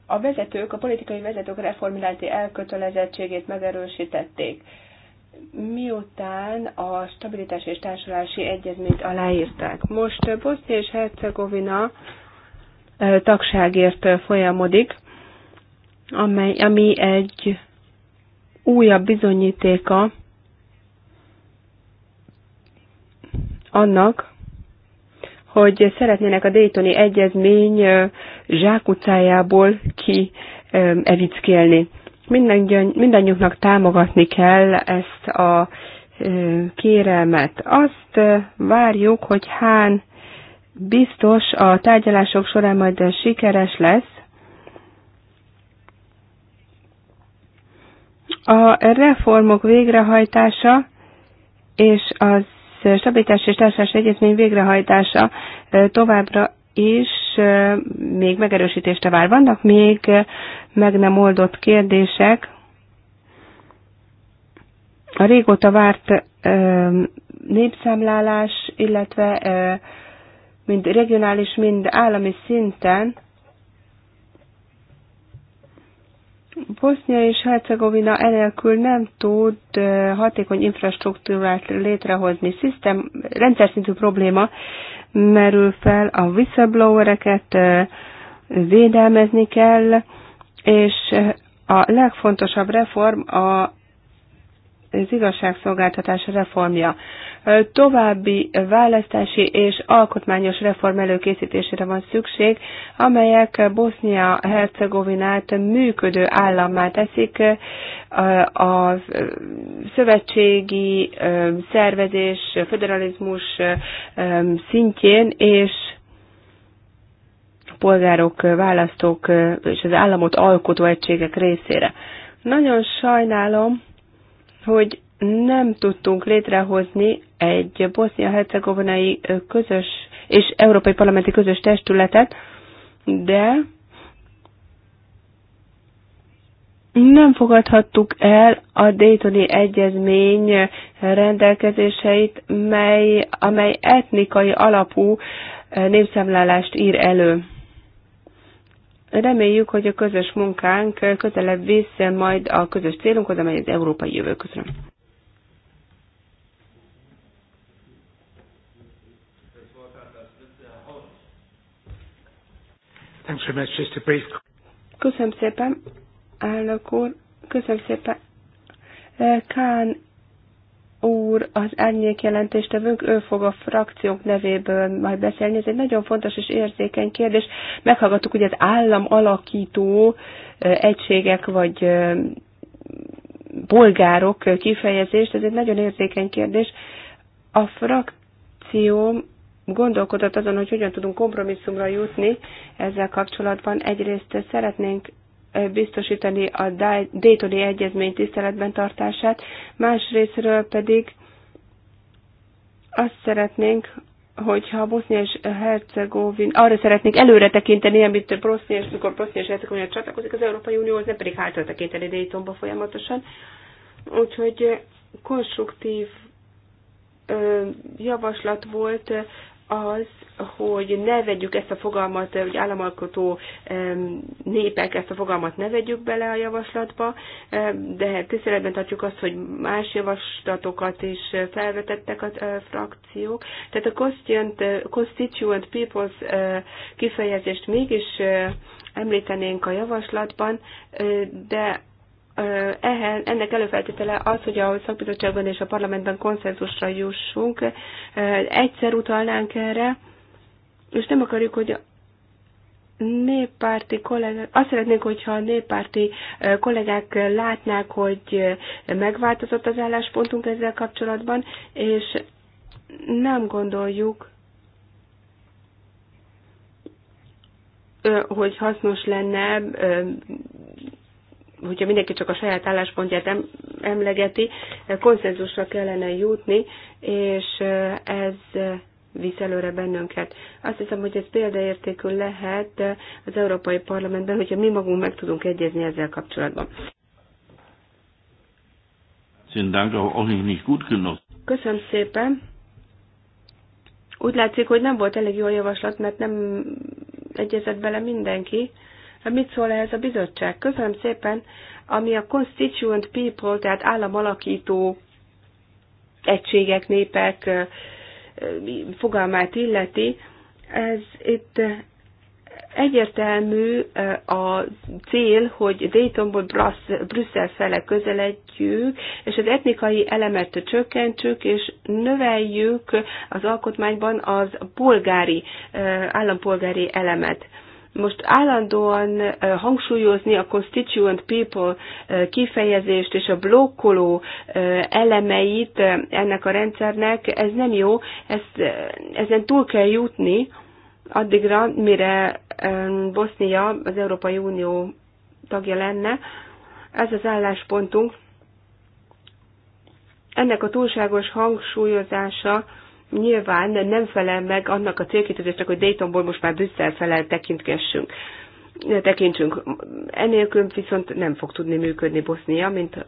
A vezetők, a politikai vezetők reformiláti elkötelezettségét megerősítették miután a stabilitás és társulási egyezményt aláírták. Most Bosznia és Hercegovina tagságért folyamodik, amely, ami egy újabb bizonyítéka annak, hogy szeretnének a Daytoni Egyezmény zsákutcájából ki evickélni. Minden, mindannyiunknak támogatni kell ezt a kérelmet. Azt várjuk, hogy hán biztos a tárgyalások során majd sikeres lesz. A reformok végrehajtása és az stabilitás és társas egyezmény végrehajtása továbbra is még megerősítésre vár. Vannak még meg nem oldott kérdések. A régóta várt népszámlálás, illetve mind regionális, mind állami szinten Bosznia és Hercegovina enélkül nem tud hatékony infrastruktúrát létrehozni. System, rendszer szintű probléma merül fel, a whistleblowereket védelmezni kell, és a legfontosabb reform a az igazságszolgáltatás reformja, további választási és alkotmányos reform előkészítésére van szükség, amelyek Bosznia-Hercegovinát működő állammá teszik a szövetségi szervezés, föderalizmus szintjén, és polgárok, választók és az államot alkotó egységek részére. Nagyon sajnálom, hogy nem tudtunk létrehozni egy bosznia-hercegovinai közös és európai parlamenti közös testületet, de nem fogadhattuk el a Daytoni Egyezmény rendelkezéseit, mely, amely etnikai alapú népszámlálást ír elő. Reméljük, hogy a közös munkánk közelebb vissza majd a közös célunkhoz, amely az európai jövő. Köszönöm. Köszönöm szépen, elnök úr. Köszönöm szépen. Kán úr az árnyék jelentéstevünk, ő fog a frakciók nevéből majd beszélni. Ez egy nagyon fontos és érzékeny kérdés. Meghallgattuk hogy az állam alakító egységek vagy polgárok kifejezést, ez egy nagyon érzékeny kérdés. A frakció gondolkodott azon, hogy hogyan tudunk kompromisszumra jutni ezzel kapcsolatban. Egyrészt szeretnénk biztosítani a Daytoni Egyezmény tiszteletben tartását, másrésztről pedig azt szeretnénk, hogyha Bosznia és Hercegovina, arra szeretnénk előre tekinteni, amit Bosznia és mikor Bosznia és Hercegovina csatlakozik az Európai Unióhoz, nem pedig hátra tekinteni Daytonba folyamatosan. Úgyhogy konstruktív javaslat volt az, hogy ne vegyük ezt a fogalmat, hogy államalkotó népek, ezt a fogalmat ne vegyük bele a javaslatba, de tiszteletben tartjuk azt, hogy más javaslatokat is felvetettek a frakciók. Tehát a constituent, constituent peoples kifejezést mégis említenénk a javaslatban, de ehhez, ennek előfeltétele az, hogy a szakbizottságban és a parlamentben konszenzusra jussunk. Egyszer utalnánk erre, és nem akarjuk, hogy a néppárti kollégák, azt szeretnénk, hogyha a néppárti kollégák látnák, hogy megváltozott az álláspontunk ezzel kapcsolatban, és nem gondoljuk, hogy hasznos lenne, hogyha mindenki csak a saját álláspontját emlegeti, konszenzusra kellene jutni, és ez visz előre bennünket. Azt hiszem, hogy ez példaértékű lehet az Európai Parlamentben, hogyha mi magunk meg tudunk egyezni ezzel kapcsolatban. Köszönöm szépen. Úgy látszik, hogy nem volt elég jó javaslat, mert nem egyezett bele mindenki. Hát mit szól ehhez a bizottság? Köszönöm szépen, ami a constituent people, tehát államalakító egységek, népek, fogalmát illeti, ez itt egyértelmű a cél, hogy Daytonból Brüsszel fele közeledjük, és az etnikai elemet csökkentsük, és növeljük az alkotmányban az polgári, állampolgári elemet most állandóan eh, hangsúlyozni a constituent people eh, kifejezést és a blokkoló eh, elemeit ennek a rendszernek, ez nem jó, ezt, ezen túl kell jutni addigra, mire Bosznia az Európai Unió tagja lenne. Ez az álláspontunk. Ennek a túlságos hangsúlyozása nyilván nem felel meg annak a célkitűzésnek, hogy Daytonból most már Brüsszel felel tekintkessünk. Tekintsünk. Enélkül viszont nem fog tudni működni Bosznia, mint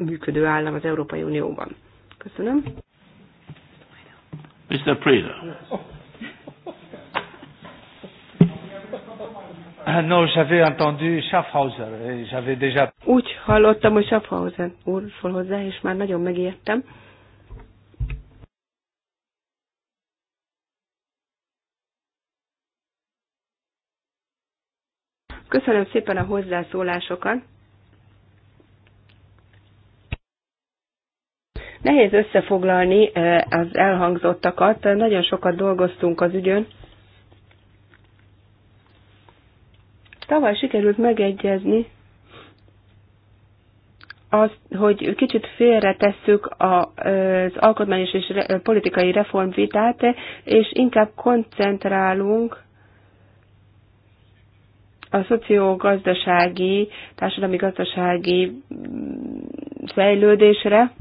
működő állam az Európai Unióban. Köszönöm. Mr. Preda. Ah, non, j'avais entendu Schaffhauser, j'avais déjà... Úgy hallottam, hogy Schaffhauser úr szól hozzá, és már nagyon megijedtem. Köszönöm szépen a hozzászólásokat. Nehéz összefoglalni eh, az elhangzottakat. Nagyon sokat dolgoztunk az ügyön. Tavaly sikerült megegyezni, az, hogy kicsit félretesszük az alkotmányos és politikai reformvitát, és inkább koncentrálunk a szociogazdasági, társadalmi-gazdasági fejlődésre.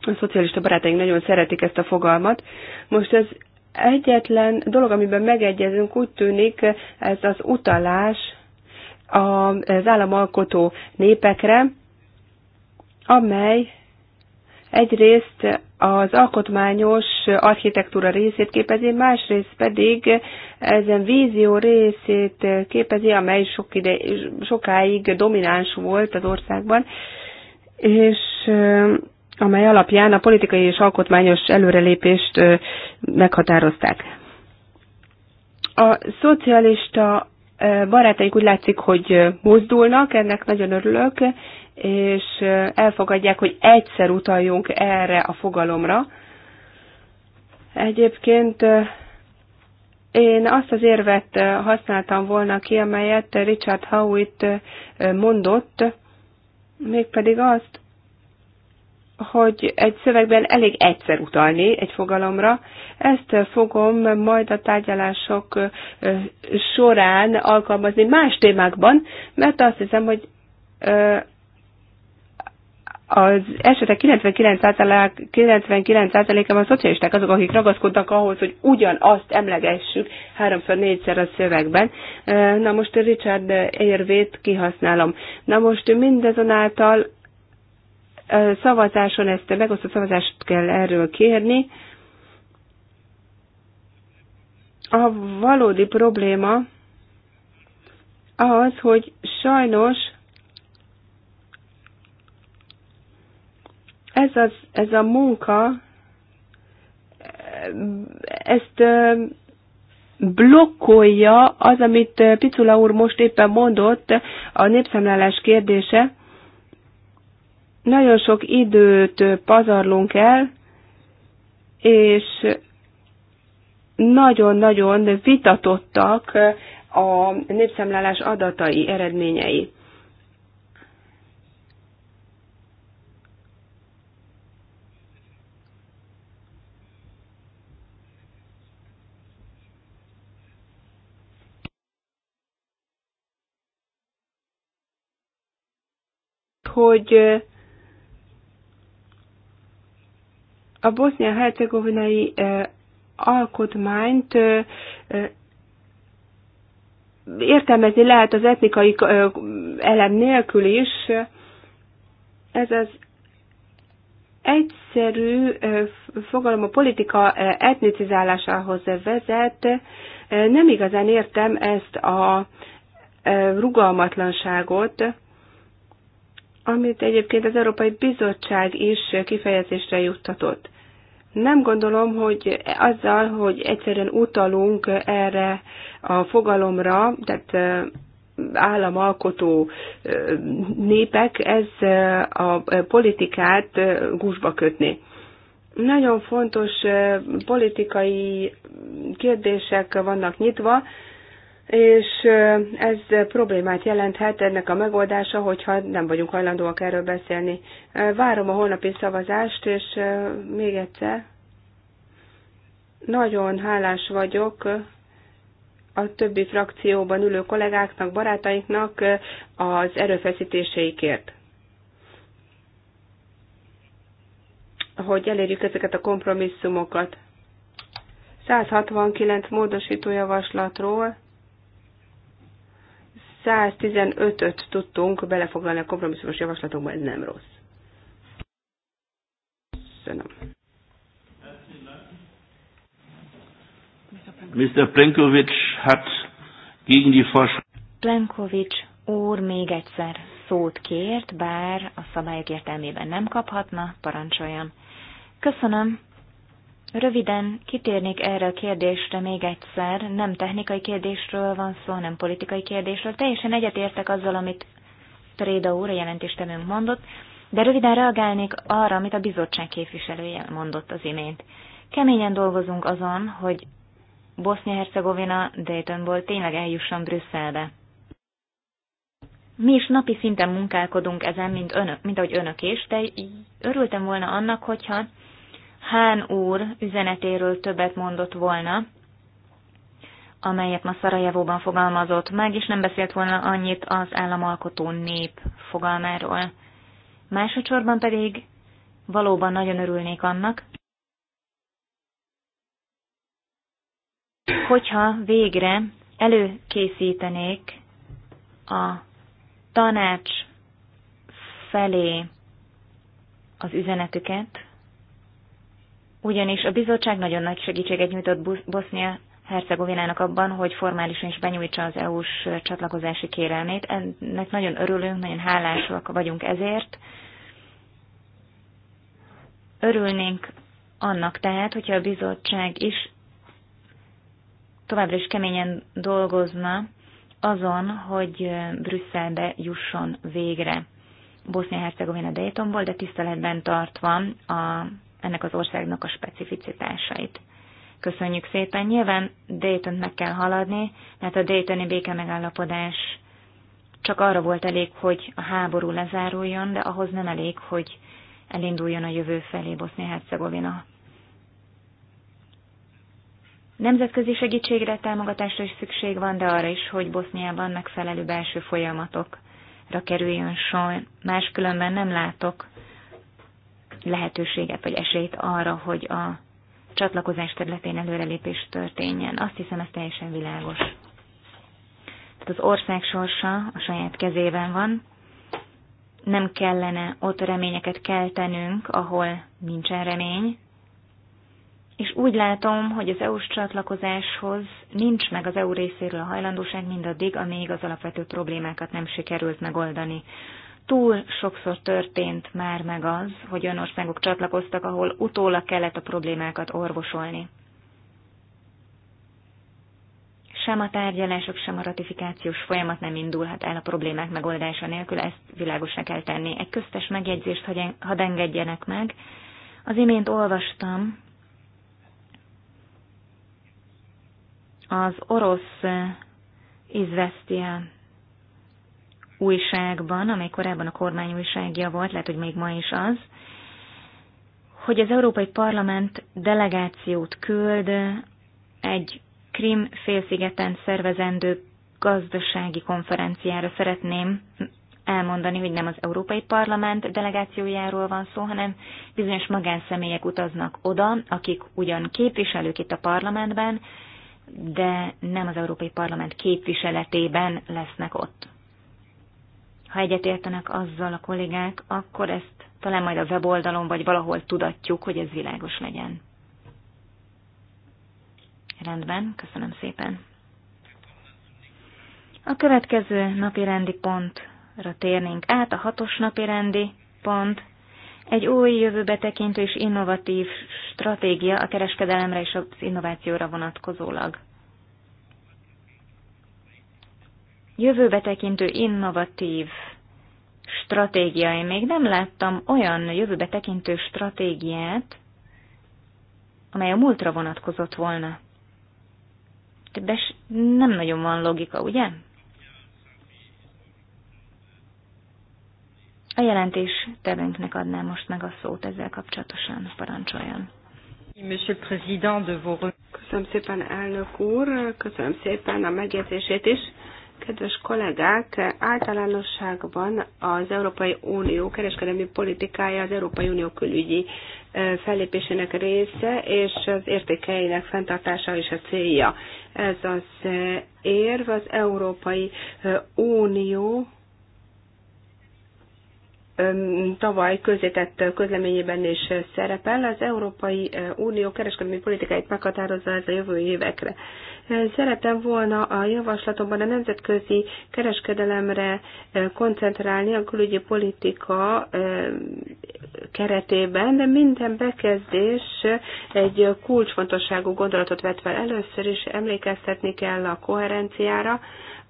A szocialista barátaink nagyon szeretik ezt a fogalmat. Most ez egyetlen dolog, amiben megegyezünk, úgy tűnik ez az utalás az államalkotó népekre, amely egyrészt az alkotmányos architektúra részét képezi, másrészt pedig ezen vízió részét képezi, amely sok ide, sokáig domináns volt az országban, és amely alapján a politikai és alkotmányos előrelépést meghatározták. A szocialista barátaik úgy látszik, hogy mozdulnak, ennek nagyon örülök, és elfogadják, hogy egyszer utaljunk erre a fogalomra. Egyébként én azt az érvet használtam volna ki, amelyet Richard Howitt mondott, mégpedig azt, hogy egy szövegben elég egyszer utalni egy fogalomra. Ezt fogom majd a tárgyalások során alkalmazni más témákban, mert azt hiszem, hogy az esetek 99%-ában 99 a szocialisták azok, akik ragaszkodnak ahhoz, hogy ugyanazt emlegessük háromszor, négyszer a szövegben. Na most Richard érvét kihasználom. Na most mindezonáltal szavazáson ezt megosztott szavazást kell erről kérni. A valódi probléma az, hogy sajnos ez, az, ez a munka, ezt blokkolja az, amit Picula úr most éppen mondott, a népszámlálás kérdése, nagyon sok időt pazarlunk el, és nagyon-nagyon vitatottak a népszámlálás adatai, eredményei. hogy A bosznia-hercegovinai alkotmányt értelmezni lehet az etnikai elem nélkül is. Ez az egyszerű fogalom a politika etnicizálásához vezet. Nem igazán értem ezt a rugalmatlanságot amit egyébként az Európai Bizottság is kifejezésre juttatott. Nem gondolom, hogy azzal, hogy egyszerűen utalunk erre a fogalomra, tehát államalkotó népek, ez a politikát gúzsba kötni. Nagyon fontos politikai kérdések vannak nyitva, és ez problémát jelenthet ennek a megoldása, hogyha nem vagyunk hajlandóak erről beszélni. Várom a holnapi szavazást, és még egyszer, nagyon hálás vagyok a többi frakcióban ülő kollégáknak, barátainknak az erőfeszítéseikért. Hogy elérjük ezeket a kompromisszumokat. 169 módosító javaslatról 115-öt tudtunk belefoglalni a kompromisszumos javaslatokba, ez nem rossz. Köszönöm. Mr. Plenkovic hat gegen die Plenkovic úr még egyszer szót kért, bár a szabályok értelmében nem kaphatna, parancsoljon. Köszönöm. Röviden kitérnék erre a kérdésre még egyszer. Nem technikai kérdésről van szó, nem politikai kérdésről. Teljesen egyetértek azzal, amit Tréda úr, a jelentéstevőnk mondott, de röviden reagálnék arra, amit a bizottság képviselője mondott az imént. Keményen dolgozunk azon, hogy Bosznia-Hercegovina Daytonból tényleg eljusson Brüsszelbe. Mi is napi szinten munkálkodunk ezen, mint, önök, mint ahogy önök is, de örültem volna annak, hogyha Hán úr üzenetéről többet mondott volna, amelyet ma Szarajevóban fogalmazott meg, és nem beszélt volna annyit az államalkotó nép fogalmáról. Másodszorban pedig valóban nagyon örülnék annak, hogyha végre előkészítenék a tanács felé az üzenetüket, ugyanis a bizottság nagyon nagy segítséget nyújtott Bosznia Hercegovinának abban, hogy formálisan is benyújtsa az EU-s csatlakozási kérelmét. Ennek nagyon örülünk, nagyon hálásak vagyunk ezért. Örülnénk annak tehát, hogyha a bizottság is továbbra is keményen dolgozna azon, hogy Brüsszelbe jusson végre Bosznia-Hercegovina Daytonból, de tiszteletben tartva a ennek az országnak a specificitásait. Köszönjük szépen. Nyilván dayton meg kell haladni, mert a Daytoni béke megállapodás csak arra volt elég, hogy a háború lezáruljon, de ahhoz nem elég, hogy elinduljon a jövő felé Bosznia-Hercegovina. Nemzetközi segítségre, támogatásra is szükség van, de arra is, hogy Boszniában megfelelő belső folyamatokra kerüljön sor. Máskülönben nem látok lehetőséget vagy esélyt arra, hogy a csatlakozás területén előrelépés történjen. Azt hiszem, ez teljesen világos. Tehát az ország sorsa a saját kezében van, nem kellene ott reményeket keltenünk, ahol nincsen remény, és úgy látom, hogy az EU-s csatlakozáshoz nincs meg az EU részéről a hajlandóság mindaddig, amíg az alapvető problémákat nem sikerült megoldani túl sokszor történt már meg az, hogy olyan országok csatlakoztak, ahol utólag kellett a problémákat orvosolni. Sem a tárgyalások, sem a ratifikációs folyamat nem indulhat el a problémák megoldása nélkül, ezt világosra kell tenni. Egy köztes megjegyzést hadd engedjenek meg. Az imént olvastam az orosz eh, Izvestia újságban, amely korábban a kormány újságja volt, lehet, hogy még ma is az, hogy az Európai Parlament delegációt küld egy Krim félszigeten szervezendő gazdasági konferenciára szeretném elmondani, hogy nem az Európai Parlament delegációjáról van szó, hanem bizonyos magánszemélyek utaznak oda, akik ugyan képviselők itt a parlamentben, de nem az Európai Parlament képviseletében lesznek ott ha egyetértenek azzal a kollégák, akkor ezt talán majd a weboldalon vagy valahol tudatjuk, hogy ez világos legyen. Rendben, köszönöm szépen. A következő napi rendi pontra térnénk át, a hatos napi rendi pont. Egy új jövőbe tekintő és innovatív stratégia a kereskedelemre és az innovációra vonatkozólag. jövőbe tekintő innovatív stratégia. Én még nem láttam olyan jövőbe tekintő stratégiát, amely a múltra vonatkozott volna. De nem nagyon van logika, ugye? A jelentés tevünknek adná most meg a szót ezzel kapcsolatosan, parancsoljon. Köszönöm szépen, elnök úr, köszönöm szépen a megjegyzését is. Kedves kollégák, általánosságban az Európai Unió kereskedelmi politikája az Európai Unió külügyi fellépésének része, és az értékeinek fenntartása is a célja. Ez az érv az Európai Unió tavaly közétett közleményében is szerepel. Az Európai Unió kereskedelmi politikáit meghatározza ez a jövő évekre. Szeretem volna a javaslatomban a nemzetközi kereskedelemre eh, koncentrálni a külügyi politika eh, keretében, de minden bekezdés egy kulcsfontosságú gondolatot vet fel. Először is emlékeztetni kell a koherenciára,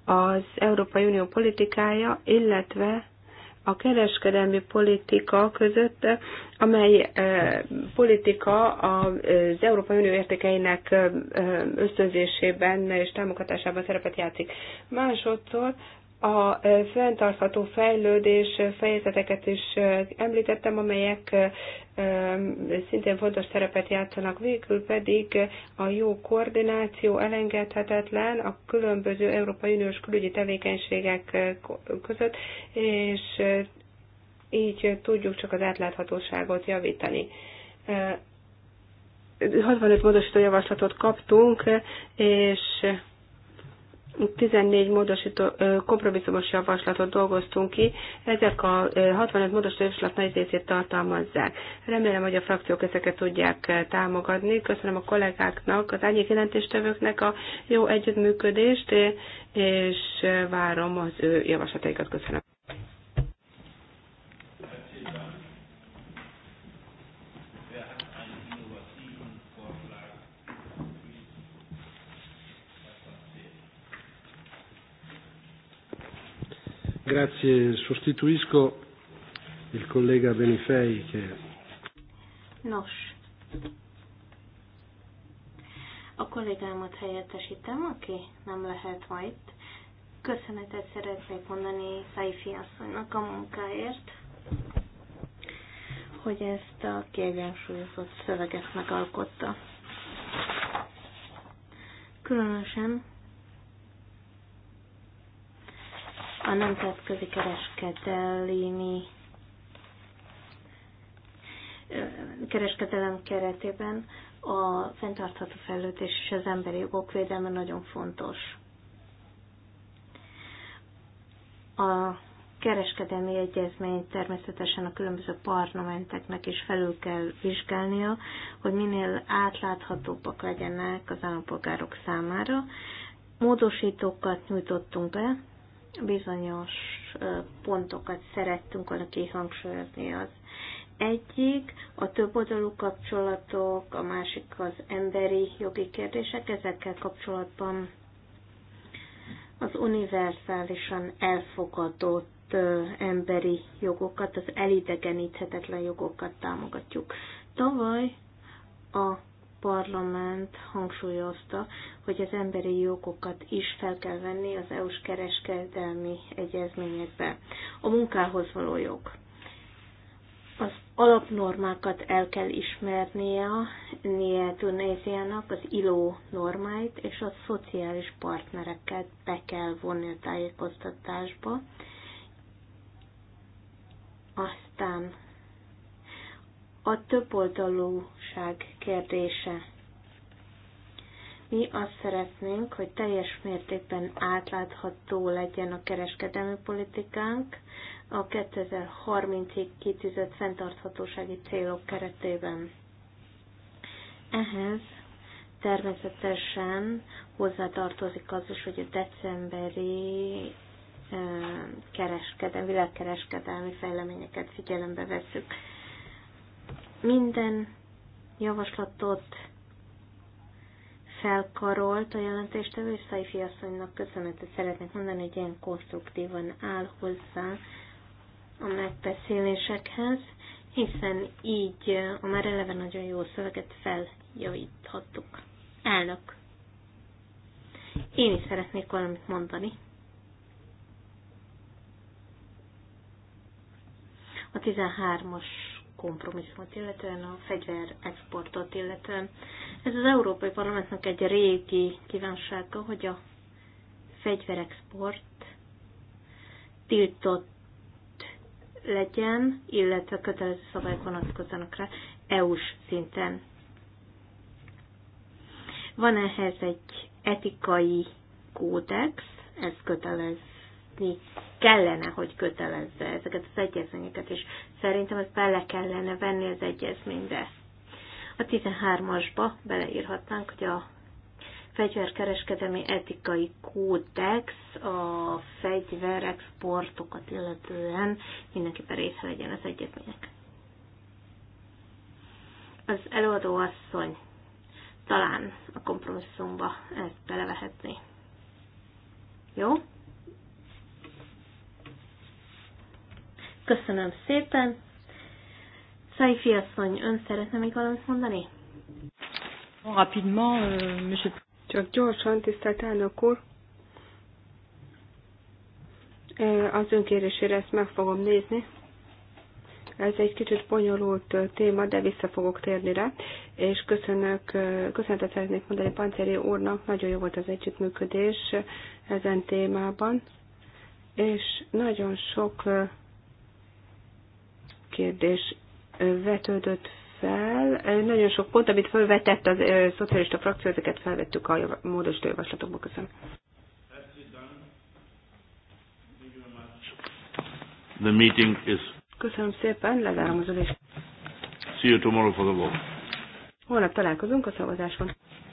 az Európai Unió politikája, illetve a kereskedelmi politika között, amely eh, politika az Európai Unió értékeinek eh, ösztönzésében és támogatásában szerepet játszik. Másodszor a e, fenntartható fejlődés fejezeteket is e, említettem, amelyek e, szintén fontos szerepet játszanak, végül pedig a jó koordináció elengedhetetlen a különböző Európai Uniós külügyi tevékenységek között, és így tudjuk csak az átláthatóságot javítani. 65 módosító javaslatot kaptunk, és 14 módosító, kompromisszumos javaslatot dolgoztunk ki, ezek a 65 módosító javaslat nagy részét tartalmazzák. Remélem, hogy a frakciók ezeket tudják támogatni. Köszönöm a kollégáknak, az árnyék jelentéstevőknek a jó együttműködést, és várom az ő javaslataikat. Köszönöm. Grazie, sostituisco il collega Benifei che... Nos. A kollégámat helyettesítem, aki nem lehet ma itt. Köszönetet szeretnék mondani Szaifi asszonynak a munkáért, hogy ezt a kiegyensúlyozott szöveget megalkotta. Különösen a nemzetközi kereskedelmi kereskedelem keretében a fenntartható fejlődés és az emberi jogok védelme nagyon fontos. A kereskedelmi egyezményt természetesen a különböző parlamenteknek is felül kell vizsgálnia, hogy minél átláthatóbbak legyenek az állampolgárok számára. Módosítókat nyújtottunk be, bizonyos pontokat szerettünk volna kihangsúlyozni az egyik a többoldalú kapcsolatok, a másik az emberi jogi kérdések, ezekkel kapcsolatban az univerzálisan elfogadott emberi jogokat, az elidegeníthetetlen jogokat támogatjuk. Tavaly a parlament hangsúlyozta, hogy az emberi jogokat is fel kell venni az EU-s kereskedelmi egyezményekbe. A munkához való jog. Az alapnormákat el kell ismernie a Tunéziának, az ILO normáit, és a szociális partnereket be kell vonni a tájékoztatásba. Aztán a többoldalúság kérdése. Mi azt szeretnénk, hogy teljes mértékben átlátható legyen a kereskedelmi politikánk a 2030-ig kitűzött fenntarthatósági célok keretében. Ehhez természetesen hozzátartozik az is, hogy a decemberi eh, kereskedelmi, világkereskedelmi fejleményeket figyelembe veszük minden javaslatot felkarolt a jelentéstevő, és Szaifi asszonynak köszönetet szeretnék mondani, hogy ilyen konstruktívan áll hozzá a megbeszélésekhez, hiszen így a már eleve nagyon jó szöveget feljavíthattuk. Elnök, én is szeretnék valamit mondani. A 13-as kompromisszumot illetően, a fegyver exportot illetően. Ez az Európai Parlamentnek egy régi kívánsága, hogy a fegyverexport tiltott legyen, illetve kötelező szabályok vonatkozzanak rá EU-s szinten. Van ehhez egy etikai kódex, ez kötelez kötni kellene, hogy kötelezze ezeket az egyezményeket, és szerintem ezt bele kellene venni az egyezménybe. A 13-asba beleírhatnánk, hogy a fegyverkereskedelmi etikai kódex a fegyverexportokat illetően mindenképpen része legyen az egyezmények. Az előadó asszony talán a kompromisszumba ezt belevehetné. Jó? Köszönöm szépen. Szaifi asszony, ön szeretne még valamit mondani? Rapidement, euh, monsieur... Csak gyorsan, tisztelt elnök úr. Az kérésére ezt meg fogom nézni. Ez egy kicsit bonyolult téma, de vissza fogok térni rá, és köszönök, köszönetet szeretnék mondani Pancéri úrnak, nagyon jó volt az együttműködés ezen témában, és nagyon sok kérdés vetődött fel. Nagyon sok pont, amit felvetett az szocialista frakció, ezeket felvettük a módosító javaslatokba. Köszönöm. The meeting is... Köszönöm szépen, lezárom az ülést. See you tomorrow for the vote. Holnap találkozunk a szavazáson.